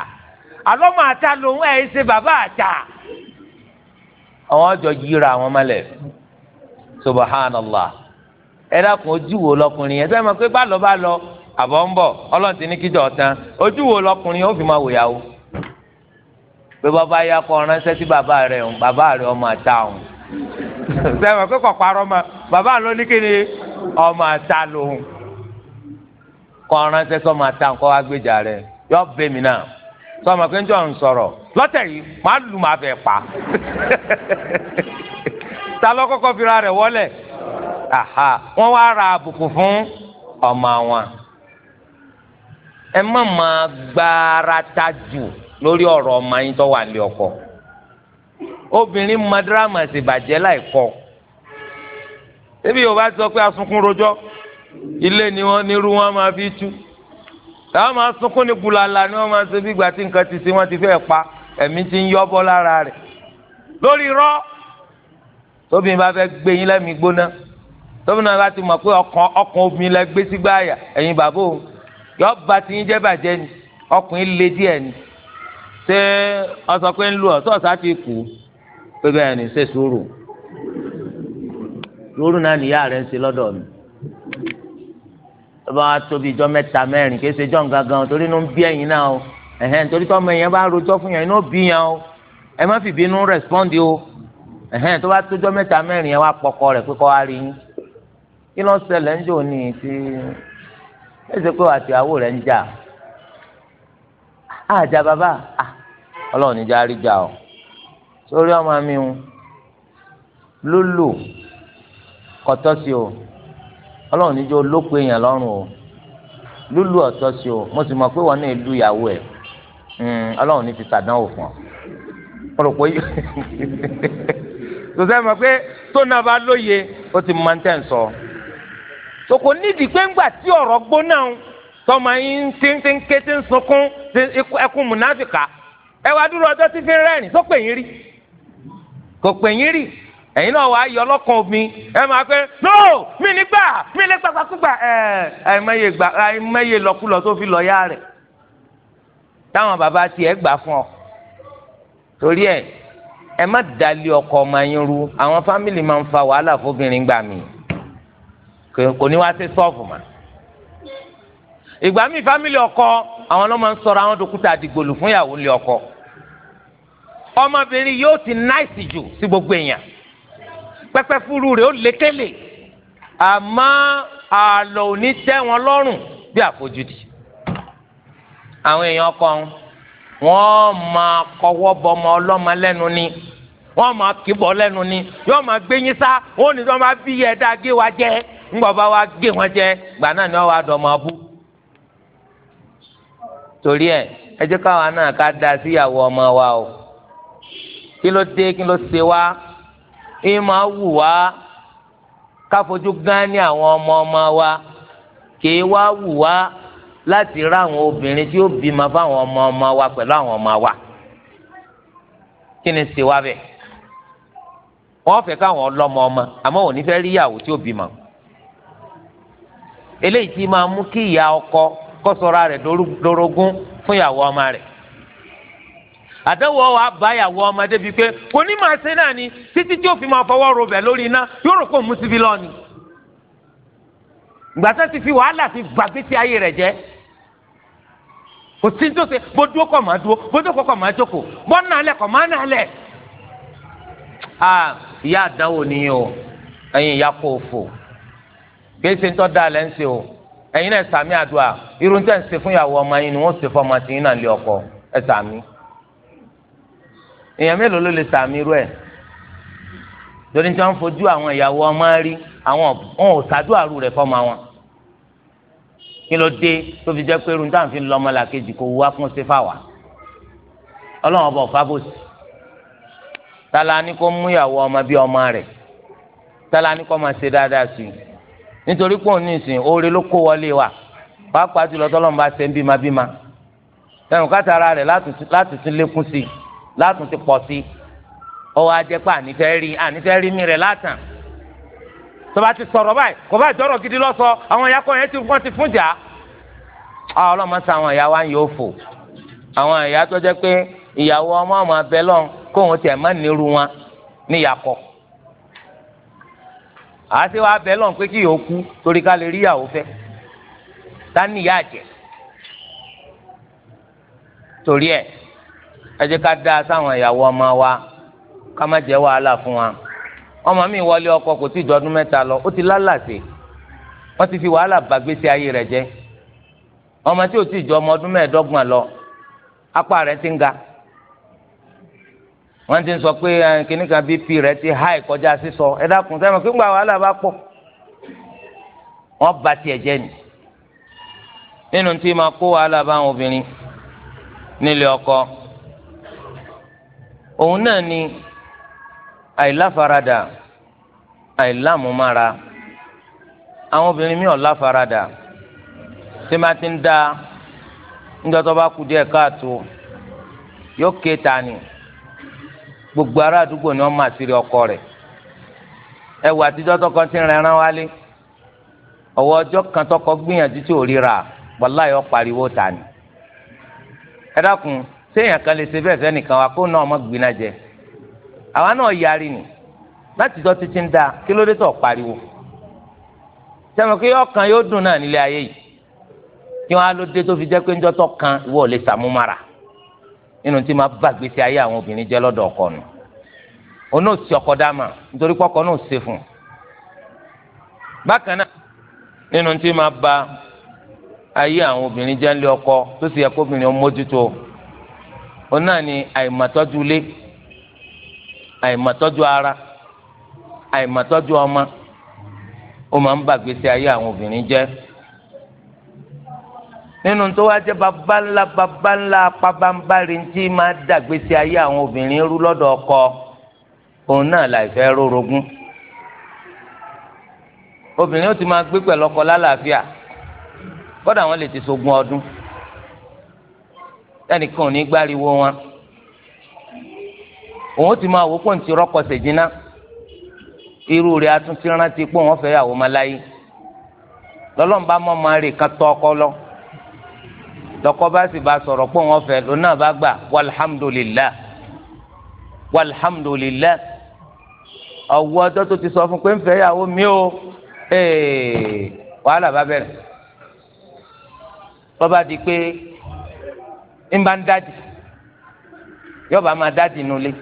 àlọ́ mọ̀ àtà ló ń ẹ̀ ṣe bàbá àtà. àwọn ọjọ́ yíra àwọn mọ́lẹ̀ subhanallah ẹ dákun ojú wo lọkùnrin yẹn sẹ́yìn pé bá lọ bá lọ àbọ̀ ń ti ní kíjọ ọ̀tán ojú wo lọkùnrin yẹn ó fi máa wò yàwó pé bàbá ya kọ sí bàbá rẹ̀ òun bàbá ọmọ òun pé ma bàbá ní kí ni ọmọ lòun kọ sọmọ pé ń jọ ń sọ̀rọ̀ lọ́tẹ̀ yìí màá lù màá fẹ́ pa ta ló kọ́kọ́ fira rẹ̀ wọlé wọ́n wá ra àbùkù fún ọmọ wọn ẹ má máa gbárata jù lórí ọ̀rọ̀ ọmọ yín tó wà lé ọkọ obìnrin madrama sì bàjẹ́ láìkọ́ ebi yóò bá sọ pé asunkun rojọ́ ilé ni wọ́n nírú wọn máa fi tú táwọn máa sunkún ní gulala ni wọ́n máa ṣe bí ìgbà tí nǹkan ti ṣe wọ́n ti fẹ́ pa ẹ̀mí ti ń yọ́bọ́ lára rẹ̀ lórí rọ́ tóbìnrin bá fẹ́ gbé yín lẹ́mìí gbóná tóbìnrin náà láti mọ̀ pé ọkàn obìnrin lẹ gbé sígbà àyà ẹ̀yin bàbá òun yọ bá ti yín jẹ́ bàjẹ́ ni ọkùnrin le díẹ̀ ni ṣé ọsọ pé ń lu ọ̀ sọ́ọ̀sá ti kù pé bẹ́ẹ̀ ni ṣe sùúrù sùúrù náà nìyá rẹ̀ ń ṣe lọ́dọ̀ mi tó bá wá tóbi ìjọ mẹ́ta mẹ́rin kì í ṣe jọ gangan torí inú ń bí ẹ̀yin náà o ẹ̀hẹ́n torí tọ́mọ yẹn bá rojọ́ fún yẹn inú bí yẹn o ẹ má fi bínú rẹ̀spọ́ndì o ẹ̀hẹ́n tó bá tójọ́ mẹ́ta mẹ́rin yẹn wá pọkọ rẹ̀ pé kọ́ wá rí yín kí ló ń ṣẹlẹ̀ ń jò ní ti ẹsẹ pé wàá ti ń jà àjà ah, bàbá ah, ọlọ́run níjà rí jà o sórí ọmọ mi lólò kọtọ́ sí o ọlọ́run níjọ́ olóko èèyàn lọ́rùn o lúlù ọ̀tọ́ sí o mo sì mọ̀ pé wọn náà lu ìyàwó ẹ̀ hmm, ọlọ́run ní ti sàdánwò fún ọ mo rò pé tòsẹ́ mọ̀ pé tó náà bá lóye ó ti máa ń tẹ̀ ń sọ soko nídìí pé ńgbà tí ọ̀rọ̀ gbóná o tọmọ yín ti ń ti ń ké ti ń sunkún ẹkún múnáfìkà ẹ wá dúró ọjọ́ tí fi ń rẹ́rìn tó pè yín rí kò pè yín rí ẹ̀yin náà wàá yọ ọlọ́kàn omi ẹ máa pẹ́ no mi ní gbà mi lè gbàgbàkúgbà ẹ àìmọye gbà àìmọye lọ́kùlọ́ tó fi lọ́ọ́yà rẹ̀ táwọn bàbá tiẹ̀ gbà fún ọ torí ẹ ẹ má dalẹ̀ ọkọ ọmọ yín ru àwọn fámìlì máa ń fa wàhálà fóbìnrin gbà mí kò ní wá sí sọ́ọ̀fù mà ìgbà míì fámìlì ọkọ àwọn ló máa ń sọ̀rọ̀ àwọn dòkúta àdìgbòlù fún ìyàwó ilé ọkọ ọmọbìnrin yóò ti náìsì jù sí gbogbo èèyàn pẹpẹ fúru rẹ̀ ó lékele àmọ́ àlọ́ ò ní wọn lọ́rùn bí àfojúdi àwọn èèyàn kan wọ́n máa kọ́wọ́ bọmọ ọlọ́mọ lẹ́nu ni wọn máa kíbọ lẹ́nu ni yóò máa gbéyín sá wọ́n ní wọ́n máa bí ẹ̀dá gé wa jẹ wa gé wọn jẹ gbà náà ni dọmọ torí ẹ jẹ́ káwa náà ká da síyàwó ọmọ o kí ló dé kí ló ìyẹn máa wù wá káfojú gán ní àwọn ọmọ ọmọ wa kèé wá wù wá láti rá àwọn obìnrin tí ó bímọ fáwọn ọmọ ọmọ wa pẹ̀lú àwọn ọmọ wa kí ni ṣe wá bẹ́ẹ̀ wọ́n fẹ́ káwọn ọlọ́mọ ọmọ àmọ́ òní fẹ́ rí ìyàwó tí ó bímọ eléyìí tí máa mú kí ìyá ọkọ kó rẹ̀ dorogún fún ìyàwó ọmọ rẹ̀ àdánwò wa báyàwó ọmọdé bíi pé kò ní náà ni títí tí fi máa fọwọ́ robẹ̀ lórí iná yóò rò kó lọ ni. gbàtà ti fi wàhálà fi gbàgbé sí ayé rẹ̀ jẹ́ kò sí tó ṣe bó dúró kọ̀ máa dúró bó kọ kọ̀ máa jókòó lẹ̀ kọ̀ máa nà lẹ̀. a ìyá adanwo ni o ẹ̀yin ìyá kò fò lẹ́ o irun ń ṣe fún ìyàwó ọmọ yín ni wọ́n ṣe èèyàn mélòó ló lè sàmì irú ẹ̀ torí tí wọ́n fojú àwọn ìyàwó ọmọ rí àwọn wọn ò ṣàdúrà rú rẹ̀ fọ́mọ wọn kí ló dé tó fi jẹ́ pé irun táwọn fi ń lọ́mọ làkejì kò wá fún sífàwà ọlọ́run ọba ọ̀fábòsì tala ni kó mú ìyàwó ọmọ bíi ọmọ rẹ̀ tala ni kó máa ṣe dáadáa sí i nítorí pé òun ní ìsìn oore ló kó wọlé wa pàápàá jùlọ tọ́lọ́mùbá ṣe ń bímabíma ẹ̀rùn kátàrà rẹ̀ láti tún lékún sí i látún ti pọ̀ sí ọwọ́ ajẹ́ pé ànífẹ́ rí ànífẹ́ rí mi rẹ̀ látàn tọba ti sọ̀rọ̀ báyìí kò bá jọ̀rọ̀ gidi lọ́sọ àwọn ìyá kan yẹn ti wọ́n ti fún jà á ọlọ́mọ sí àwọn ìyá wa ń yóò fò àwọn ìyá tó jẹ́ pé ìyàwó ọmọ ọmọ abẹ lọ́n kó òun tiẹ̀ má nírú wọn níyàkọ̀ àti wàá bẹ lọ́n pé kí yòó kú torí ká lè rí ìyàwó fẹ́ tá níyà jẹ́ torí ẹ̀ ẹ jẹ́ ká dáa sáwọn ìyàwó ọmọ wa ká má jẹ́ wàhálà fún wa ọmọ mi wọlé ọkọ kò tí ì dọdún mẹ́ta lọ ó ti lálàsè wọ́n ti fi wàhálà ba gbèsè ayé rẹ̀ jẹ́ ọmọ tí ò tí ì jọ ọmọ ọdún mẹ́ẹ̀ẹ́dọ́gbọ̀n lọ apá rẹ̀ ti ń ga wọ́n ti ń sọ pé kìnnìkan bp rẹ̀ ti háì kọjá sísọ ẹ dákun sẹ́wọ̀n kí n gba wàhálà bá pọ̀ wọ́n ba tiẹ̀ jẹ́ nìyí nínú tí ma kó wàhálà bá àwọn obìnrin nílé ọkọ òun náà ni àìláfaradà àìlámúmára àwọn obìnrin mi ò láfaradà tí ma ti ń da nígbà tó bá kú díẹ̀ káàtó yóò ké ta ni gbogbo ará àdúgbò ni ọ máa sírí ọkọ rẹ, ẹwà àtijọ́ tọkọ ti rìn ẹran wálé ọwọ́ ọjọ́ kan tọkọ gbìyànjú tí ò ríra wàláyọ̀ pariwo ta ni ẹ dákun. séèyàn kan lè ṣe bẹ́ẹ̀ sẹ́nìkan wa kó náà ọmọ gbiná jẹ àwa náà yarí ni láti tọ́ títí ń da kí ló dé tọ̀ pariwo sẹ́wọ̀n pé ọkàn yóò dùn náà nílé ayé yìí kí wọ́n á ló dé tó fi jẹ́ pé ńjọ́ tó kan ìwọ ò lè sàmúmára nínú tí máa bá gbèsè ayé àwọn obìnrin jẹ́ lọ́dọ̀ ọkọ nù oní òsì ọkọ dáama nítorí pọ́kọ náà ṣe fún un bákan náà nínú tí máa ba ayé àwọn obìnrin jẹ́ ńlé ọkọ tó sì yẹ kóbìnrin ó mójútó òun náà ni àìmọ̀tọ́jú ilé àìmọ̀tọ́jú ara àìmọ̀tọ́jú ọmọ ó máa ń bàgbèsè ayé àwọn obìnrin jẹ́ nínú tó wá jẹ́ bàbá ńlá bàbá ńlá pabambarin tí máa dàgbèsè ayé àwọn obìnrin rú lọ́dọ̀ ọkọ òun náà láìfẹ́ rórogún obìnrin ó ti máa gbé pẹ̀lú ọkọ lálàáfíà kódà wọ́n lè ti ṣogún ọdún ẹnìkan ò ní gbáriwo wọn òun ti máa wò pọ̀ ní ti rọ́kọ̀ ṣèjìnà irú rẹ̀ atúntí rántí pé wọ́n fẹ́ yàwó máa láyé lọ́lọ́mùbá mọ́ máa rè ká tọ́ ọkọ lọ lọ́kọ bá sì bá sọ̀rọ̀ pé wọ́n fẹ́ lónà bá gbà walhamdulillah walhamdulillah ọwọ́ ọjọ́ tó ti sọ fún pé ń fẹ́ yàwó mi o wàhálà bá bẹ̀rẹ̀ bọ́ bá di pé ń bá ń dádì yọba máa dádì nulẹ̀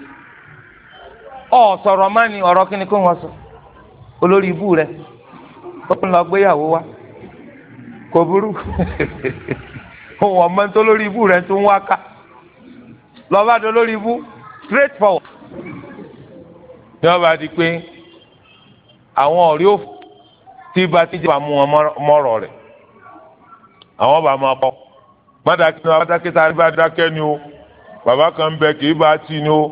ọ sọ̀rọ̀ má ni ọ̀rọ̀ kí ni kó wọn sọ olórí ibú rẹ ó ń lọ gbéyàwó wa kò burú òun ọmọ tó lórí ibú rẹ tó ń wá ká lọ́ba tó lórí ibú straight forward yọba di pé àwọn ọ̀rẹ́ òfò tí bá tíjà mú wọn mọ́rọ̀ rẹ̀ àwọn bá máa pọ̀. pàtàkì náà pàtàkì tá a rí bá dákẹ́ ni o bàbá kan bẹ kì í bá ni o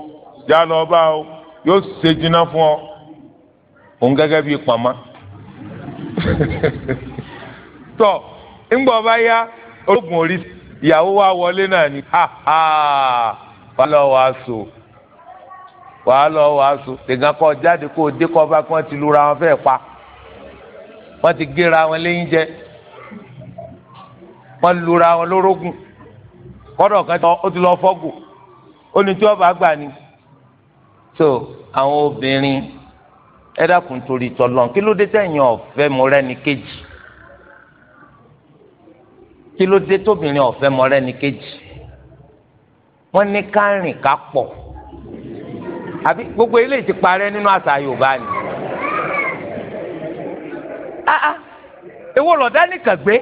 já lọ bá o yóò ṣe jiná fún ọ òun gẹ́gẹ́ bíi pàmà tọ ńgbọ bá yá ológun orí ìyàwó wa wọlé náà ni ha ha wàá lọ wàá so wàá lọ wàá so tẹ̀gán kọ jáde kó o dé kọ́ bá kí wọ́n ti lura wọn fẹ́ẹ́ pa wọ́n ti gé ra wọn léyìn jẹ wọ́n lura wọn lórógùn kọ́dọ̀ kan tó ti lọ fọ́gùn ó ní tí wọ́n bá gbà ni. so àwọn obìnrin ẹ dákun torí tọ́lọ́n kí ló dé tẹ̀yìn ọ̀fẹ́ mọ́rẹ́ni kejì kí ló dé tóbìnrin ọ̀fẹ́ mọ́rẹ́ni kejì wọ́n ní ká rìn ká pọ̀ àbí gbogbo eléyìí ti parẹ́ nínú àṣà Yorùbá ni. ah ah èwo lọ̀dá nìkan gbé.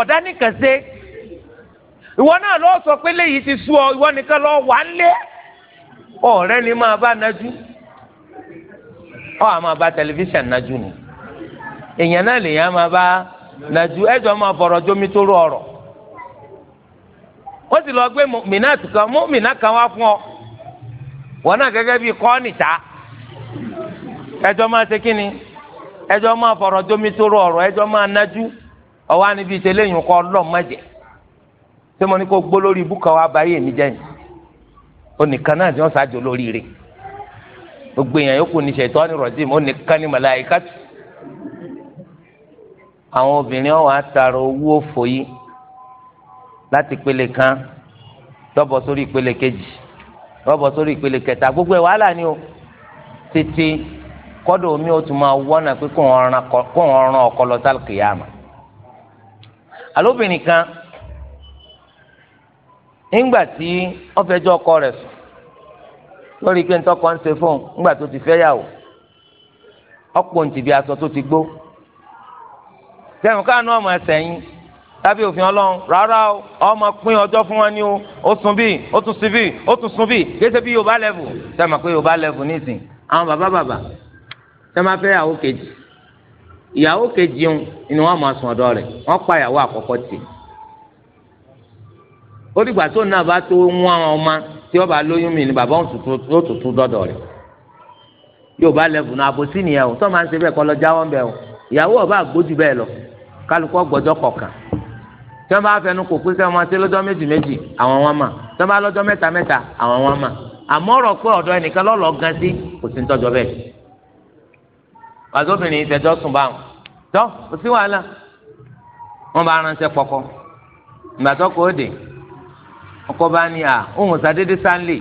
ọ̀dá nìkan ṣe ìwọ náà lọ sọ pé léyìí ti sú ọ ìwọ nìkan lọ wà á ọ̀rẹ́ ni máa bá nájú ọ àá máa bá tẹlifíṣàn nájú ni èèyàn náà lèèyàn máa bá nájú ẹjọ́ máa fọ̀rọ̀ jómi tó ó sì lọ gbé mìíràn kan mú mìíràn kan wá fún ọ wọn náà bíi kọ́ máa ṣe máa jómi tó máa ọwọ́ àníbi ìṣẹ̀lẹ̀yìn kọ́ ọlọ́mọdé tí mo ní kó gbó lórí ibùkọ́ wa báyé mi jẹ́ yìí onìkan náà tí wọ́n ṣáájú lórí rẹ̀ gbogbo èèyàn yòókù ní ṣètò ọ̀nìrọ̀dìm onìkan ní màláíkà tù àwọn obìnrin ọ̀hún àtàrà owó òfò yìí láti pele kan lọ́bọ̀ sórí ìpele kejì lọ́bọ̀ sórí ìpele kẹta gbogbo ẹ̀ wàhálà ni o tètè kọ́dọ̀ omi ó tún máa wọ́nà pé kò ń ran ọkọ lọ sálùkìyàmà alóbìnrin kan nígbà tí wọn fẹjọ ọkọ rẹ̀ sùn lórí pé ntọkọ ń ṣe fóun nígbà tó ti fẹ́yàwó ọ̀pọ̀ ntì bí aṣọ tó ti gbó sẹ́yìn káànú ọmọ ẹsẹ̀ yín lábẹ́ òfin ọlọ́run rárá o ọmọ pín ọjọ́ fún wọn ní o ó sùn bíi ó tún sùn bíi ó tún sùn bíi kéṣe bí yorùbá lẹ́vù sẹ́yìn pé yorùbá lẹ́vù nísìn àwọn bàbá bàbá sẹ́yìn máa fẹ́yàwó kejì ìyàwó kejì ń ni wọn máa sùn ọ̀dọ̀ rẹ̀ wọn pa ìyàwó àkọ́kọ́ tì ó dìgbà tó náà bá tó ń wọn ọmọ tí wọn bá lóyún mi ni bàbá yóò tutù dọdọ rẹ̀ yóò bá lẹbùn náà àbòsí nìyẹn o tó máa ń ṣe bẹ́ẹ̀ kọ lọ jáwọ́ ń bẹ o ìyàwó ọba àgbójú bẹ́ẹ̀ lọ kálukọ gbọdọ kọkàn tí wọn bá fẹnu kò pé kí wọn ṣe lọ́jọ́ méjì méjì àwọn wọn mà tí wọn bá lọ́jọ́ mẹ́ta mẹ́ta àwọn wọn mà àmọ́ ọ̀rọ̀ pé ọ̀dọ̀ ẹnìkan lọlọ gan sí kò sí ń tọjọ bẹ́ẹ̀ pàṣẹbìnrin ìtẹjọ sùn báwọn tọ kò sí wàhálà wọn bá ránṣẹ́ kọkọ ìgbà tó kọ ó dé ọkọ bá ní à òun ṣàdédé sánlé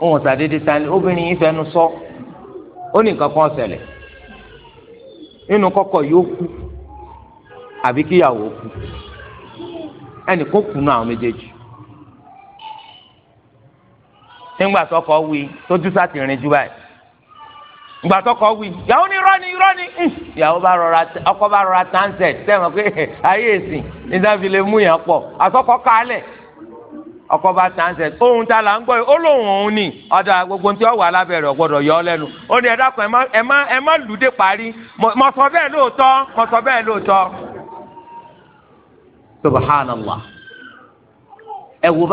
òun ṣàdédé sánlé obìnrin yìí fẹnu sọ ó ní nǹkan kan ṣẹlẹ̀ nínú kọkọ yóò kú àbí kíyàwó kú ẹnì kó kùnú àwọn méjèèjì nígbà tó kọ wí tó dúsà ti rìn jù báyìí. ìgbà tọkọ wí ìyàwó ni irọ́ ni irọ́ ni hmm. ìyàwó bá rọra ọkọ bá rọra tánsẹ̀ sẹ́wọ̀n pé ayé èsì ní lè mú yàn pọ̀ àtọkọ kálẹ̀ ọkọ bá tánsẹ̀ ohun tá ń yìí ó òun ni ọ̀dà gbogbo tí ó wà lábẹ́rẹ̀ yọ ọ́ lẹ́nu ó ní ẹ ẹ má má lùdé parí bẹ́ẹ̀ ẹ wo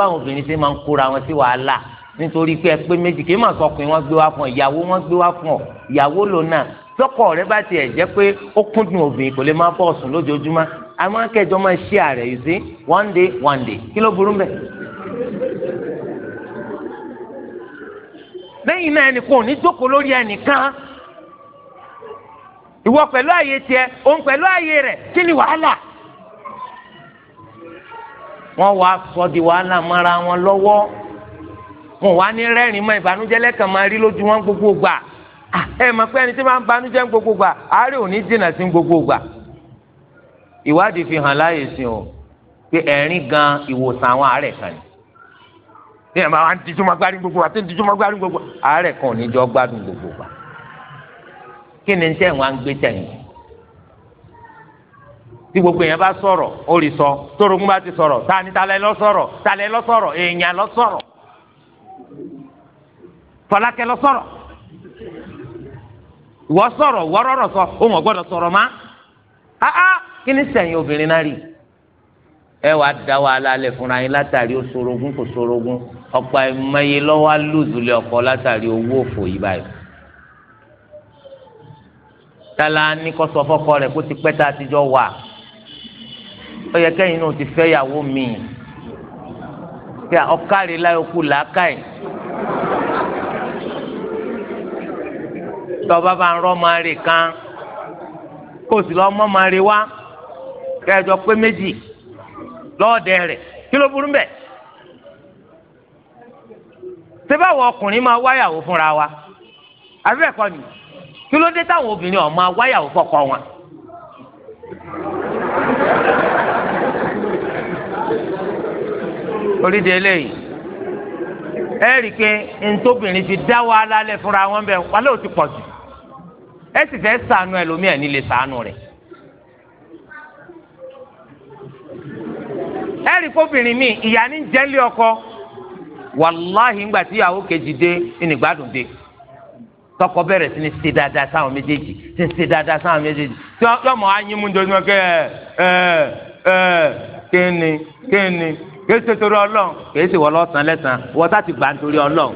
nítorí pé ẹgbẹ́ méjì kì í máa sọkùnrin wọn gbé wá fún ọ ìyàwó wọn gbé wá fún ọ ìyàwó lò náà tọkọ rẹ bá tiẹ̀ jẹ́ pé ó kúndùn obìnrin kò lè máa bọ̀ sùn lójoojúmọ́ àmọ́ kẹjọ máa ṣí ààrẹ yìí sí one day one day kí ló burú mbẹ. lẹ́yìn náà ẹnìkan ò ní jókòó lórí ẹnìkan ìwọ pẹ̀lú ààyè tiẹ̀ òun pẹ̀lú ààyè rẹ̀ kí ni wàhálà. wọ́n wàá sọ di wàhálà mọ́ra wọn lọ́wọ́ wọn wá ní rẹ́rìn mọ́ ìbànújẹ́ lẹ́kàn máa rí lójú wọn gbogbo gbà ẹ mọ̀ pé ẹni tí máa ń banújẹ́ gbogbo gbà àárẹ̀ ò ní dènà sí gbogbo gbà ìwádìí fi hàn láàyè sí o pé ẹ̀rín gan ìwòsàn àwọn àárẹ̀ kan ni ní ẹ̀ máa ń dijú máa gbádùn gbogbo àti dijú máa gbádùn gbogbo àárẹ̀ kan ò ní jọ gbádùn gbogbo gbà kí ni tẹ̀ wọ́n á ń gbé tẹ̀yìn tí gbogbo èèyàn bá sọ̀rọ̀ ó rí sọ tórógún bá ti sọ̀rọ̀ ta ni ta lẹ lọ sọ̀rọ̀ ta lẹ lọ sọ̀rọ̀ èèyàn fọlákẹ́ lọ sọ̀rọ̀ wọ́ sọ̀rọ̀ wọ́ rọ̀rọ̀ sọ òun ọ̀gbọ́dọ̀ sọ̀rọ̀ má áá kí ni sẹ̀yìn obìnrin náà rí ẹ wàá da wàhálà alẹ́ fúnra yín látàrí oṣoorogún kò ṣoorogún ọ̀pọ̀ ẹ̀mọye lọ́wọ́ alóòzùlẹ̀ ọkọ látàrí owó òfò yìí báyìí tala ní kó sọ fọ́kọ rẹ̀ kó ti pẹ́ tá a ti jọ wà ó yẹ kẹ́yìn náà ti fẹ́ yàwó mi kí ọkàrí láyọkú làákàyè. tọ́ba bá ń rọ́ máa rè kan kó sì lọ́ mọ́ máa rè wá kẹjọ pé méjì lọ́ọ̀dẹ rẹ̀ kí ló burú mbẹ̀. sẹ́báwọ̀ ọkùnrin máa wáyàwó fúnra wa àbẹ́ẹ̀kọ́ ni kí ló dé táwọn obìnrin ọ̀ máa wáyàwó fọ́kọ wọn. oríde eléyìí ẹ rí i pé ntòbìnrin fi dá wa lálẹ́ fúnra wọn bẹ́ẹ̀ wálé ò ti pọ̀ jù. ẹ sì fẹ́ sànù ẹlòmíì ẹ̀ nílé sànù rẹ̀. ẹ̀rí kóbìnrin mi ìyá ní jẹ́lé ọkọ wàláhì ńgbà tí ìyàwó kejì dé ìnìgbàdùn dé tọkọ bẹ̀rẹ̀ sí ni ṣe dáadáa sáwọn méjèèjì ṣe ṣe dáadáa sáwọn méjèèjì tí ọmọ anyi mú dojú ọkẹ ẹ ẹ kíni kíni kí ṣe torí Ọlọ́run kì í ṣe wọ ti gbà ń torí Ọlọ́run.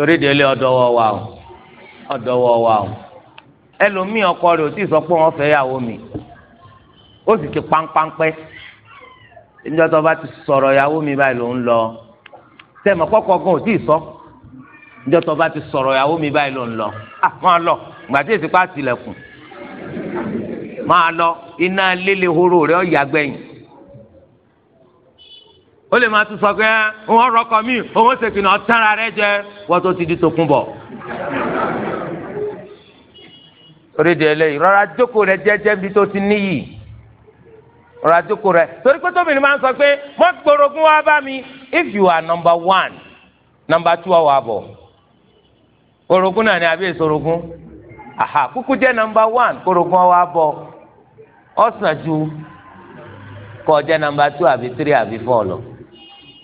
torí délé ọdọwọ wa o ọdọwọ wa o ẹlòmíì ọkọ rẹ̀ ò tí ì sọ pé mi ó sì ti pánpánpẹ́ níjọ́ tó bá ti sọ̀rọ̀ yàwó mi báyìí ló ń lọ gan ò tí ì sọ tó bá ti ń lọ ah máa lọ gbàdé ìsìnkú lọ iná líle horo o lè máa tún sọ pé òun rọkọ mi òun ṣèkìnnà ọ̀tára rẹ jẹ wọ́n tó ti di tòkun bọ torí de ẹlẹ́yìí rọra jókòó rẹ jẹ́jẹ́ bí tó ti níyì rọra jókòó rẹ torí pé tóbìnrin máa ń sọ pé wọ́n gbòrògùn wá bá mi if you are number one number two ọ̀wà bọ̀ orogún náà ni àbí èso orogún aha kúkú jẹ́ number one korogún ọ̀wà bọ̀ ọ̀sán ju kọ́ jẹ́ number two àbí three àbí four lọ.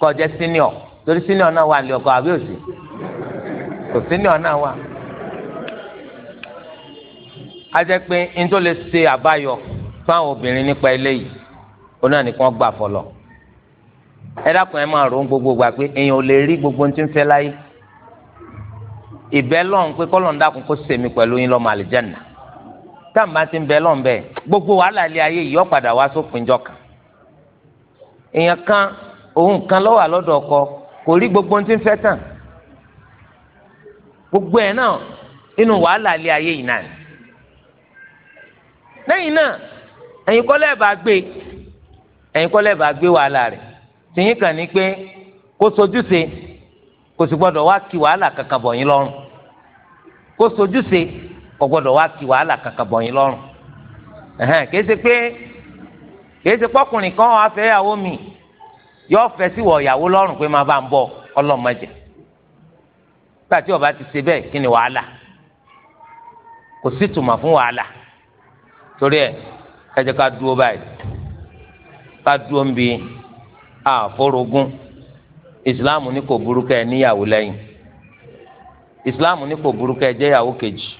kó jẹ́ senior torí senior náà wà ní ọkọ àbí òsì kò senior náà wà. a jẹ́ pé n tó lè ṣe àbáyọ fáwọn obìnrin nípa eléyìí ó náà nìkan gbà fọlọ ẹ dákun ẹ máa rò ó gbogbo gbà pé èèyàn ò lè rí gbogbo ohun tí ń fẹ́ láyé ìbẹ́ lọ́n pé kọ́lọ́n dákun kó sèmi pẹ̀lú yín lọ́mọ àlìjẹ́nà táwọn bá ti ń bẹ lọ́n bẹ́ẹ̀ gbogbo wàhálà ilé ayé yìí wá sópin jọ èèyàn kan òun kan lọ́wọ́ àlọ́dọ̀ ọkọ kò rí gbogbo ohun tí ń fẹ́ tàn gbogbo ẹ̀ náà inú wàhálà ilé ayé yìí náà lẹ́yìn náà ẹ̀yin kọ́lẹ́ bá gbé ẹ̀yin kọ́lẹ́ bá gbé wàhálà rẹ̀ tìyín kàn ní pé kó sojúṣe kò sì gbọ́dọ̀ wá kí wàhálà kankan bọ̀ yín lọ́rùn kó sojúṣe kò gbọ́dọ̀ wá kí wàhálà kankan bọ̀ yín lọ́rùn ṣe pé ṣe pọ́kùnrin kan mi. Yọọ fẹ́ sí wọ yawo pé máa bá ń bọ̀ ọlọ́mọdé gbà tí ọba ti ṣe bẹ́ẹ̀ kí ni wàhálà kò sí tùmọ̀ fún wàhálà torí ẹ ká dúró báyìí ká dúró ń bi àforogún Islam ní kò burúkú níyàwó lẹ́yìn Islam ní kò burúkú ẹ yawo kejì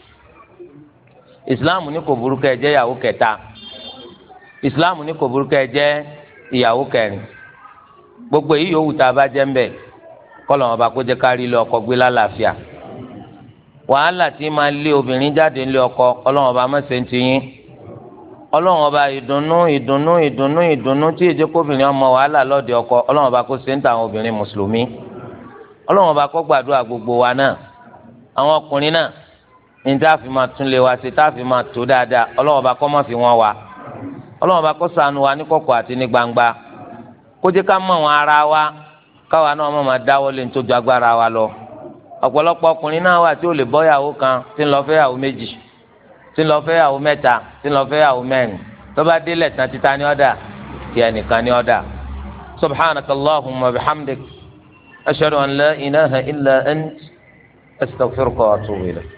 ìsìláàmù ní kò burúkú ẹ kẹta ní kò gbogbo èyí yòówù tá a bá jẹ́ ń bẹ̀ kọ́lọ̀ wọn bá kó jẹ́ ká rí ilé ọkọ gbé lálàáfíà wàhálà tí máa lé obìnrin jáde ńlé ọkọ ọlọ́wọ́n ọba mẹ́sẹ̀ ń ti yín ọlọ́wọ́n ọba ìdùnnú ìdùnnú ìdùnnú ìdùnnú tí èjé kóbìnrin ọmọ wàhálà lọ́ọ̀dẹ ọkọ ọlọ́wọ́n ọba kó ṣe ń ta àwọn obìnrin mùsùlùmí ọlọ́wọ́n ọba kó gbàdúrà gbogbo wa náà àwọn ọkùnrin náà ní tá a fi máa tún lé wa ṣe tá a fi máa tó dáadáa ọlọ́wọ́n ọba kó má fi wọ́n wa ọlọ́wọ́n ọba kó ṣàánú wa ní kọ̀kọ̀ àti ní gbangba kó jẹ́ ká mọ̀ wọn ara wa káwa náà má máa dáwọ́ lé nítorí agbára wa lọ ọ̀pọ̀lọpọ̀ ọkùnrin náà wà tí ó lè bọ́ yàwó kan tí ń lọ fẹ́ yàwó méjì tí ń lọ fẹ́ yàwó mẹ́ta tí ń lọ fẹ́ yàwó mẹ́rin tó bá délẹ̀ tán títa ní ọ̀dà tí ẹnìkan ní ọ̀dà subhanaka allahumma bihamdik ashhadu an la ilaha illa ant astaghfiruka wa atubu ilayk.